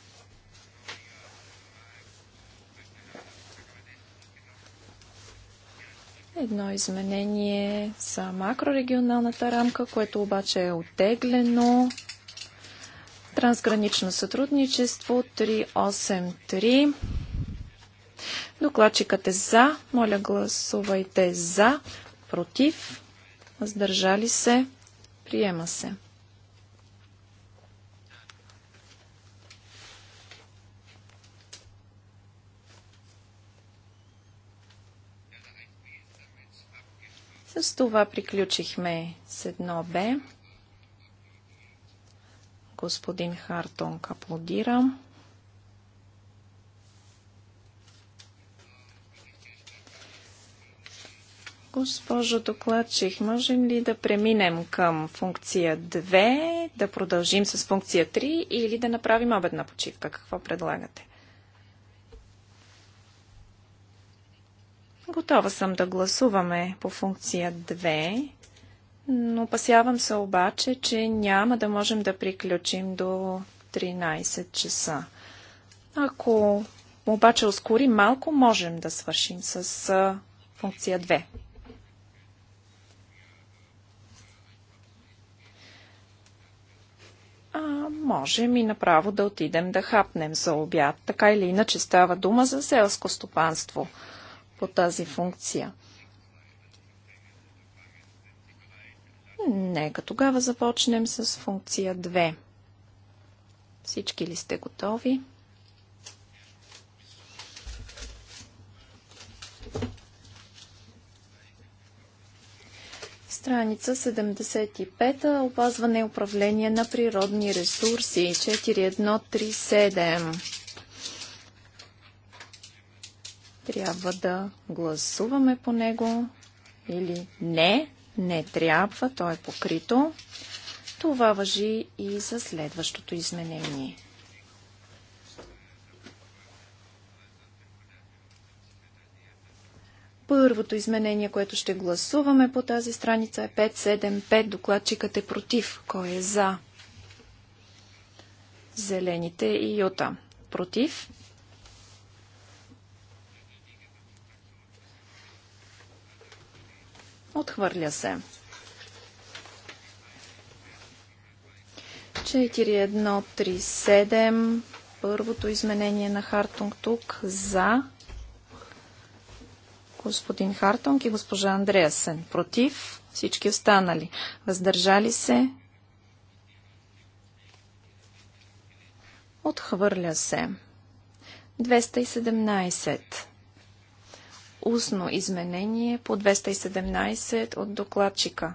Едно изменение за макрорегионалната рамка, което обаче е отеглено. Трансгранично сътрудничество 383. Докладчикът е за. Моля гласувайте за. Против. Въздържали се. Приема се. С това приключихме с едно Б. Господин Хартонг аплодира. Госпожо докладчих, можем ли да преминем към функция 2, да продължим с функция 3 или да направим обедна почивка? Какво предлагате? Готова съм да гласуваме по функция 2, но опасявам се обаче, че няма да можем да приключим до 13 часа. Ако обаче ускорим малко, можем да свършим с функция 2. а, можем и направо да отидем да хапнем за обяд. Така или иначе става дума за селско стопанство по тази функция. Нека тогава започнем с функция 2. Всички ли сте готови? Страница 75. Опазване и управление на природни ресурси. 4137. Трябва да гласуваме по него или не. Не трябва. То е покрито. Това въжи и за следващото изменение. Първото изменение, което ще гласуваме по тази страница е 575. Докладчикът е против. Кой е за? Зелените и Юта. Против? Отхвърля се. 4137. Първото изменение на Хартунг тук. За господин Хартонг и госпожа Андреасен. Против всички останали. Въздържали се. Отхвърля се. 217. Устно изменение по 217 от докладчика.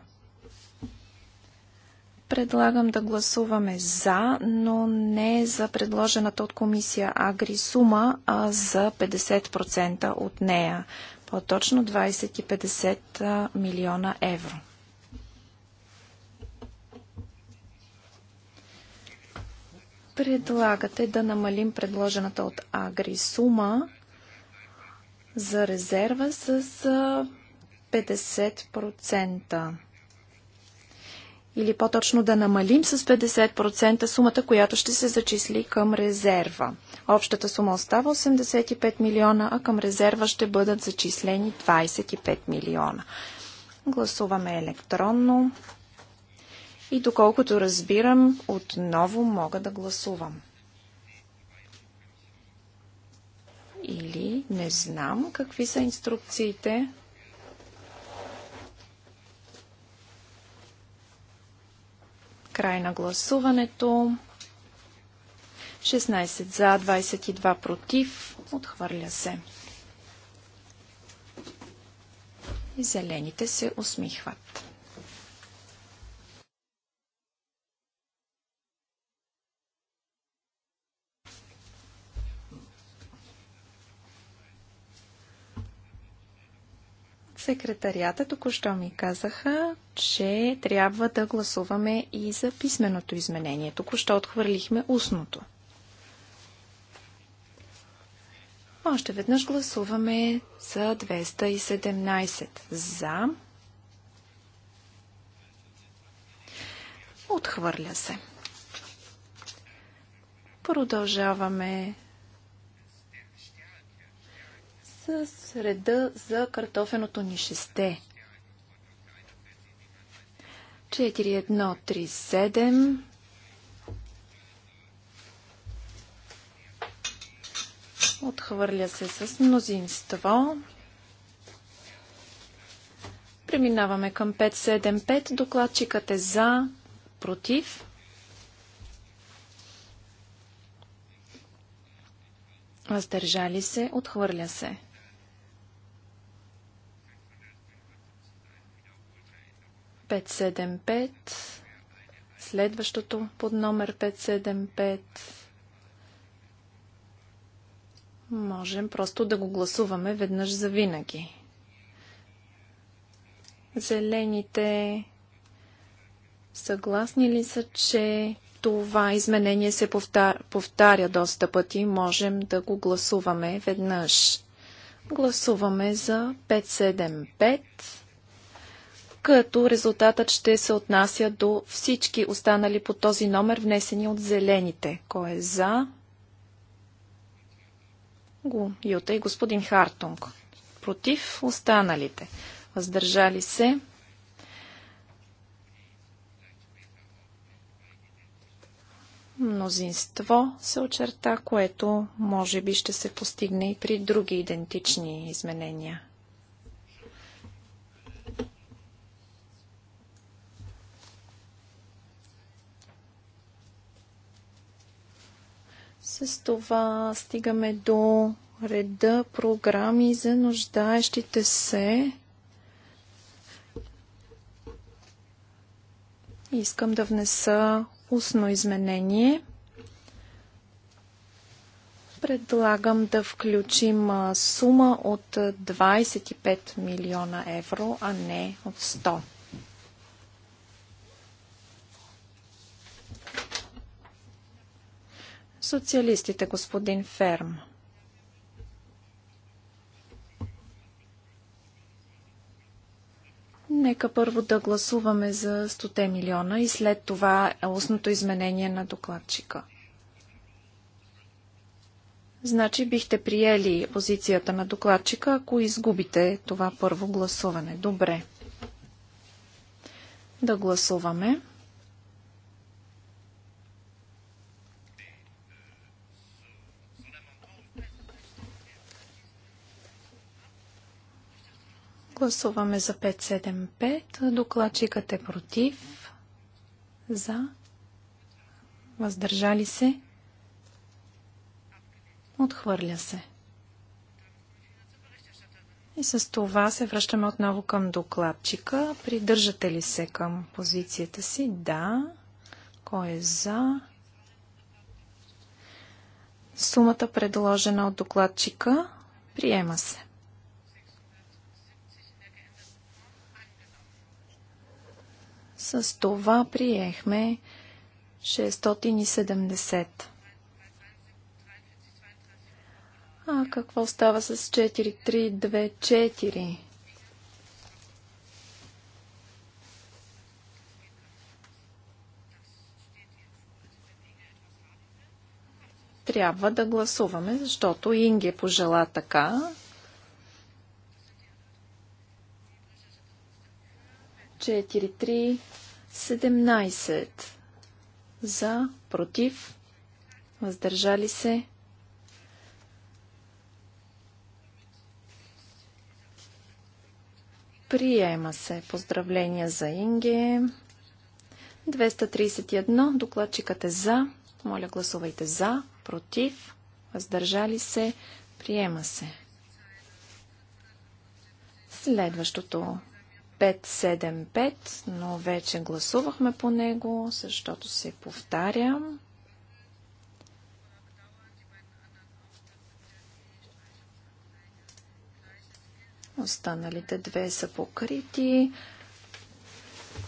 Предлагам да гласуваме за, но не за предложената от комисия Агри сума, а за 50% от нея по-точно 20 и 50 милиона евро. Предлагате да намалим предложената от Агри сума за резерва с 50% или по-точно да намалим с 50% сумата, която ще се зачисли към резерва. Общата сума остава 85 милиона, а към резерва ще бъдат зачислени 25 милиона. Гласуваме електронно. И доколкото разбирам, отново мога да гласувам. Или не знам какви са инструкциите Край на гласуването. 16 за, 22 против. Отхвърля се. И зелените се усмихват. секретарията току-що ми казаха, че трябва да гласуваме и за писменото изменение. Току-що отхвърлихме устното. Още веднъж гласуваме за 217 за. Отхвърля се. Продължаваме с реда за картофеното ни шесте. 4137 Отхвърля се с мнозинство. Преминаваме към 575. Докладчикът е за, против. Въздържали се, отхвърля се. 575, следващото под номер 575. Можем просто да го гласуваме веднъж за винаги. Зелените съгласни ли са, че това изменение се повтаря, повтаря доста пъти? Можем да го гласуваме веднъж. Гласуваме за 575 като резултатът ще се отнася до всички останали по този номер, внесени от зелените. Кой е за? Го, Юта и господин Хартунг. Против останалите. Въздържали се. мнозинство се очерта, което може би ще се постигне и при други идентични изменения. С това стигаме до реда програми за нуждаещите се. Искам да внеса устно изменение. Предлагам да включим сума от 25 милиона евро, а не от 100. Социалистите, господин Ферм. Нека първо да гласуваме за 100 милиона и след това устното изменение на докладчика. Значи бихте приели позицията на докладчика, ако изгубите това първо гласуване. Добре. Да гласуваме. Гласуваме за 575. Докладчикът е против. За. Въздържали се. Отхвърля се. И с това се връщаме отново към докладчика. Придържате ли се към позицията си? Да. Кой е за? Сумата предложена от докладчика приема се. С това приехме 670. А какво става с 4324? Трябва да гласуваме, защото Инге пожела така. 17 за, против, въздържали се. Приема се. Поздравления за Инге. 231. Докладчикът е за. Моля, гласувайте за, против, въздържали се. Приема се. Следващото 575, но вече гласувахме по него, защото се повтаря. Останалите две са покрити.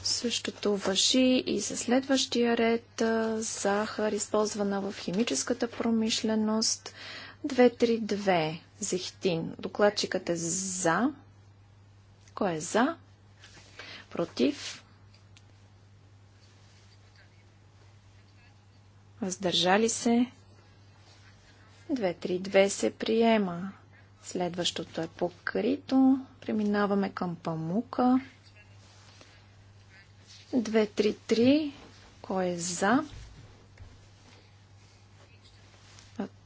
Същото въжи и за следващия ред захар, използвана в химическата промишленост. 232 зехтин. Докладчикът е за. Кой е за? Против? Въздържали се? 2-3-2 се приема. Следващото е покрито. Преминаваме към памука. 2-3-3. Кой е за?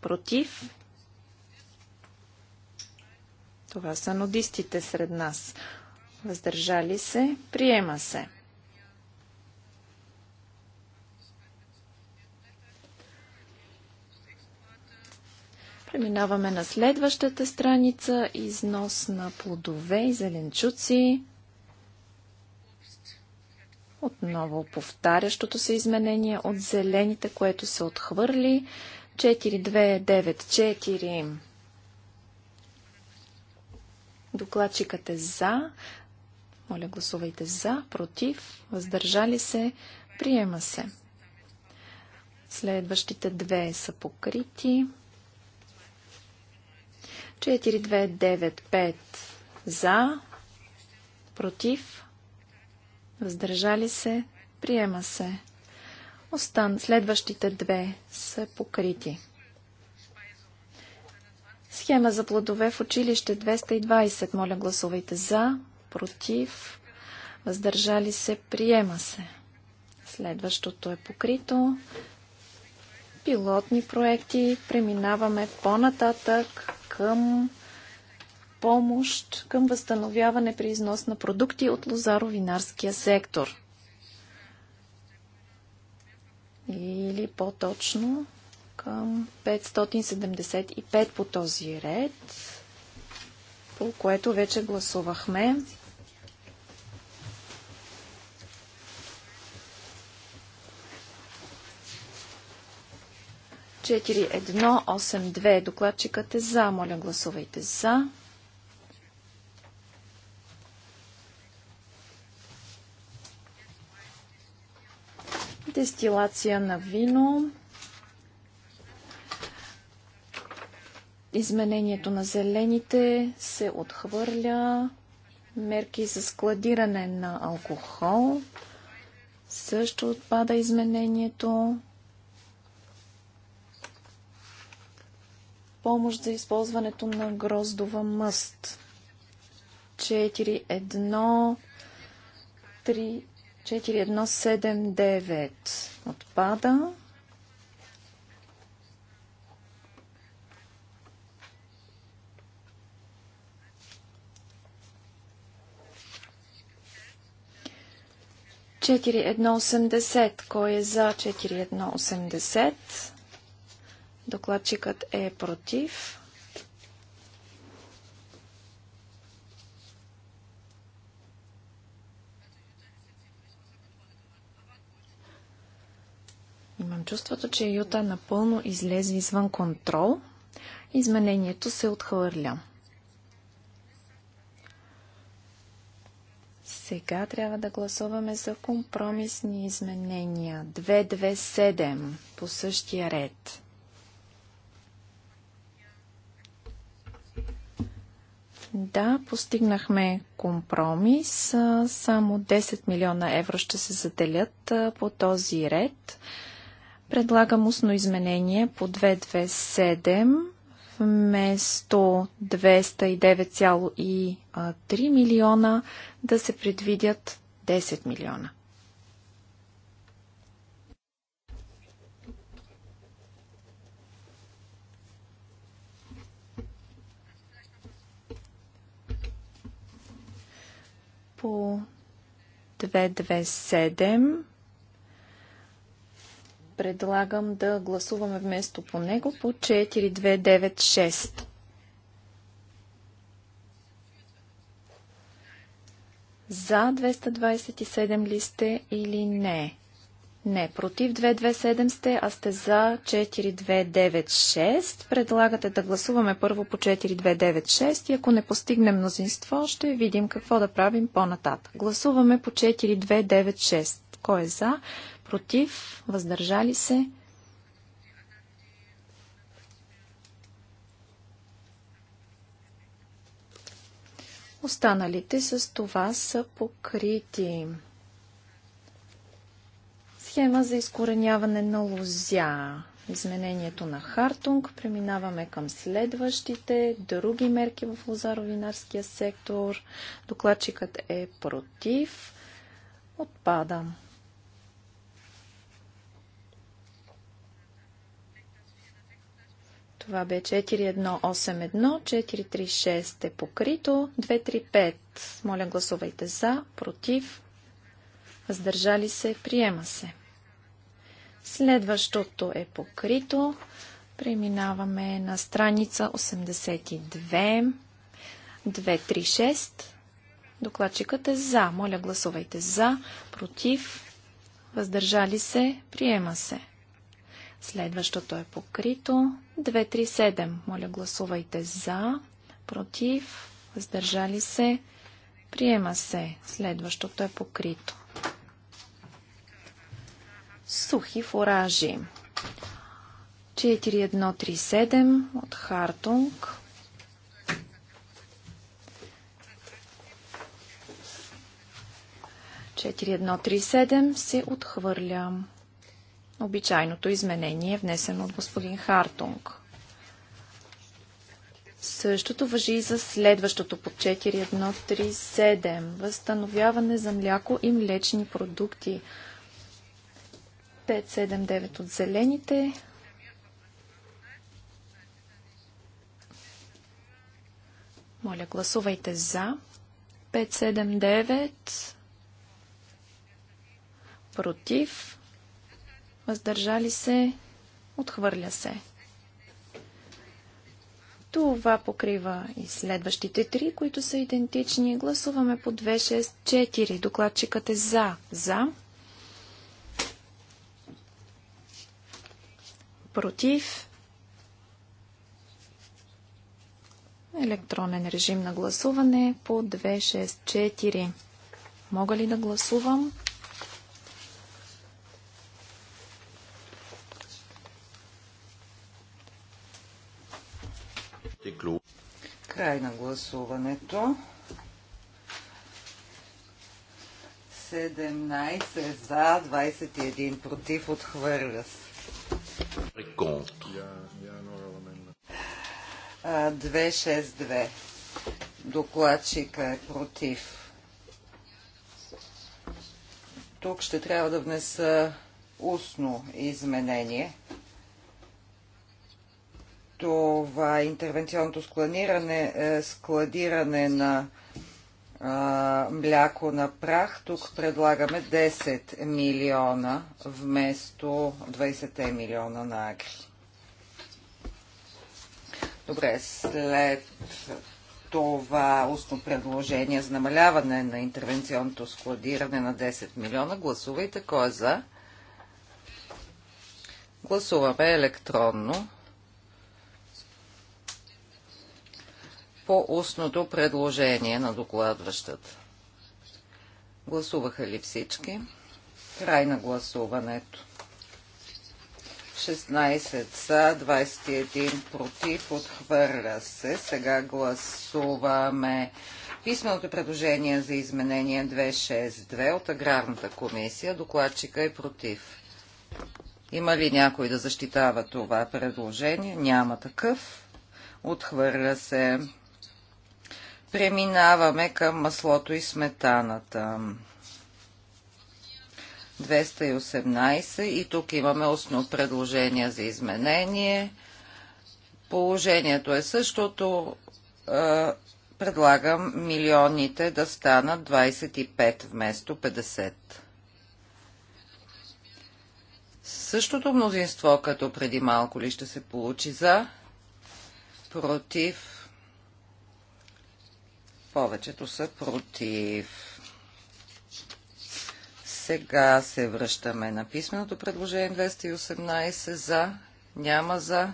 Против? Това са нодистите сред нас въздържали се, приема се. Преминаваме на следващата страница износ на плодове и зеленчуци. Отново повтарящото се изменение от зелените, което се отхвърли. 4294. Докладчикът е за. Моля, гласувайте за, против, въздържали се, приема се. Следващите две са покрити. 4295 за, против, въздържали се, приема се. Остан... Следващите две са покрити. Схема за плодове в училище 220. Моля гласувайте за, против, въздържали се, приема се. Следващото е покрито. Пилотни проекти. Преминаваме по-нататък към помощ към възстановяване при износ на продукти от лозаровинарския сектор. Или по-точно към 575 по този ред, по което вече гласувахме. 4182. Докладчикът е за. Моля, гласувайте за. Дестилация на вино. Изменението на зелените се отхвърля. Мерки за складиране на алкохол. Също отпада изменението. помощ за използването на гроздова мъст. 4179 отпада. Четири едно осемдесет. Кой е за четири едно осемдесет? Докладчикът е против. Имам чувството, че Юта напълно излезе извън контрол. Изменението се отхвърля. Сега трябва да гласуваме за компромисни изменения. 227 по същия ред. Да, постигнахме компромис. Само 10 милиона евро ще се заделят по този ред. Предлагам устно изменение по 227 вместо 209,3 милиона да се предвидят 10 милиона. по 227 предлагам да гласуваме вместо по него по 4296. За 227 ли сте или не? Не, против 227 сте, а сте за 4296. Предлагате да гласуваме първо по 4296 и ако не постигнем мнозинство, ще видим какво да правим по-нататък. Гласуваме по 4296. Кой е за? Против? Въздържали се? Останалите с това са покрити. Схема за изкореняване на лозя. Изменението на Хартунг. Преминаваме към следващите други мерки в лозаровинарския сектор. Докладчикът е против. Отпада. Това бе 4181, 436 е покрито, 235. Моля гласувайте за, против, въздържали се, приема се. Следващото е покрито. Преминаваме на страница 82. 236. Докладчикът е за. Моля, гласувайте за, против, въздържали се, приема се. Следващото е покрито. 237. Моля, гласувайте за, против, въздържали се, приема се. Следващото е покрито сухи фуражи. 4137 от Хартунг. Четири едно три седем се отхвърля. Обичайното изменение е внесено от господин Хартунг. Същото въжи и за следващото по 4137. Възстановяване за мляко и млечни продукти. 579 от зелените. Моля, гласувайте за. 579 против, въздържали се, отхвърля се. Това покрива и следващите три, които са идентични. Гласуваме по 264. Докладчикът е за. За. против, електронен режим на гласуване по 264. Мога ли да гласувам? Край на гласуването. 17 за, 21 против, отхвърля се. 262. Докладчика е против. Тук ще трябва да внеса устно изменение. Това е интервенционното складиране, е, складиране на а, мляко на прах. Тук предлагаме 10 милиона вместо 20 милиона на Агри. Добре, след това устно предложение за намаляване на интервенционното складиране на 10 милиона, гласувайте кой е за. Гласуваме електронно. по устното предложение на докладващата. Гласуваха ли всички? Край на гласуването. 16 са, 21 против, отхвърля се. Сега гласуваме писменото предложение за изменение 262 от Аграрната комисия. Докладчика е против. Има ли някой да защитава това предложение? Няма такъв. Отхвърля се. Преминаваме към маслото и сметаната. 218 и тук имаме основно предложение за изменение. Положението е същото. Е, предлагам милионите да станат 25 вместо 50. Същото мнозинство като преди малко ли ще се получи за? Против? Повечето са против. Сега се връщаме на писменото предложение 218 за, няма за,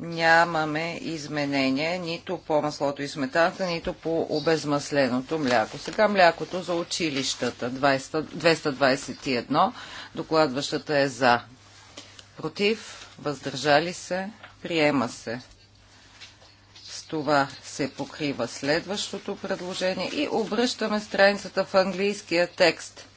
нямаме изменения нито по маслото и сметаната, нито по обезмасленото мляко. Сега млякото за училищата 20, 221, докладващата е за, против, въздържали се, приема се това се покрива следващото предложение и обръщаме страницата в английския текст.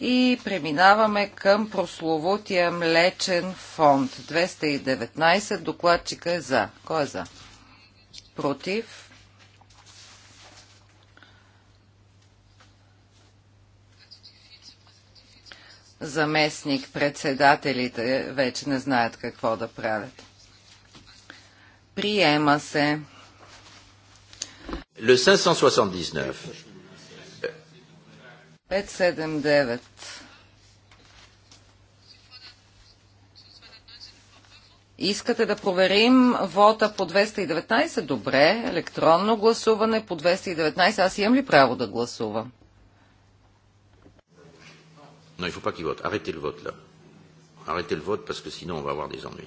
И преминаваме към прословутия млечен фонд. 219. Докладчика е за. Кой е за? Против. Заместник председателите вече не знаят какво да правят. Приема се. Le 579. Искате да проверим вота по 219? Добре, електронно гласуване по 219. Аз имам ли право да гласувам? Но не трябва да гласува. Арете ли вот, ла. Арете ли вот, защото сино, ще имаме ennuis.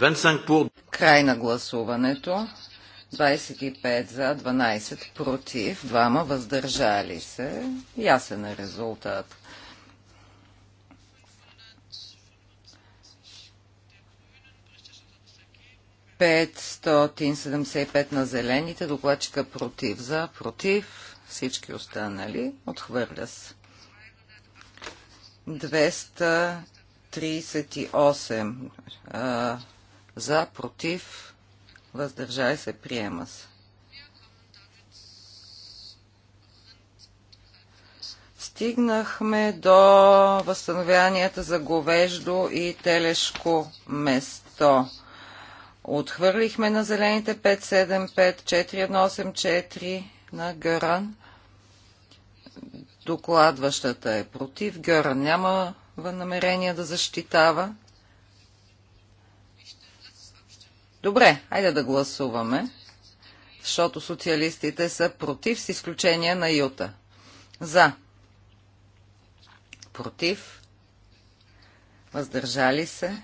25 по... Край на гласуването. 25 за, 12 против, 2 въздържали се. Ясен е резултат. ...575 на зелените, докладчика против за, против, всички останали, отхвърля се. 238 за, против, въздържай се, приема се. стигнахме до възстановяванията за говеждо и телешко место. Отхвърлихме на зелените 575, 4184 на Гъран. Докладващата е против. Гъран няма намерение да защитава. Добре, айде да гласуваме, защото социалистите са против с изключение на Юта. За. Против. Въздържали се.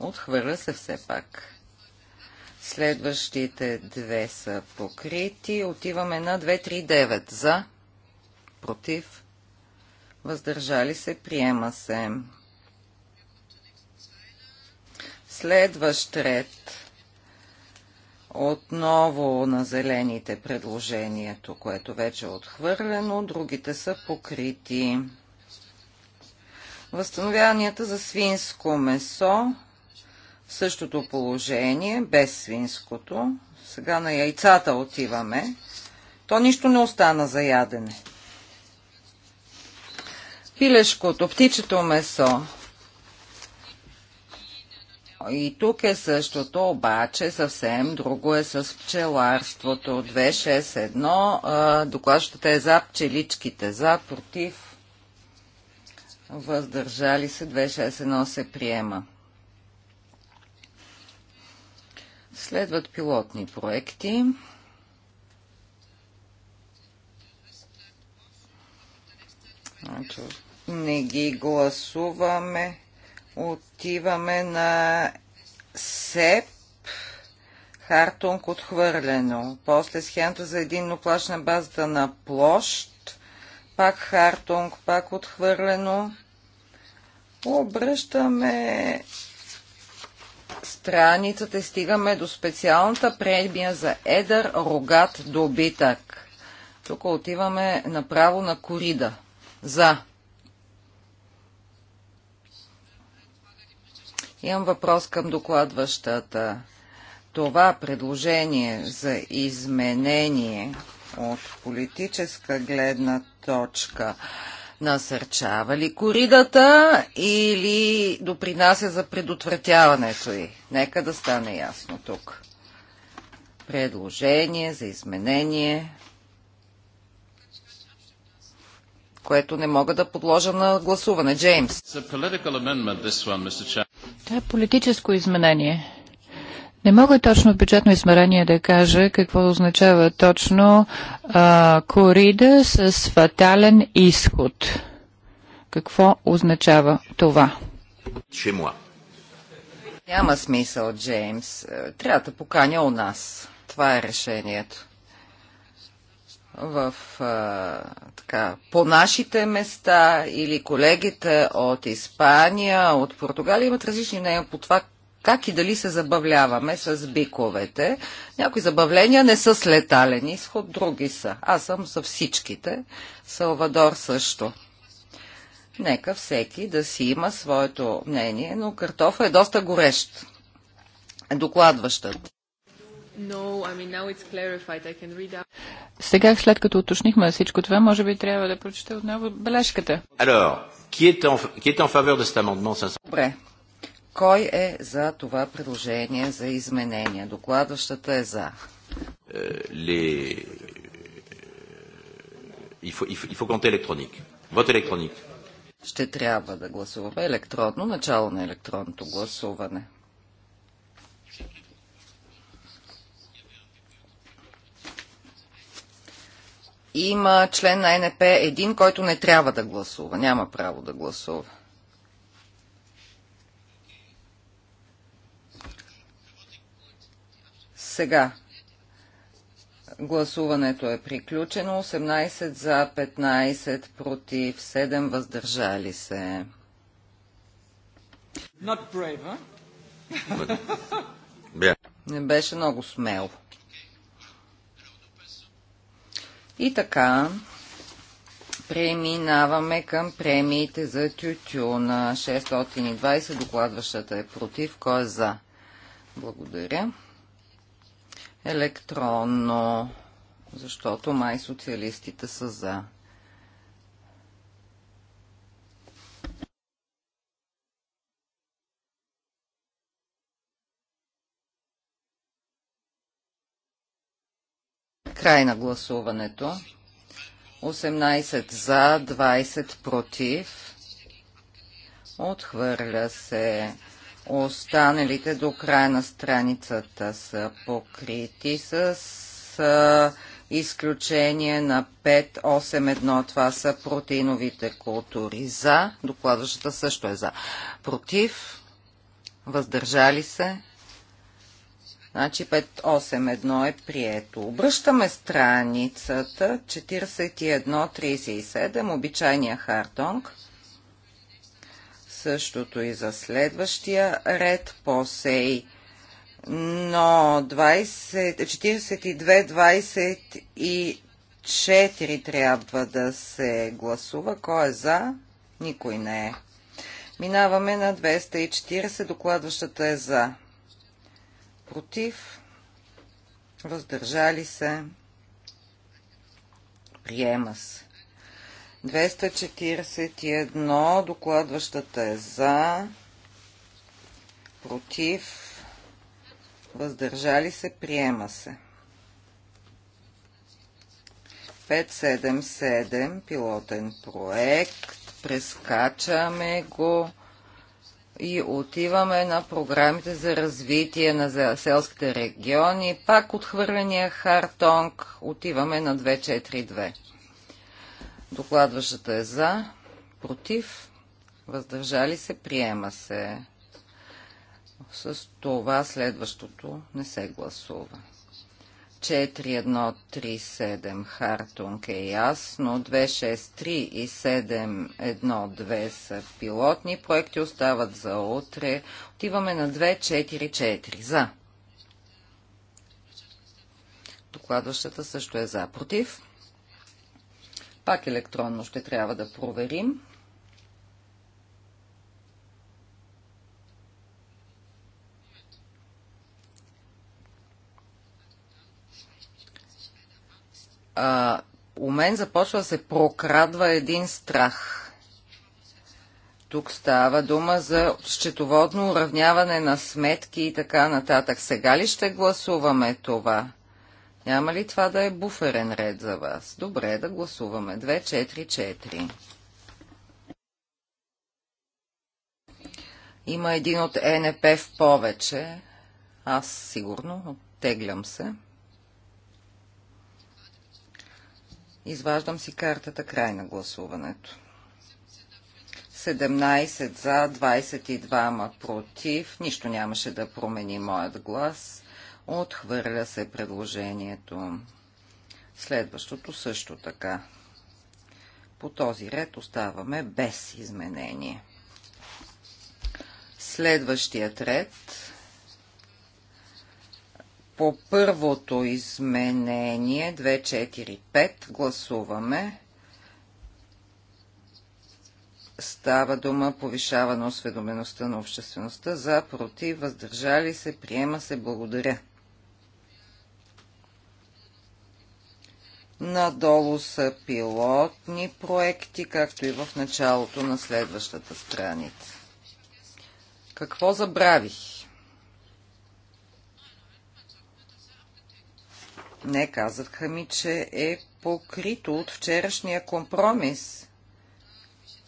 Отхвърля се все пак. Следващите две са покрити. Отиваме на 239. За. Против. Въздържали се. Приема се. Следващ ред отново на зелените предложението, което вече е отхвърлено, другите са покрити. Възстановяванията за свинско месо в същото положение, без свинското. Сега на яйцата отиваме. То нищо не остана за ядене. Пилешкото, птичето месо, и тук е същото, обаче съвсем друго е с пчеларството. 261. Докладщата е за пчеличките. За, против. Въздържали се. 261 се приема. Следват пилотни проекти. Значи, не ги гласуваме. Отиваме на СЕП. Хартунг отхвърлено. После схемата за единно плащ на базата на площ. Пак Хартунг, пак отхвърлено. Обръщаме страницата и стигаме до специалната премия за едър рогат добитък. Тук отиваме направо на корида. За. Имам въпрос към докладващата. Това предложение за изменение от политическа гледна точка насърчава ли коридата или допринася за предотвратяването й? Нека да стане ясно тук. Предложение за изменение, което не мога да подложа на гласуване. Джеймс. Това е политическо изменение. Не мога точно в бюджетно измерение да кажа какво означава точно а, корида с фатален изход. Какво означава това? Чемуа. Няма смисъл, Джеймс. Трябва да поканя у нас. Това е решението в, а, така, по нашите места или колегите от Испания, от Португалия имат различни мнения по това как и дали се забавляваме с биковете. Някои забавления не са с летален изход, други са. Аз съм за всичките. Салвадор също. Нека всеки да си има своето мнение, но картофа е доста горещ. Докладващата. Сега, след като уточнихме всичко това, може би трябва да прочета отново бележката. Добре. Кой е за това предложение за изменение? Докладващата е за. Euh, euh, il faut compter électronique. Vote électronique. Ще трябва да гласуваме електронно, начало на електронното гласуване. има член на НП един, който не трябва да гласува, няма право да гласува. Сега гласуването е приключено. 18 за, 15 против, 7 въздържали се. Brave, huh? Не беше много смело. И така, преминаваме към премиите за тютюна. 620 докладващата е против. Кой е за? Благодаря. Електронно, защото май социалистите са за. Край на гласуването. 18 за, 20 против. Отхвърля се. Останалите до края на страницата са покрити с изключение на 5, 8, 1. Това са протеиновите култури. За. Докладващата също е за. Против. Въздържали се. Значи 581 е прието. Обръщаме страницата 4137, обичайния хардонг. Същото и за следващия ред по сей. Но 42-24 трябва да се гласува. Кой е за? Никой не е. Минаваме на 240. Докладващата е за против, въздържали се, приема се. 241, докладващата е за, против, въздържали се, приема се. 577, пилотен проект, прескачаме го и отиваме на програмите за развитие на селските региони, пак отхвърления Хартонг, отиваме на 242. Докладващата е за, против, въздържали се, приема се. С това следващото не се гласува. 4137 Хартунг е ясно, 263 и 712 са пилотни проекти, остават за утре. Отиваме на 244 за. Докладващата също е за. Против. Пак електронно ще трябва да проверим. а, у мен започва да се прокрадва един страх. Тук става дума за счетоводно уравняване на сметки и така нататък. Сега ли ще гласуваме това? Няма ли това да е буферен ред за вас? Добре, да гласуваме. 2-4-4. Има един от НП в повече. Аз сигурно оттеглям се. 2-4-4. Изваждам си картата край на гласуването. 17 за, 22 ма против. Нищо нямаше да промени моят глас. Отхвърля се предложението. Следващото също така. По този ред оставаме без изменение. Следващият ред по първото изменение 2, 4, 5, гласуваме. Става дума повишаване осведомеността на обществеността за против, въздържали се, приема се, благодаря. Надолу са пилотни проекти, както и в началото на следващата страница. Какво забравих? Не, казаха ми, че е покрито от вчерашния компромис.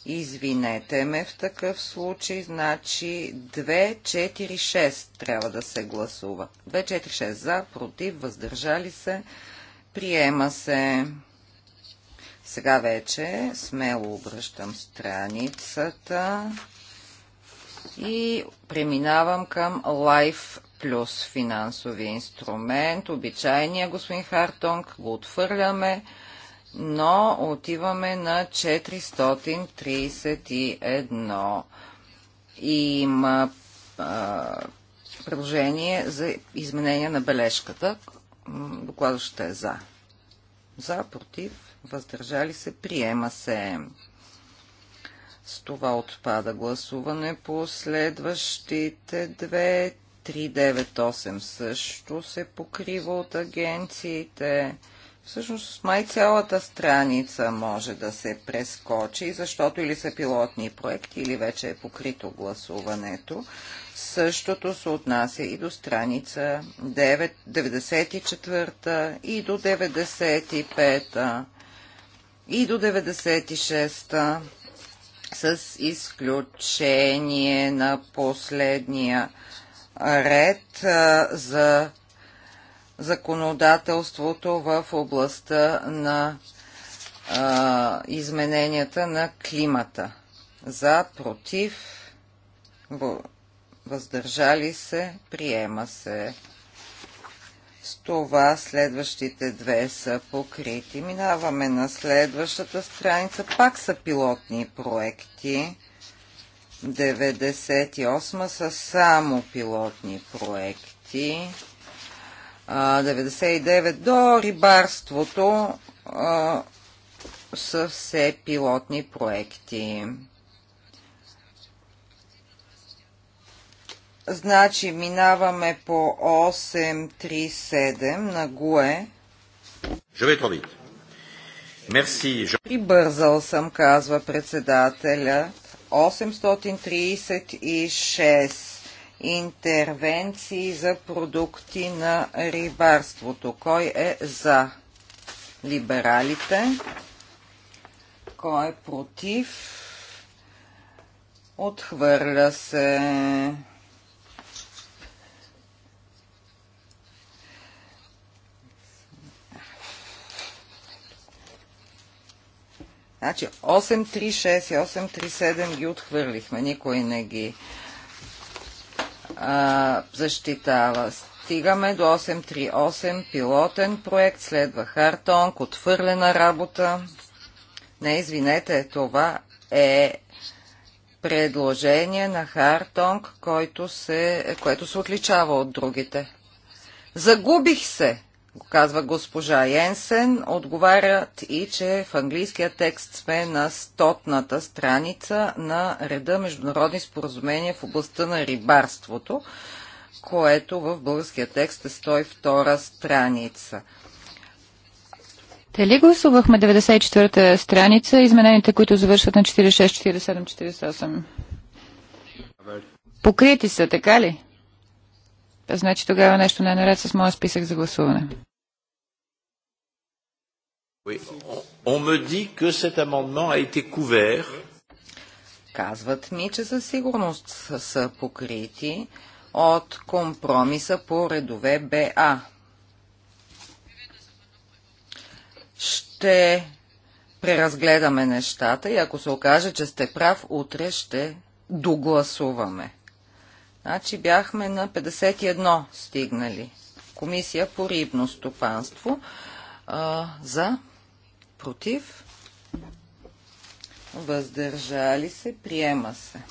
Извинете ме в такъв случай, значи 2, 4, 6 трябва да се гласува. 6 за, против, въздържали се, приема се. Сега вече смело обръщам страницата и преминавам към ЛАЙФ плюс финансови инструмент. Обичайния господин Хартонг го отвърляме, но отиваме на 431. Има а, предложение за изменение на бележката. Докладващата е за. За, против, въздържали се, приема се. С това отпада гласуване по следващите две, 398 също се покрива от агенциите. Всъщност май цялата страница може да се прескочи, защото или са пилотни проекти, или вече е покрито гласуването. Същото се отнася и до страница 94 94 и до 95 и до 96 с изключение на последния ред за законодателството в областта на измененията на климата. За, против, въздържали се, приема се. С това следващите две са покрити. Минаваме на следващата страница. Пак са пилотни проекти. 98 са само пилотни проекти. 99 до рибарството са все пилотни проекти. Значи минаваме по 837 на ГУЕ. Прибързал съм, казва председателя. 836 интервенции за продукти на рибарството. Кой е за либералите? Кой е против? Отхвърля се. Значи 836 и 837 ги отхвърлихме. Никой не ги а, защитава. Стигаме до 838, пилотен проект, следва Хартонг, отвърлена работа. Не, извинете, това е предложение на Хартонг, който се, което се отличава от другите. Загубих се! казва госпожа Йенсен, отговарят и, че в английския текст сме на стотната страница на реда Международни споразумения в областта на рибарството, което в българския текст е 102 страница. Те ли гласувахме 94-та страница, изменените, които завършват на 46, 47, 48? Покрити са, така ли? значи тогава нещо не е наред с моя списък за гласуване. Казват ми, че със сигурност са покрити от компромиса по редове БА. Ще преразгледаме нещата и ако се окаже, че сте прав, утре ще догласуваме. Значи бяхме на 51 стигнали. Комисия по рибно стопанство. А, за, против, въздържали се, приема се.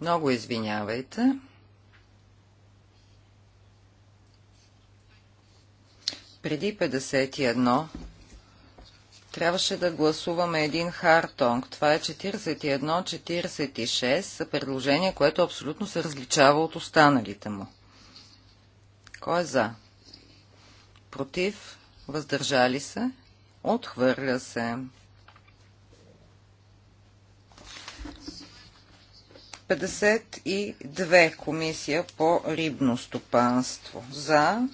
Много извинявайте. Преди 51 трябваше да гласуваме един хартонг. Това е 41-46, предложение, което абсолютно се различава от останалите му. Кой е за? Против? Въздържали се? Отхвърля се. 52 комисия по рибно стопанство. За,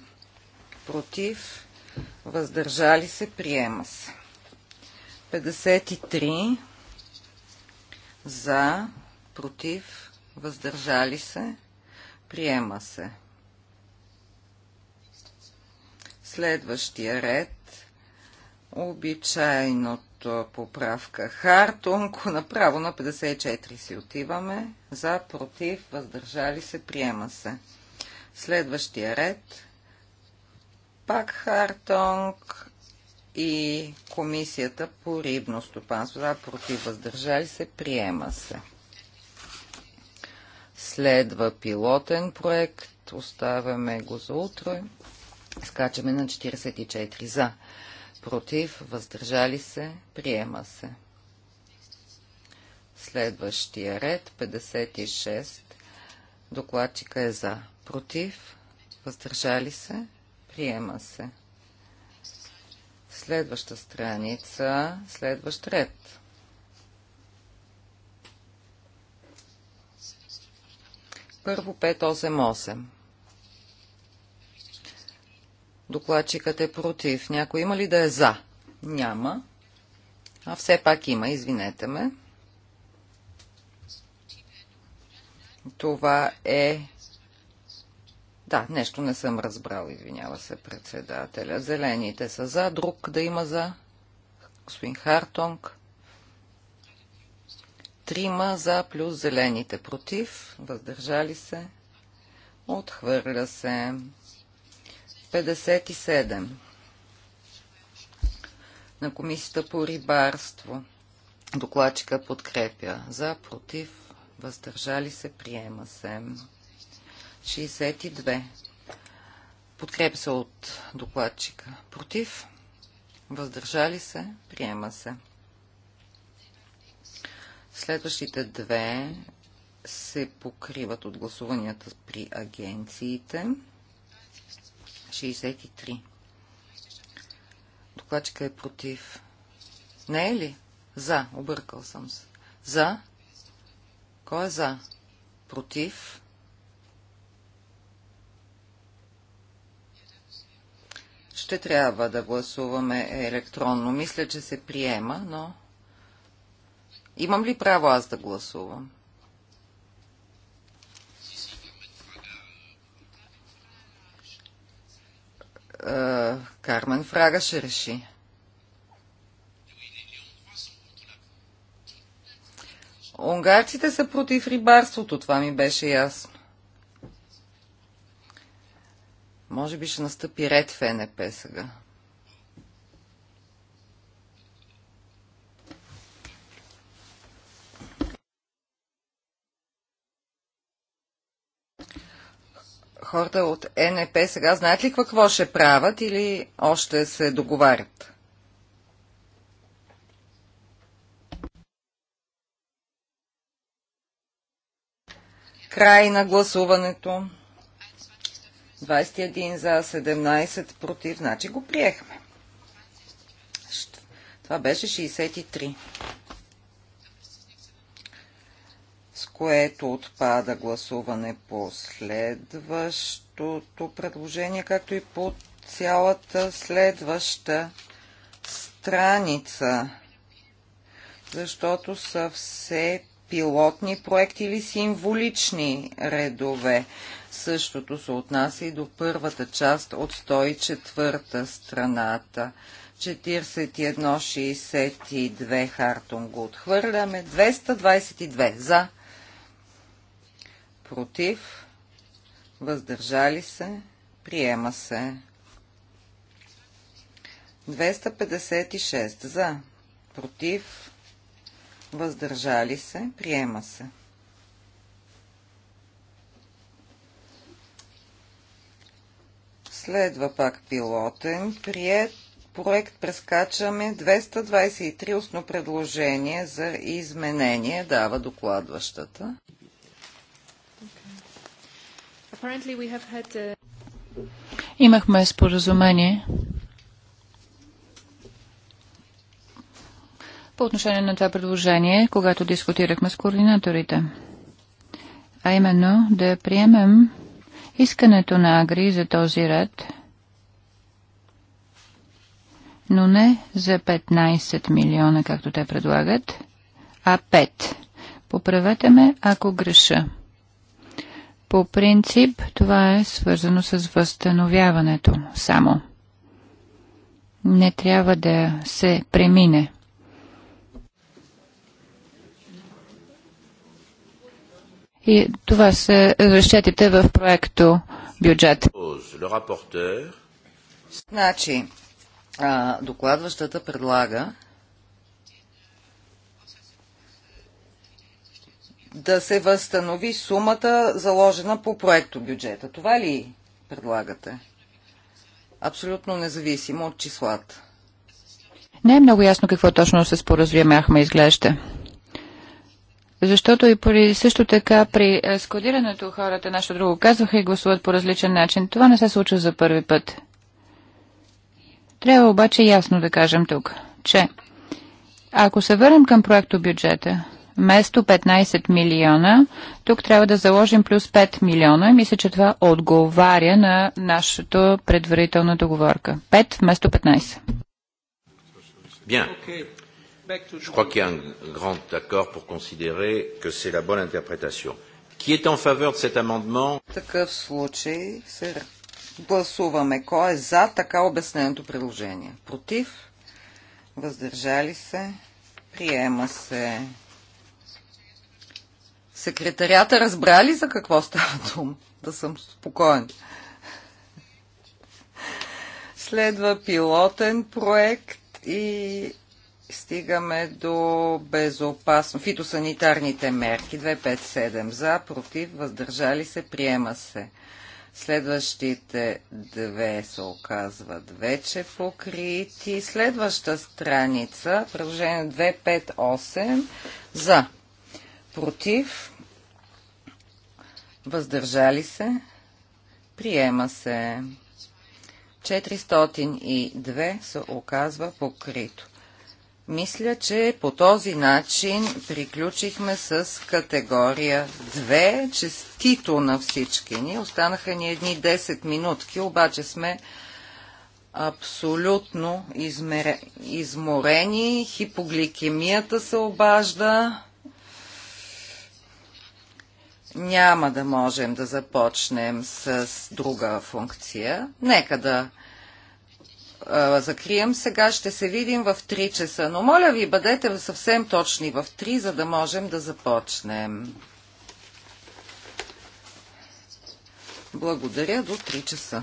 против, въздържали се, приема се. 53 за, против, въздържали се, приема се. Следващия ред обичайното поправка Хартунко. Направо на 54 си отиваме. За, против, въздържали се, приема се. Следващия ред. Пак Хартонг и комисията по рибно стопанство. Да, против въздържали се, приема се. Следва пилотен проект, оставяме го за утре. Скачаме на 44 за. Против, въздържали се, приема се. Следващия ред, 56. Докладчика е за. Против, въздържали се, приема се. Следваща страница, следващ ред. Първо 588. Докладчикът е против. Някой има ли да е за? Няма. А все пак има, извинете ме. Това е да, нещо не съм разбрал, извинява се председателя. Зелените са за, друг да има за. Господин Хартонг. Трима за, плюс зелените против. Въздържали се. Отхвърля се. 57. На комисията по рибарство. Докладчика подкрепя. За, против, въздържали се, приема се. 62. Подкрепя се от докладчика. Против. Въздържали се. Приема се. Следващите две се покриват от гласуванията при агенциите. 63. Докладчика е против. Не е ли? За. Объркал съм се. За. Кой е за? Против. ще трябва да гласуваме електронно. Мисля, че се приема, но... Имам ли право аз да гласувам? Е, Кармен Фрага ще реши. Унгарците са против рибарството, това ми беше ясно. Може би ще настъпи ред в НП сега. хората от НП сега знаят ли какво ще правят или още се договарят? Край на гласуването. 21 за, 17 против, значи го приехме. Това беше 63. С което отпада гласуване по следващото предложение, както и по цялата следваща страница, защото са все пилотни проекти или символични редове. Същото се отнася и до първата част от 104-та страната. 41-62 Хартон го отхвърляме. 222 за. Против. Въздържали се. Приема се. 256 за. Против. Въздържали се. Приема се. Следва пак пилотен. Прият проект прескачаме 223 основно предложение за изменение, дава докладващата. Uh, Имахме споразумение по отношение на това предложение, когато дискутирахме с координаторите. А именно да приемем искането на Агри за този ред, но не за 15 милиона, както те предлагат, а 5. Поправете ме, ако греша. По принцип, това е свързано с възстановяването само. Не трябва да се премине И това са разчетите в проекто бюджет. Значи, а, докладващата предлага да се възстанови сумата заложена по проекто бюджета. Това ли предлагате? Абсолютно независимо от числата. Не е много ясно какво точно се споразумяхме изглежда. Защото и при, също така при е, складирането хората нещо друго казваха и гласуват по различен начин. Това не се случва за първи път. Трябва обаче ясно да кажем тук, че ако се върнем към проекто бюджета, вместо 15 милиона, тук трябва да заложим плюс 5 милиона и мисля, че това отговаря на нашата предварителна договорка. 5 вместо 15. Bien. Okay. Je crois qu'il y a un grand accord pour considérer que c'est la bonne interprétation. Qui est en faveur de cet amendement? гласуваме кой е за така обясненото приложение. Против? Въздържали се? Приема се. Секретарята разбрали за какво става дума? Да съм спокоен. Следва пилотен проект и Стигаме до безопасно. Фитосанитарните мерки 257 за, против, въздържали се, приема се. Следващите две се оказват вече покрити. Следваща страница, предложение 258 за, против, въздържали се, приема се. 402 се оказва покрито. Мисля, че по този начин приключихме с категория 2. Честито на всички ни. Останаха ни едни 10 минутки, обаче сме абсолютно измере... изморени. Хипогликемията се обажда. Няма да можем да започнем с друга функция. Нека да закрием сега. Ще се видим в 3 часа. Но моля ви, бъдете съвсем точни в 3, за да можем да започнем. Благодаря до 3 часа.